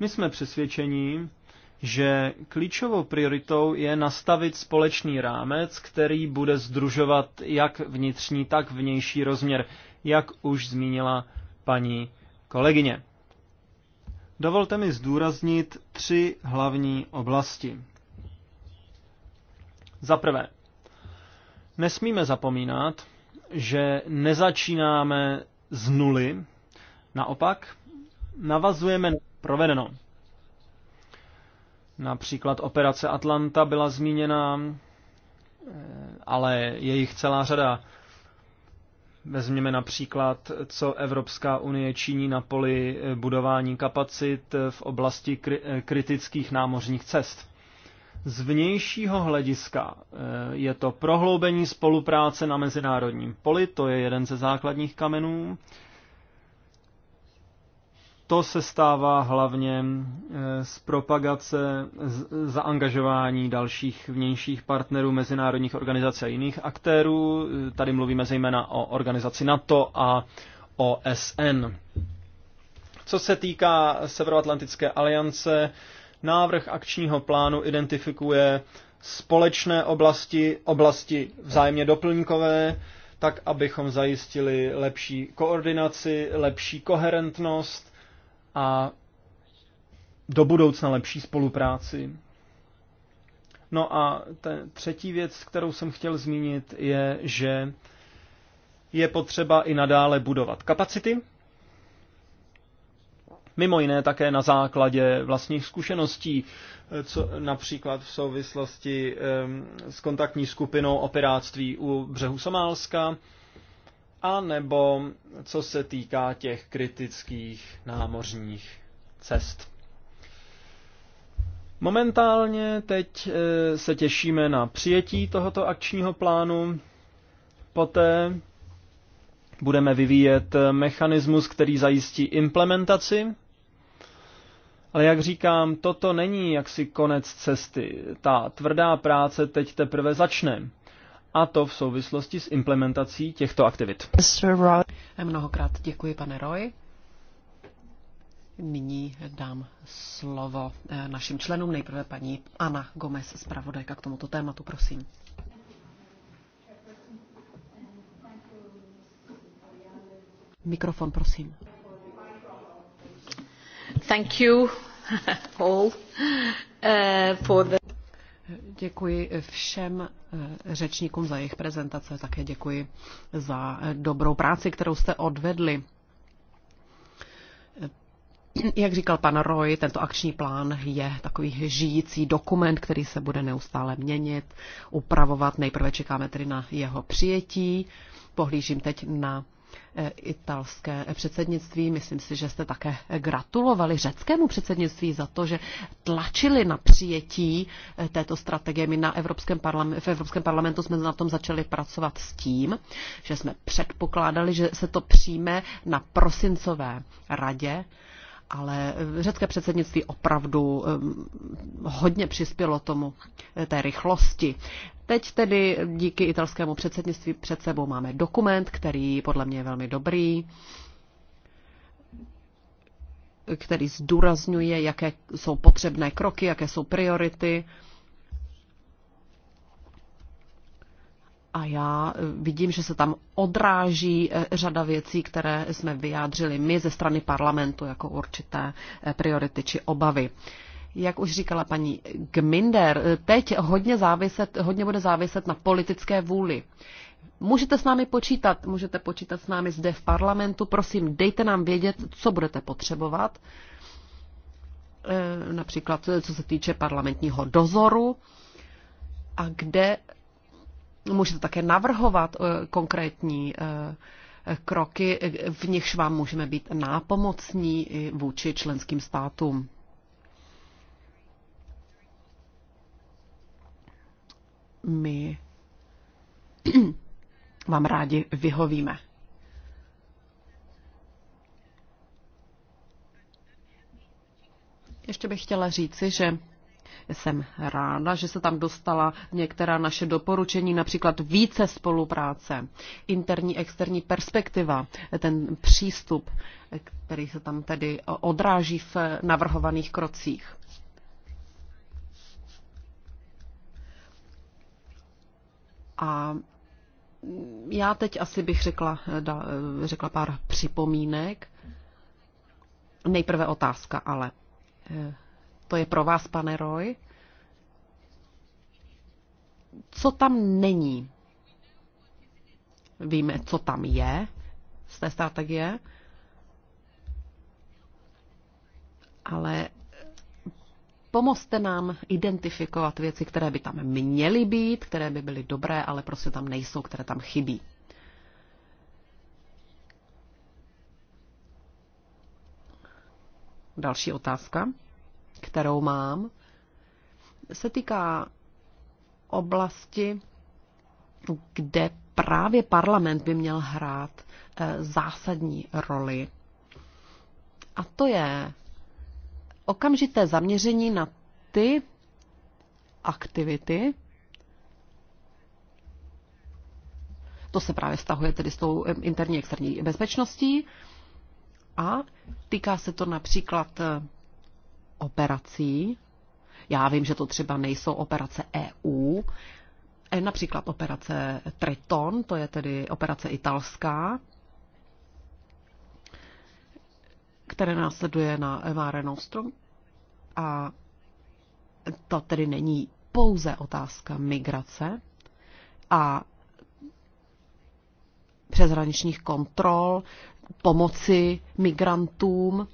My jsme přesvědčeni, že klíčovou prioritou je nastavit společný rámec, který bude združovat jak vnitřní, tak vnější rozměr, jak už zmínila paní kolegyně. Dovolte mi zdůraznit tři hlavní oblasti. Za prvé, nesmíme zapomínat, že nezačínáme z nuly, naopak navazujeme provedeno. Například operace Atlanta byla zmíněna, eh, ale je jich celá řada Vezměme například, co Evropská unie činí na poli eh, budování kapacit eh, v oblasti eh, kritických námořních cest. Z vnějšího hlediska je to prohloubení spolupráce na mezinárodním poli, to je jeden ze základních kamenů to se stává hlavně eh, z propagace zaangažování dalších vnějších partnerů, mezinárodních organizací a jiných aktérů. Tady mluvíme zejména o organizaci NATO a OSN. Co se týká Severoatlantické aliance, návrh akčního plánu identifikuje společné oblasti, oblasti vzájemně doplňkové, tak abychom zajistili lepší koordinaci, lepší koherentnost a do budoucna lepší spolupráci. No a ta třetí věc, kterou jsem chtěl zmínit, je, že je potřeba i nadále budovat kapacity, mimo jiné také na základě vlastních zkušeností, co například v souvislosti ehm, s kontaktní skupinou o piráctví u břehu Somálska, a nebo co se týká těch kritických námořních cest. Momentálně teď e, se těšíme na přijetí tohoto akčního plánu. Poté budeme vyvíjet mechanismus, který zajistí implementaci. Ale jak říkám, toto není jaksi konec cesty. Ta tvrdá práce teď teprve začne a to v souvislosti s implementací těchto aktivit. Mnohokrát děkuji, pane Roy. Nyní dám slovo eh, našim členům, nejprve paní Ana Gomez, zpravodajka k tomuto tématu, prosím. Mikrofon, prosím. Thank you all eh, for the... Děkuji všem eh, řečníkům za jejich prezentace, také děkuji za eh, dobrou práci, kterou jste odvedli. Eh, jak říkal pan Roy, tento akční plán je takový žijící dokument, který se bude neustále měnit, upravovat. Nejprve čekáme tedy na jeho přijetí. Pohlížím teď na Eh, italské předsednictví. Myslím si, že jste také gratulovali řeckému předsednictví za to, že tlačili na přijetí eh, této strategie. My na Evropském parlamentu, v Evropském parlamentu jsme na tom začali pracovat s tím, že jsme předpokládali, že se to přijme na prosincové radě ale eh, řecké předsednictví opravdu eh, hodně přispělo tomu eh, té rychlosti. Teď tedy díky italskému předsednictví před sebou máme dokument, který podle mě je velmi dobrý, který zdůrazňuje, jaké jsou potřebné kroky, jaké jsou priority a já eh, vidím, že se tam odráží eh, řada věcí, které jsme vyjádřili my ze strany parlamentu jako určité eh, priority či obavy. Jak už říkala paní Gminder, teď hodně, záviset, hodně bude záviset na politické vůli. Můžete s námi počítat, můžete počítat s námi zde v parlamentu. Prosím, dejte nám vědět, co budete potřebovat, například co se týče parlamentního dozoru a kde můžete také navrhovat eh, konkrétní eh, kroky, v nichž vám můžeme být nápomocní i vůči členským státům. My vám rádi vyhovíme. Ještě bych chtěla říci, že jsem ráda, že se tam dostala některá naše doporučení, například více spolupráce, interní, externí perspektiva, ten přístup, který se tam tedy odráží v navrhovaných krocích. A já teď asi bych řekla, řekla pár připomínek. Nejprve otázka, ale eh, to je pro vás, pane Roy. Co tam není? Víme, co tam je z té strategie, ale pomozte nám identifikovat věci, které by tam měly být, které by byly dobré, ale prostě tam nejsou, které tam chybí. Další otázka kterou mám, se týká oblasti, kde právě parlament by měl hrát eh, zásadní roli. A to je okamžité zaměření na ty aktivity, to se právě stahuje tedy s tou eh, interní externí bezpečností, a týká se to například eh, operací. Já vím, že to třeba nejsou operace EU, e, například operace Triton, to je tedy operace italská, které následuje na Mare Nostrum. A to tedy není pouze otázka migrace a přeshraničních kontrol, pomoci migrantům,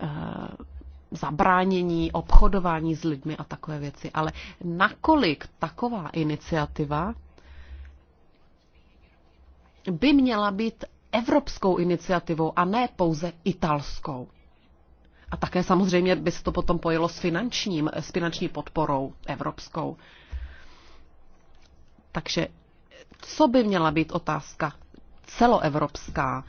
eh, zabránění, obchodování s lidmi a takové věci. Ale nakolik taková iniciativa by měla být evropskou iniciativou a ne pouze italskou. A také samozřejmě by se to potom pojelo s, finančním, s finanční podporou evropskou. Takže co by měla být otázka celoevropská?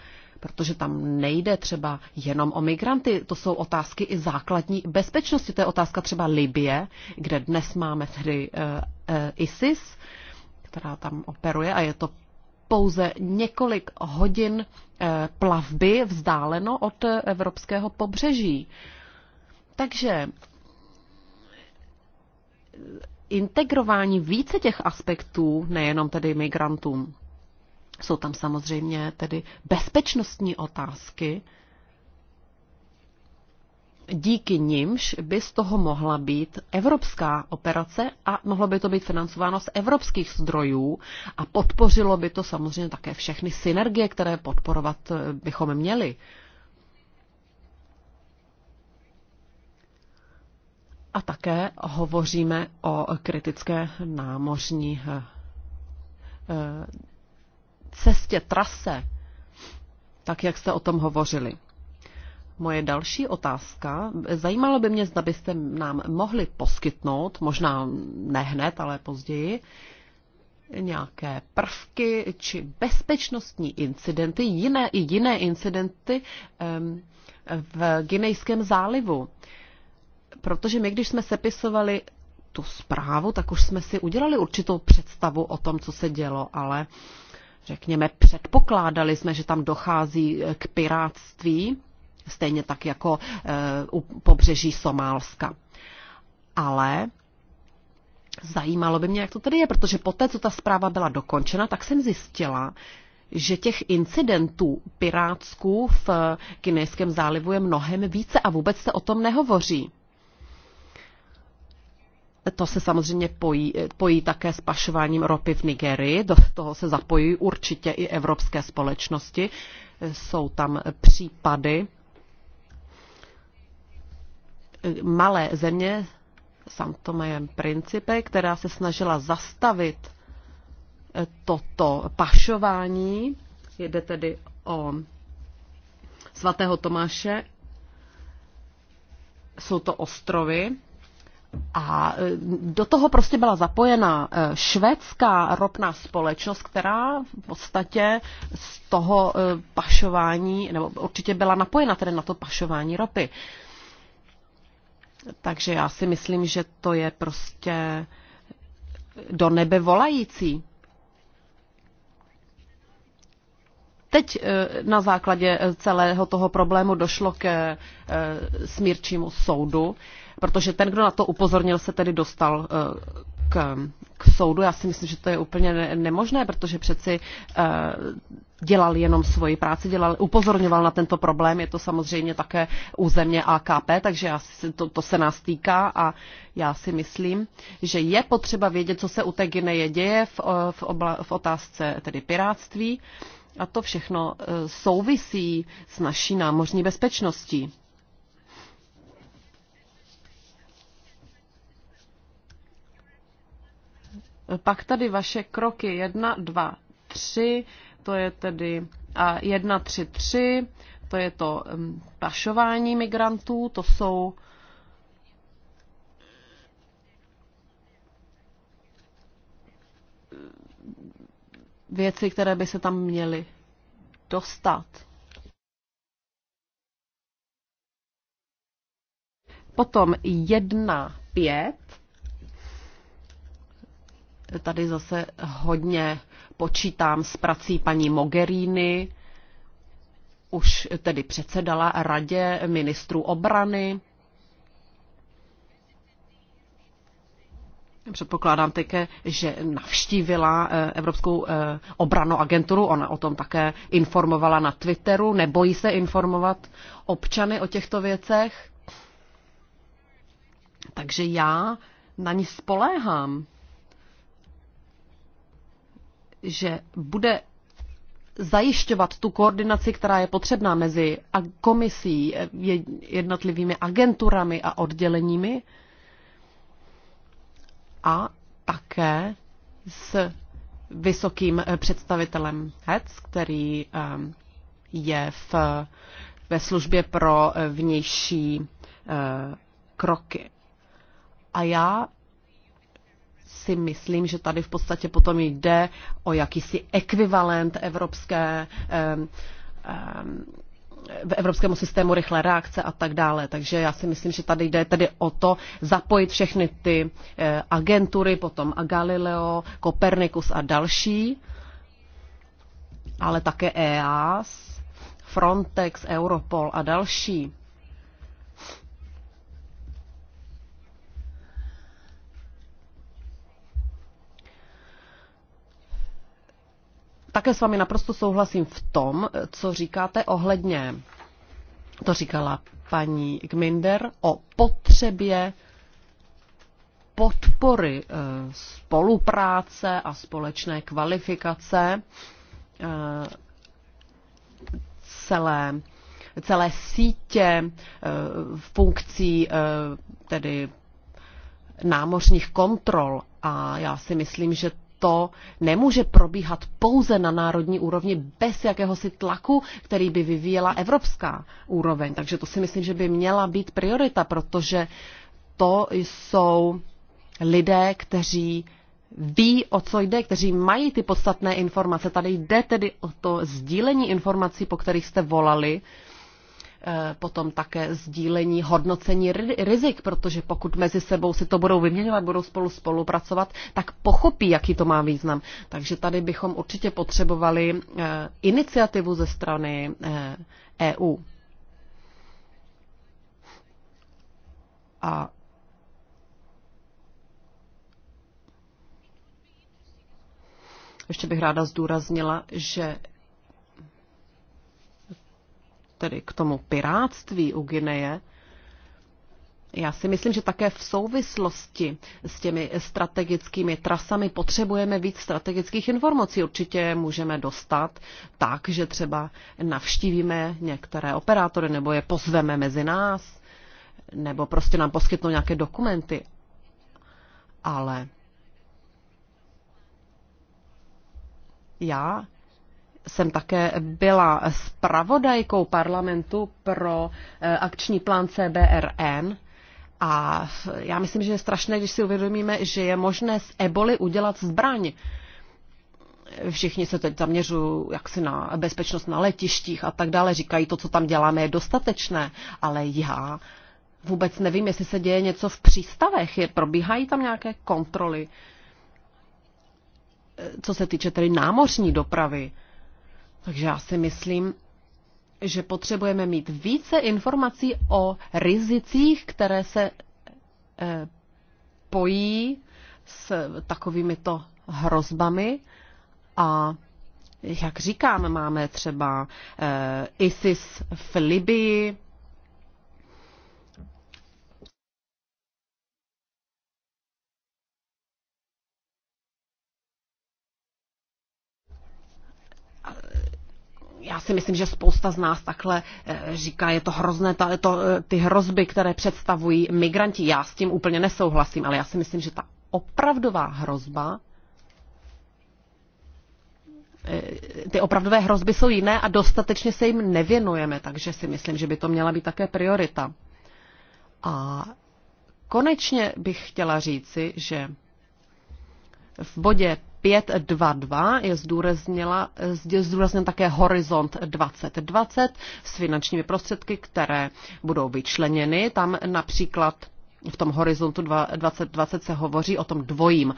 protože tam nejde třeba jenom o migranty, to jsou otázky i základní bezpečnosti. To je otázka třeba Libie, kde dnes máme tedy eh, eh, ISIS, která tam operuje a je to pouze několik hodin eh, plavby vzdáleno od evropského pobřeží. Takže integrování více těch aspektů, nejenom tedy migrantům, jsou tam samozřejmě tedy bezpečnostní otázky, díky nimž by z toho mohla být evropská operace a mohlo by to být financováno z evropských zdrojů a podpořilo by to samozřejmě také všechny synergie, které podporovat eh, bychom měli. A také hovoříme o kritické námořní eh, eh, cestě, trase, tak jak jste o tom hovořili. Moje další otázka. Zajímalo by mě, zda byste nám mohli poskytnout, možná ne hned, ale později, nějaké prvky či bezpečnostní incidenty, jiné i jiné incidenty v Ginejském zálivu. Protože my, když jsme sepisovali tu zprávu, tak už jsme si udělali určitou představu o tom, co se dělo, ale řekněme, předpokládali jsme, že tam dochází eh, k piráctví, stejně tak jako eh, u pobřeží Somálska. Ale zajímalo by mě, jak to tedy je, protože poté, co ta zpráva byla dokončena, tak jsem zjistila, že těch incidentů pirátsků v eh, Kinejském zálivu je mnohem více a vůbec se o tom nehovoří. To se samozřejmě pojí, pojí také s pašováním ropy v Nigerii, do toho se zapojí určitě i evropské společnosti. Jsou tam případy malé země, mají Principe, která se snažila zastavit toto pašování. Jede tedy o svatého Tomáše. Jsou to ostrovy, a e, do toho prostě byla zapojena e, švédská ropná společnost, která v podstatě z toho e, pašování, nebo určitě byla napojena tedy na to pašování ropy. Takže já si myslím, že to je prostě do nebe volající. Teď eh, na základě eh, celého toho problému došlo k eh, smírčímu soudu, protože ten, kdo na to upozornil, se tedy dostal k, k soudu. Já si myslím, že to je úplně nemožné, protože přeci dělal jenom svoji práci, dělal, upozorňoval na tento problém. Je to samozřejmě také územně AKP, takže já si, to, to se nás týká a já si myslím, že je potřeba vědět, co se u té Gineje děje v, v, obla, v otázce tedy piráctví. A to všechno eh, souvisí s naší námořní bezpečností. Pak tady vaše kroky 1, 2, 3, to je tedy a 1, 3, 3, to je to mm, pašování migrantů, to jsou věci, které by se tam měly dostat. Potom jedna pět. Tady zase hodně počítám s prací paní Mogherini, už tedy předsedala radě ministrů obrany Předpokládám také, že navštívila eh, Evropskou eh, obranu agenturu, ona o tom také informovala na Twitteru, nebojí se informovat občany o těchto věcech. Takže já na ní spoléhám, že bude zajišťovat tu koordinaci, která je potřebná mezi komisí, eh, jednotlivými agenturami a odděleními, a také s vysokým představitelem HEC, který um, je v, ve službě pro vnější uh, kroky. A já si myslím, že tady v podstatě potom jde o jakýsi ekvivalent evropské um, um, v evropskému systému rychlé reakce a tak dále. Takže já si myslím, že tady jde tedy o to zapojit všechny ty eh, agentury, potom a Galileo, Kopernikus a další, ale také EAS, Frontex, Europol a další. Také s vámi naprosto souhlasím v tom, co říkáte ohledně, to říkala paní Gminder, o potřebě podpory eh, spolupráce a společné kvalifikace eh, celé, celé sítě eh, funkcí tedy námořních kontrol. A já si myslím, že to nemůže probíhat pouze na národní úrovni bez jakéhosi tlaku, který by vyvíjela evropská úroveň. Takže to si myslím, že by měla být priorita, protože to jsou lidé, kteří ví, o co jde, kteří mají ty podstatné informace. Tady jde tedy o to sdílení informací, po kterých jste volali, Eh, potom také sdílení, hodnocení rizik, protože pokud mezi sebou si to budou vyměňovat, budou spolu spolupracovat, tak pochopí, jaký to má význam. Takže tady bychom určitě potřebovali eh, iniciativu ze strany EU. Eh, e A ještě bych ráda zdůraznila, že tedy k tomu piráctví u Gineje, já si myslím, že také v souvislosti s těmi strategickými trasami potřebujeme víc strategických informací. Určitě můžeme dostat tak, že třeba navštívíme některé operátory nebo je pozveme mezi nás, nebo prostě nám poskytnou nějaké dokumenty. Ale já jsem také byla zpravodajkou parlamentu pro eh, akční plán CBRN. A já myslím, že je strašné, když si uvědomíme, že je možné z eboli udělat zbraň. Všichni se teď zaměřují jaksi na bezpečnost na letištích a tak dále. Říkají, to, co tam děláme, je dostatečné. Ale já vůbec nevím, jestli se děje něco v přístavech. Je, probíhají tam nějaké kontroly, co se týče tedy námořní dopravy takže já si myslím, že potřebujeme mít více informací o rizicích, které se eh, pojí s takovýmito hrozbami a jak říkám, máme třeba eh, ISIS v Libii, Já si myslím, že spousta z nás takhle eh, říká, je to hrozné, ta, to, eh, ty hrozby, které představují migranti. Já s tím úplně nesouhlasím, ale já si myslím, že ta opravdová hrozba, eh, ty opravdové hrozby jsou jiné a dostatečně se jim nevěnujeme, takže si myslím, že by to měla být také priorita. A konečně bych chtěla říci, že v bodě 522 je zdůraznila, je zdůraznil také Horizont 2020 s finančními prostředky, které budou vyčleněny. Tam například v tom horizontu 2020 se hovoří o tom dvojím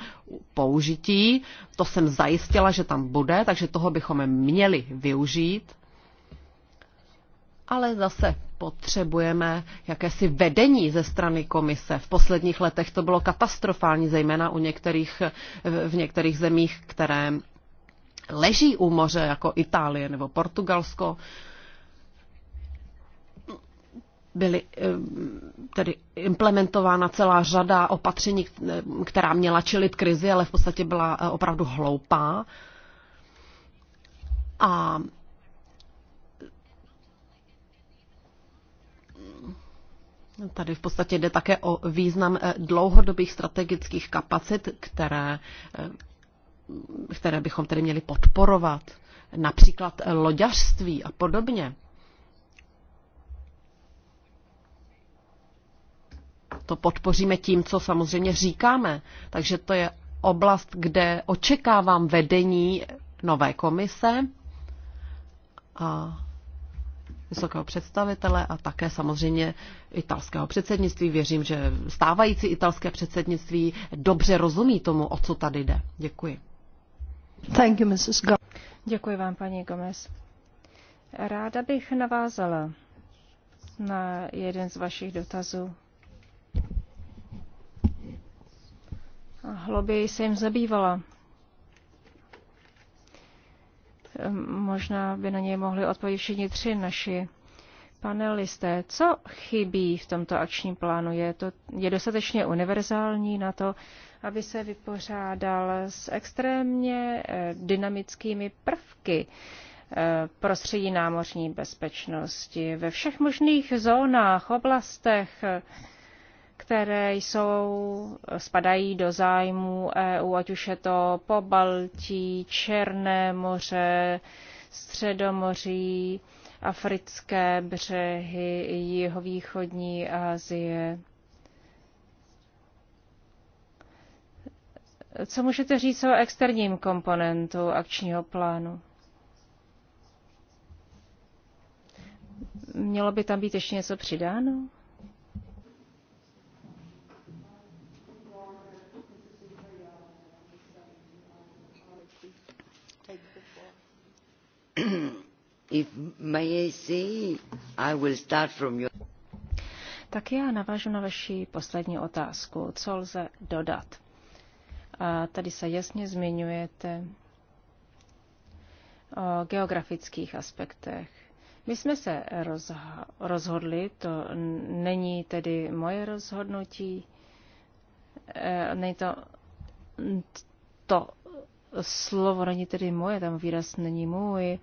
použití. To jsem zajistila, že tam bude, takže toho bychom měli využít ale zase potřebujeme jakési vedení ze strany komise. V posledních letech to bylo katastrofální, zejména u některých, v některých zemích, které leží u moře, jako Itálie nebo Portugalsko, byly eh, tedy implementována celá řada opatření, která měla čelit krizi, ale v podstatě byla eh, opravdu hloupá. A Tady v podstatě jde také o význam eh, dlouhodobých strategických kapacit, které, eh, které bychom tedy měli podporovat, například eh, loďařství a podobně. To podpoříme tím, co samozřejmě říkáme. Takže to je oblast, kde očekávám vedení nové komise a vysokého představitele a také samozřejmě italského předsednictví. Věřím, že stávající italské předsednictví dobře rozumí tomu, o co tady jde. Děkuji. Thank you, Mrs. Go- Děkuji vám, paní Gomez. Ráda bych navázala na jeden z vašich dotazů. Hlouběji se jim zabývala. Možná by na něj mohli odpovědět všichni tři naši panelisté. Co chybí v tomto akčním plánu? Je, to, je dostatečně univerzální na to, aby se vypořádal s extrémně eh, dynamickými prvky eh, prostředí námořní bezpečnosti ve všech možných zónách, oblastech, které jsou, spadají do zájmu EU, ať už je to po Baltí, Černé moře, Středomoří, africké břehy, jihovýchodní Asie. Co můžete říct o externím komponentu akčního plánu? Mělo by tam být ještě něco přidáno? Tak já navážu na vaši poslední otázku. Co lze dodat? A tady se jasně zmiňujete o geografických aspektech. My jsme se rozhodli, to není tedy moje rozhodnutí, e, není to, to slovo není tedy moje, tam výraz není můj.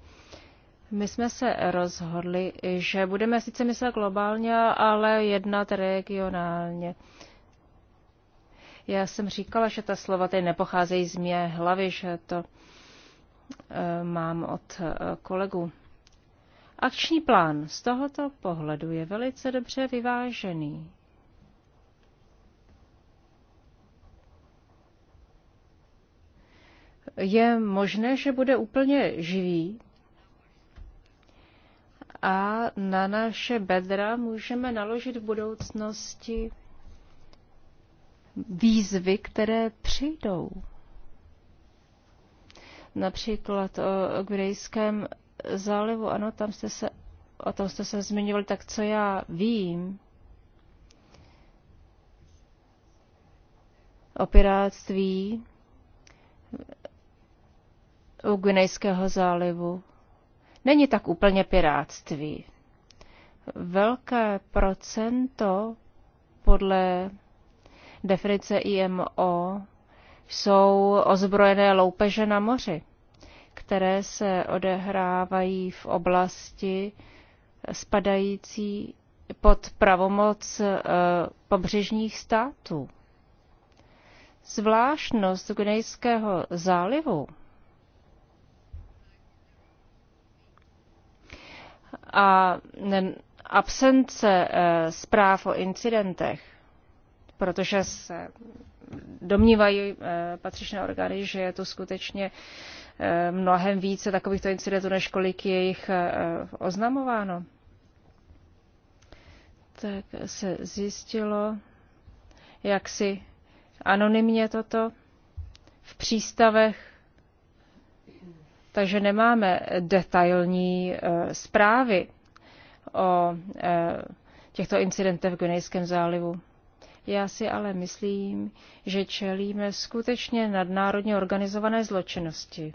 My jsme se rozhodli, že budeme sice myslet globálně, ale jednat regionálně. Já jsem říkala, že ta slova tady nepocházejí z mé hlavy, že to e, mám od e, kolegů. Akční plán z tohoto pohledu je velice dobře vyvážený. Je možné, že bude úplně živý, a na naše bedra můžeme naložit v budoucnosti výzvy, které přijdou. Například o eh, Grejském zálivu, ano, tam jste se, o tom jste se zmiňovali, tak co já vím, o piráctví u Gunejského zálivu není tak úplně piráctví. Velké procento podle definice IMO jsou ozbrojené loupeže na moři, které se odehrávají v oblasti spadající pod pravomoc eh, pobřežních států. Zvláštnost Gunejského zálivu a absence eh, zpráv o incidentech, protože se domnívají eh, patřičné orgány, že je to skutečně eh, mnohem více takovýchto incidentů, než kolik je jich oznamováno. Tak se zjistilo, jak si anonymně toto v přístavech takže nemáme detailní eh, zprávy o eh, těchto incidentech v Gunejském zálivu. Já si ale myslím, že čelíme skutečně nadnárodně organizované zločinnosti.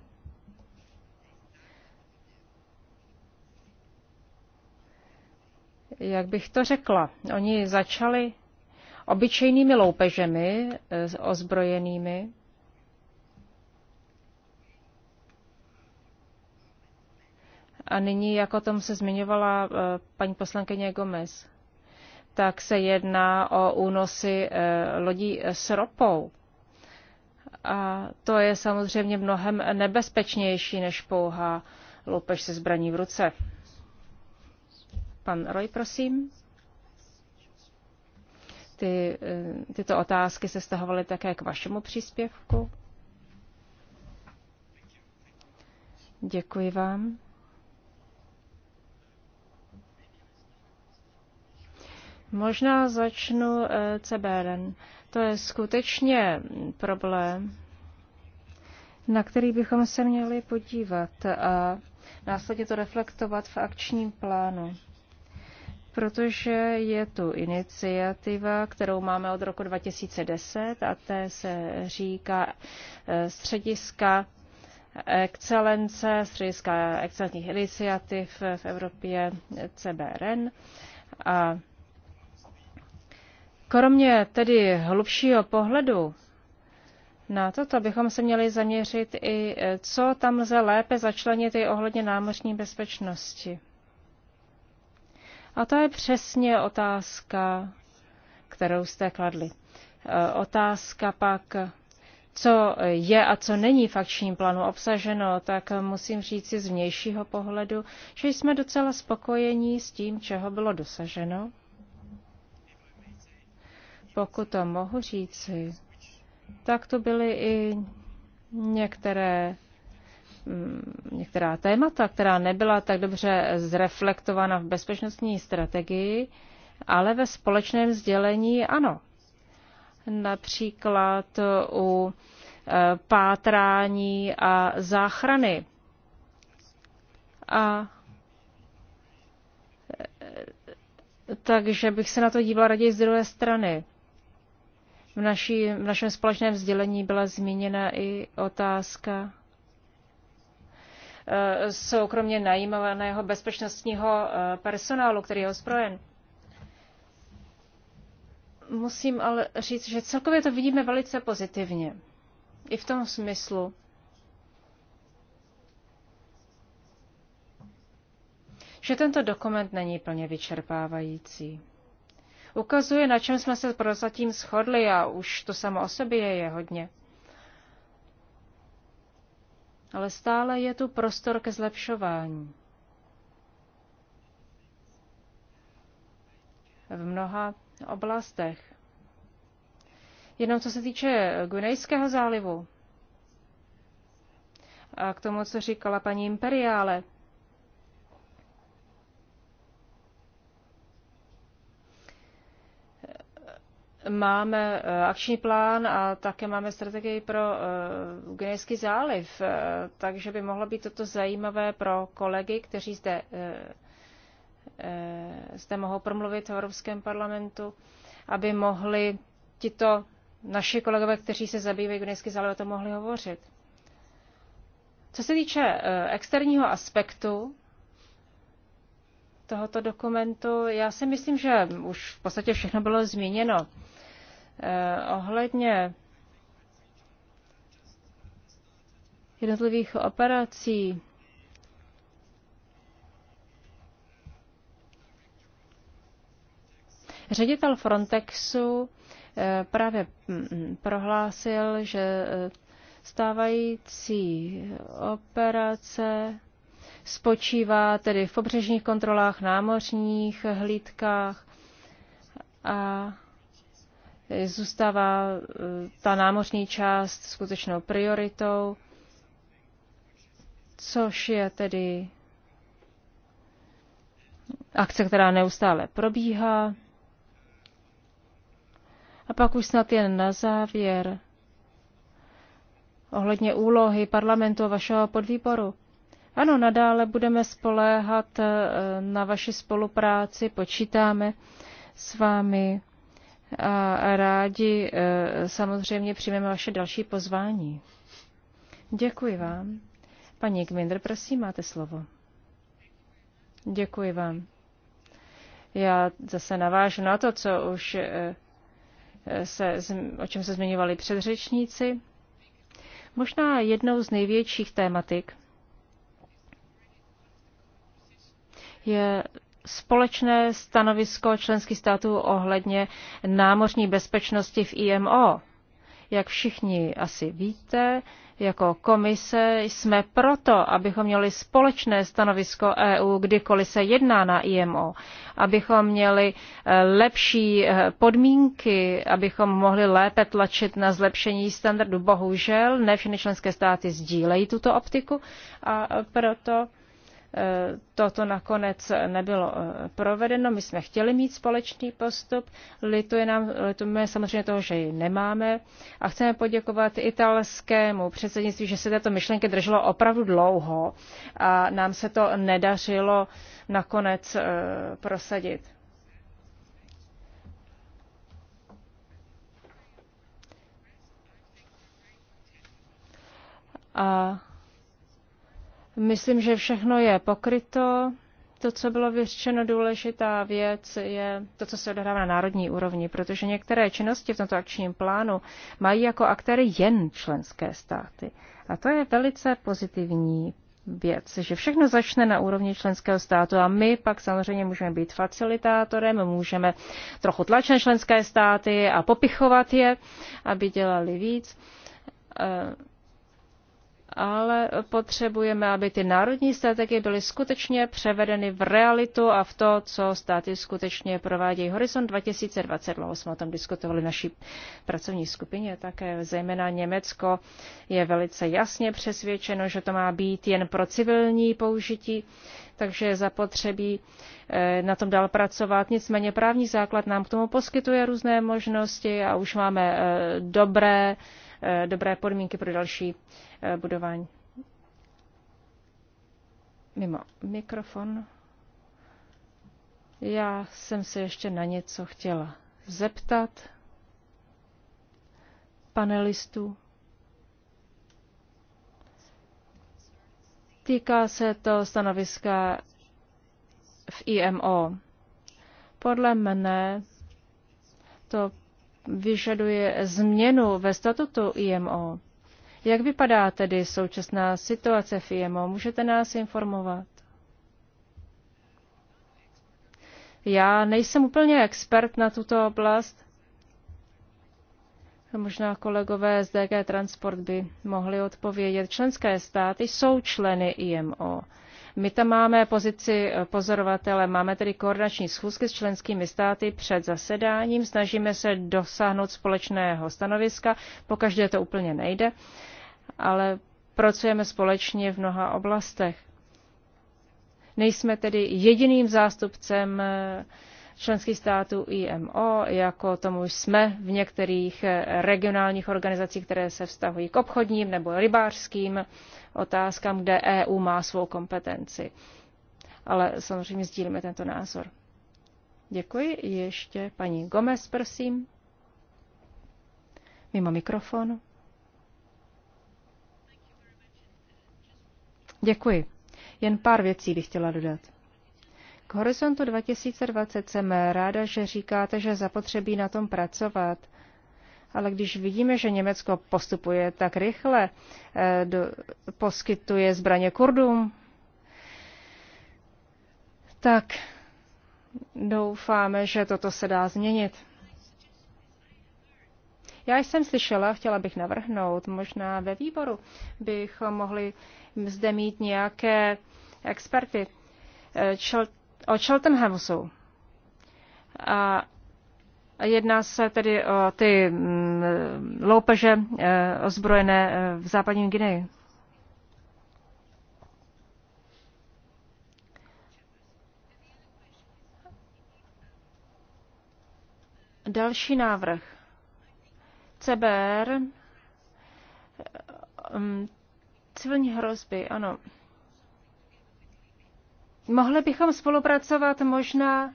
Jak bych to řekla? Oni začali obyčejnými loupežemi eh, ozbrojenými A nyní, jak o tom se zmiňovala eh, paní poslankyně Gomez, tak se jedná o únosy eh, lodí s ropou. A to je samozřejmě mnohem nebezpečnější než pouhá loupež se zbraní v ruce. Pan Roy, prosím. Ty, eh, tyto otázky se stahovaly také k vašemu příspěvku. Děkuji vám. Možná začnu eh, CBRN. To je skutečně problém, na který bychom se měli podívat a následně to reflektovat v akčním plánu. Protože je tu iniciativa, kterou máme od roku 2010 a té se říká eh, střediska excelence, střediska excelentních iniciativ v Evropě eh, CBRN. A Kromě tedy hlubšího pohledu na toto bychom se měli zaměřit i, e, co tam lze lépe začlenit i ohledně námořní bezpečnosti. A to je přesně otázka, kterou jste kladli. E, otázka pak, co je a co není v akčním plánu obsaženo, tak musím říct si z vnějšího pohledu, že jsme docela spokojení s tím, čeho bylo dosaženo pokud to mohu říci, tak to byly i některé mm, některá témata, která nebyla tak dobře zreflektována v bezpečnostní strategii, ale ve společném sdělení ano. Například u e, pátrání a záchrany. A e, takže bych se na to dívala raději z druhé strany. V, naší, v našem společném vzdělení byla zmíněna i otázka eh, soukromě najímovaného bezpečnostního eh, personálu, který je ozbrojen. Musím ale říct, že celkově to vidíme velice pozitivně. I v tom smyslu, že tento dokument není plně vyčerpávající ukazuje, na čem jsme se prozatím shodli a už to samo o sobě je hodně. Ale stále je tu prostor ke zlepšování. V mnoha oblastech. Jenom co se týče Gunejského zálivu, a k tomu, co říkala paní Imperiále, máme eh, akční plán a také máme strategii pro eh, Gunejský záliv, eh, takže by mohlo být toto zajímavé pro kolegy, kteří zde, zde mohou promluvit v Evropském parlamentu, aby mohli tito naši kolegové, kteří se zabývají Gunejský záliv, o tom mohli hovořit. Co se týče externího aspektu, tohoto dokumentu. Já si myslím, že už v podstatě všechno bylo zmíněno. Eh, ohledně jednotlivých operací ředitel Frontexu eh, právě mm, mm, prohlásil, že eh, stávající operace spočívá tedy v pobřežních kontrolách, námořních hlídkách a Zůstává eh, ta námořní část skutečnou prioritou, což je tedy akce, která neustále probíhá. A pak už snad jen na závěr ohledně úlohy parlamentu a vašeho podvýboru. Ano, nadále budeme spoléhat eh, na vaši spolupráci, počítáme s vámi a rádi e, samozřejmě přijmeme vaše další pozvání. Děkuji vám. Paní Gminder, prosím, máte slovo. Děkuji vám. Já zase navážu na to, co už e, se, o čem se zmiňovali předřečníci. Možná jednou z největších tématik je společné stanovisko členských států ohledně námořní bezpečnosti v IMO. Jak všichni asi víte, jako komise jsme proto, abychom měli společné stanovisko EU, kdykoliv se jedná na IMO, abychom měli eh, lepší eh, podmínky, abychom mohli lépe tlačit na zlepšení standardu. Bohužel ne všechny členské státy sdílejí tuto optiku a proto toto nakonec nebylo eh, provedeno. My jsme chtěli mít společný postup, lituje nám, litujeme samozřejmě toho, že ji nemáme a chceme poděkovat italskému předsednictví, že se této myšlenky drželo opravdu dlouho a nám se to nedařilo nakonec eh, prosadit. A Myslím, že všechno je pokryto. To, co bylo vyřčeno, důležitá věc je to, co se odehrává na národní úrovni, protože některé činnosti v tomto akčním plánu mají jako aktéry jen členské státy. A to je velice pozitivní věc, že všechno začne na úrovni členského státu a my pak samozřejmě můžeme být facilitátorem, můžeme trochu tlačit členské státy a popichovat je, aby dělali víc. Eh, ale potřebujeme, aby ty národní strategie byly skutečně převedeny v realitu a v to, co státy skutečně provádějí. Horizont 2020, dlouho jsme o tom diskutovali v naší pracovní skupině, také zejména Německo je velice jasně přesvědčeno, že to má být jen pro civilní použití, takže je zapotřebí eh, na tom dál pracovat. Nicméně právní základ nám k tomu poskytuje různé možnosti a už máme eh, dobré Eh, dobré podmínky pro další eh, budování. Mimo mikrofon. Já jsem se ještě na něco chtěla zeptat panelistů. Týká se to stanoviska v IMO. Podle mne to vyžaduje změnu ve statutu IMO. Jak vypadá tedy současná situace v IMO? Můžete nás informovat? Já nejsem úplně expert na tuto oblast. Možná kolegové z DG Transport by mohli odpovědět. Členské státy jsou členy IMO. My tam máme pozici eh, pozorovatele, máme tedy koordinační schůzky s členskými státy před zasedáním, snažíme se dosáhnout společného stanoviska, pokaždé to úplně nejde, ale pracujeme společně v mnoha oblastech. Nejsme tedy jediným zástupcem eh, členských států IMO, jako tomu jsme v některých eh, regionálních organizacích, které se vztahují k obchodním nebo rybářským otázkám, kde EU má svou kompetenci. Ale samozřejmě sdílíme tento názor. Děkuji. Ještě paní Gomez, prosím. Mimo mikrofon. Děkuji. Jen pár věcí bych chtěla dodat. K horizontu 2020 jsem ráda, že říkáte, že zapotřebí na tom pracovat. Ale když vidíme, že Německo postupuje tak rychle, eh, do, poskytuje zbraně Kurdům, tak doufáme, že toto se dá změnit. Já jsem slyšela, chtěla bych navrhnout, možná ve výboru bychom mohli zde mít nějaké experty. Čl- eh, o Cheltenhamsu. A jedná se tedy o ty mm, loupeže eh, ozbrojené eh, v západním Gineji. Další návrh. CBR. Mm, civilní hrozby, ano. Mohli bychom spolupracovat možná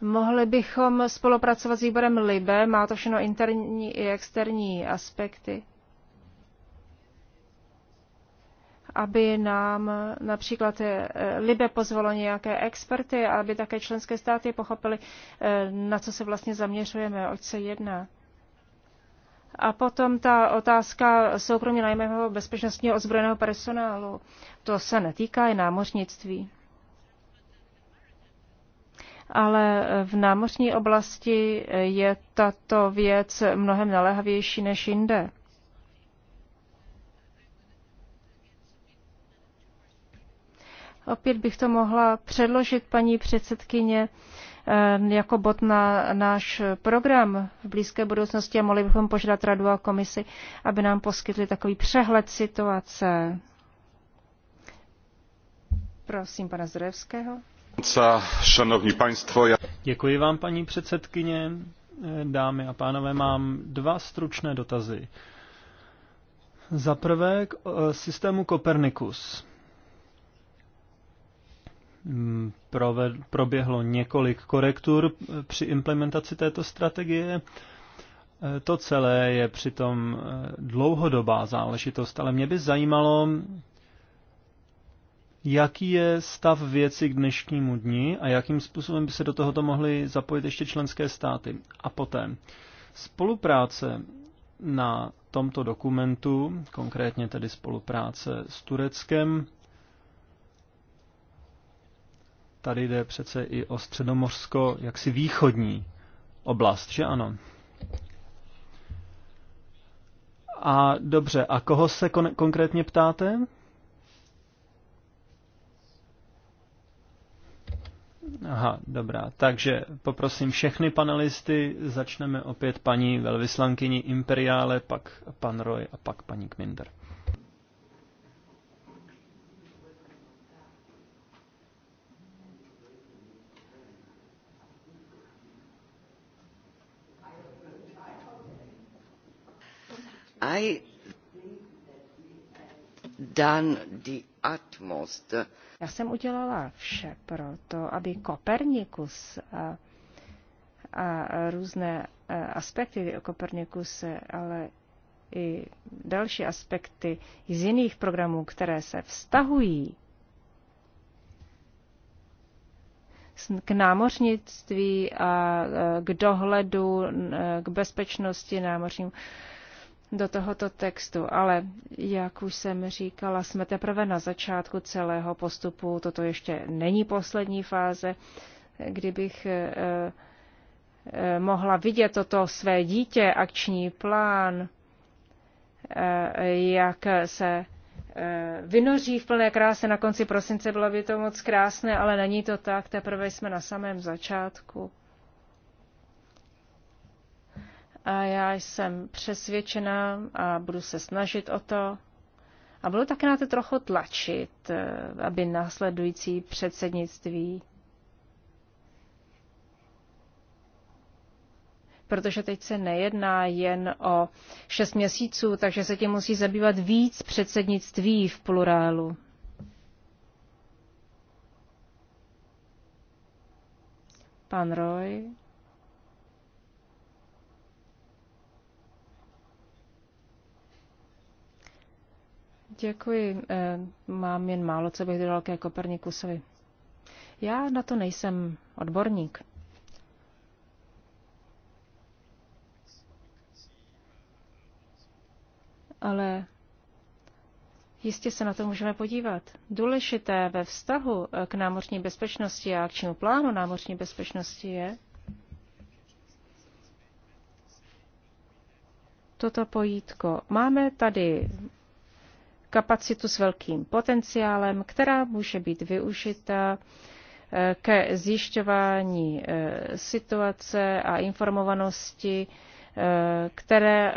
Mohli bychom spolupracovat s výborem LIBE, má to všechno interní i externí aspekty. Aby nám například eh, LIBE pozvalo nějaké experty, aby také členské státy pochopili, eh, na co se vlastně zaměřujeme, oč se jedná. A potom ta otázka soukromě najmého bezpečnostního ozbrojeného personálu. To se netýká i námořnictví. Ale v námořní oblasti je tato věc mnohem naléhavější než jinde. Opět bych to mohla předložit paní předsedkyně Eh, jako bod na náš program v blízké budoucnosti a mohli bychom požádat radu a komisi, aby nám poskytli takový přehled situace. Prosím pana Zdrojevského. Šanovní państwo, já... Děkuji vám, paní předsedkyně. Eh, dámy a pánové, mám dva stručné dotazy. Za prvé k eh, systému Kopernikus. Mm, proved, proběhlo několik korektur eh, při implementaci této strategie. Eh, to celé je přitom eh, dlouhodobá záležitost, ale mě by zajímalo, jaký je stav věci k dnešnímu dni a jakým způsobem by se do tohoto mohly zapojit ještě členské státy. A poté spolupráce na tomto dokumentu, konkrétně tedy spolupráce s Tureckem, Tady jde přece i o středomořsko jaksi východní oblast, že ano? A dobře, a koho se kon- konkrétně ptáte? Aha, dobrá. Takže poprosím všechny panelisty, začneme opět paní velvyslankyni Imperiále, pak pan Roy a pak paní Kminder. I done the utmost. Já jsem udělala vše pro to, aby Kopernikus a, a různé aspekty Kopernikus, ale i další aspekty z jiných programů, které se vztahují k námořnictví a k dohledu, k bezpečnosti námořním, do tohoto textu, ale jak už jsem říkala, jsme teprve na začátku celého postupu, toto ještě není poslední fáze, kdybych eh, eh, mohla vidět toto své dítě, akční plán, eh, jak se vynoří v plné kráse na konci prosince, bylo by to moc krásné, ale není to tak, teprve jsme na samém začátku. A já jsem přesvědčená a budu se snažit o to. A budu také na to trochu tlačit, eh, aby následující předsednictví. Protože teď se nejedná jen o šest měsíců, takže se tím musí zabývat víc předsednictví v plurálu. Pan Roy. Děkuji. Eh, mám jen málo, co bych dodal ke Kopernikusovi. Já na to nejsem odborník. Ale jistě se na to můžeme podívat. Důležité ve vztahu eh, k námořní bezpečnosti a akčnímu plánu námořní bezpečnosti je toto pojítko. Máme tady kapacitu s velkým potenciálem, která může být využita eh, ke zjišťování eh, situace a informovanosti, eh, které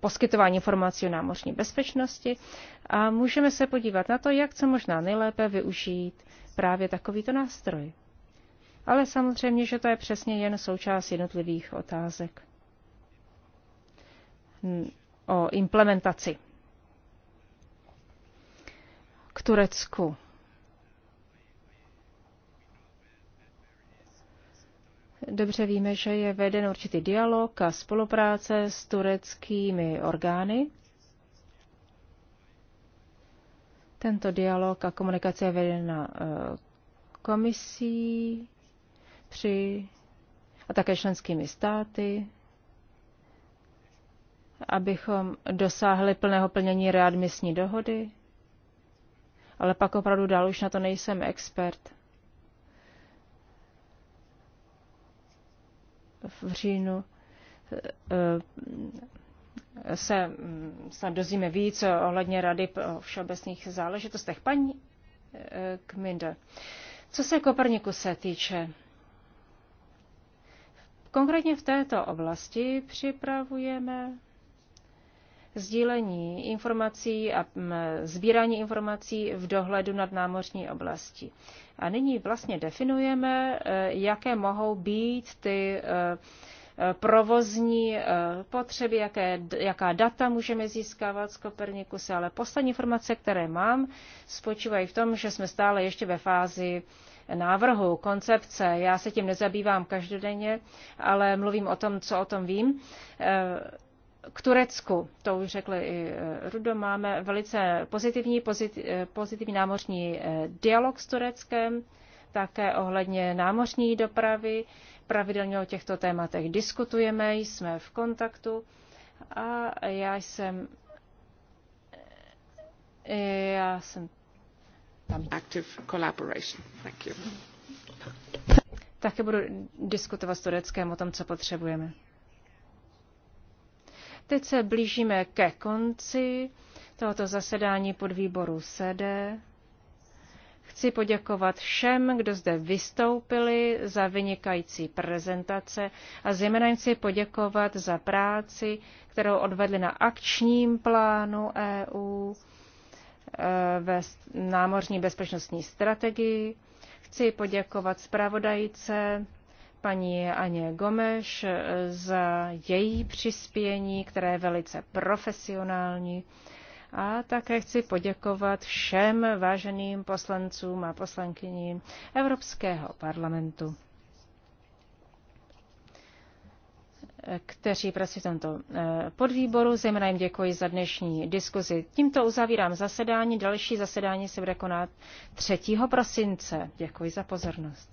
poskytování informací o námořní bezpečnosti a můžeme se podívat na to, jak se možná nejlépe využít právě takovýto nástroj. Ale samozřejmě, že to je přesně jen součást jednotlivých otázek hmm, o implementaci. Turecku. Dobře víme, že je veden určitý dialog a spolupráce s tureckými orgány. Tento dialog a komunikace je vedena eh, komisí při, a také členskými státy, abychom dosáhli plného plnění readmisní dohody ale pak opravdu dál už na to nejsem expert. V říjnu eh, se mm, snad dozvíme víc ohledně rady o všeobecných záležitostech. Paní eh, Kminde, co se Koperniku se týče, konkrétně v této oblasti připravujeme sdílení informací a mm, sbírání informací v dohledu nad námořní oblastí. A nyní vlastně definujeme, e, jaké mohou být ty e, e, provozní potřeby, jaké, jaká data můžeme získávat z Kopernikuse, ale poslední informace, které mám, spočívají v tom, že jsme stále ještě ve fázi návrhu, koncepce. Já se tím nezabývám každodenně, ale mluvím o tom, co o tom vím k Turecku, to už řekli i eh, Rudo, máme velice pozitivní, pozit, eh, pozitivní námořní eh, dialog s Tureckem, také ohledně námořní dopravy. Pravidelně o těchto tématech diskutujeme, jsme v kontaktu a já jsem já jsem tam. Active collaboration. Thank you. Také budu diskutovat s Tureckem o tom, co potřebujeme. Teď se blížíme ke konci tohoto zasedání pod výboru SEDE. Chci poděkovat všem, kdo zde vystoupili za vynikající prezentace a zejména jim chci poděkovat za práci, kterou odvedli na akčním plánu EU eh, ve námořní bezpečnostní strategii. Chci poděkovat zpravodajce paní Aně Gomeš za její přispění, které je velice profesionální. A také chci poděkovat všem váženým poslancům a poslankyním Evropského parlamentu. kteří pracují v tomto eh, podvýboru. Zejména jim děkuji za dnešní diskuzi. Tímto uzavírám zasedání. Další zasedání se bude konat 3. prosince. Děkuji za pozornost.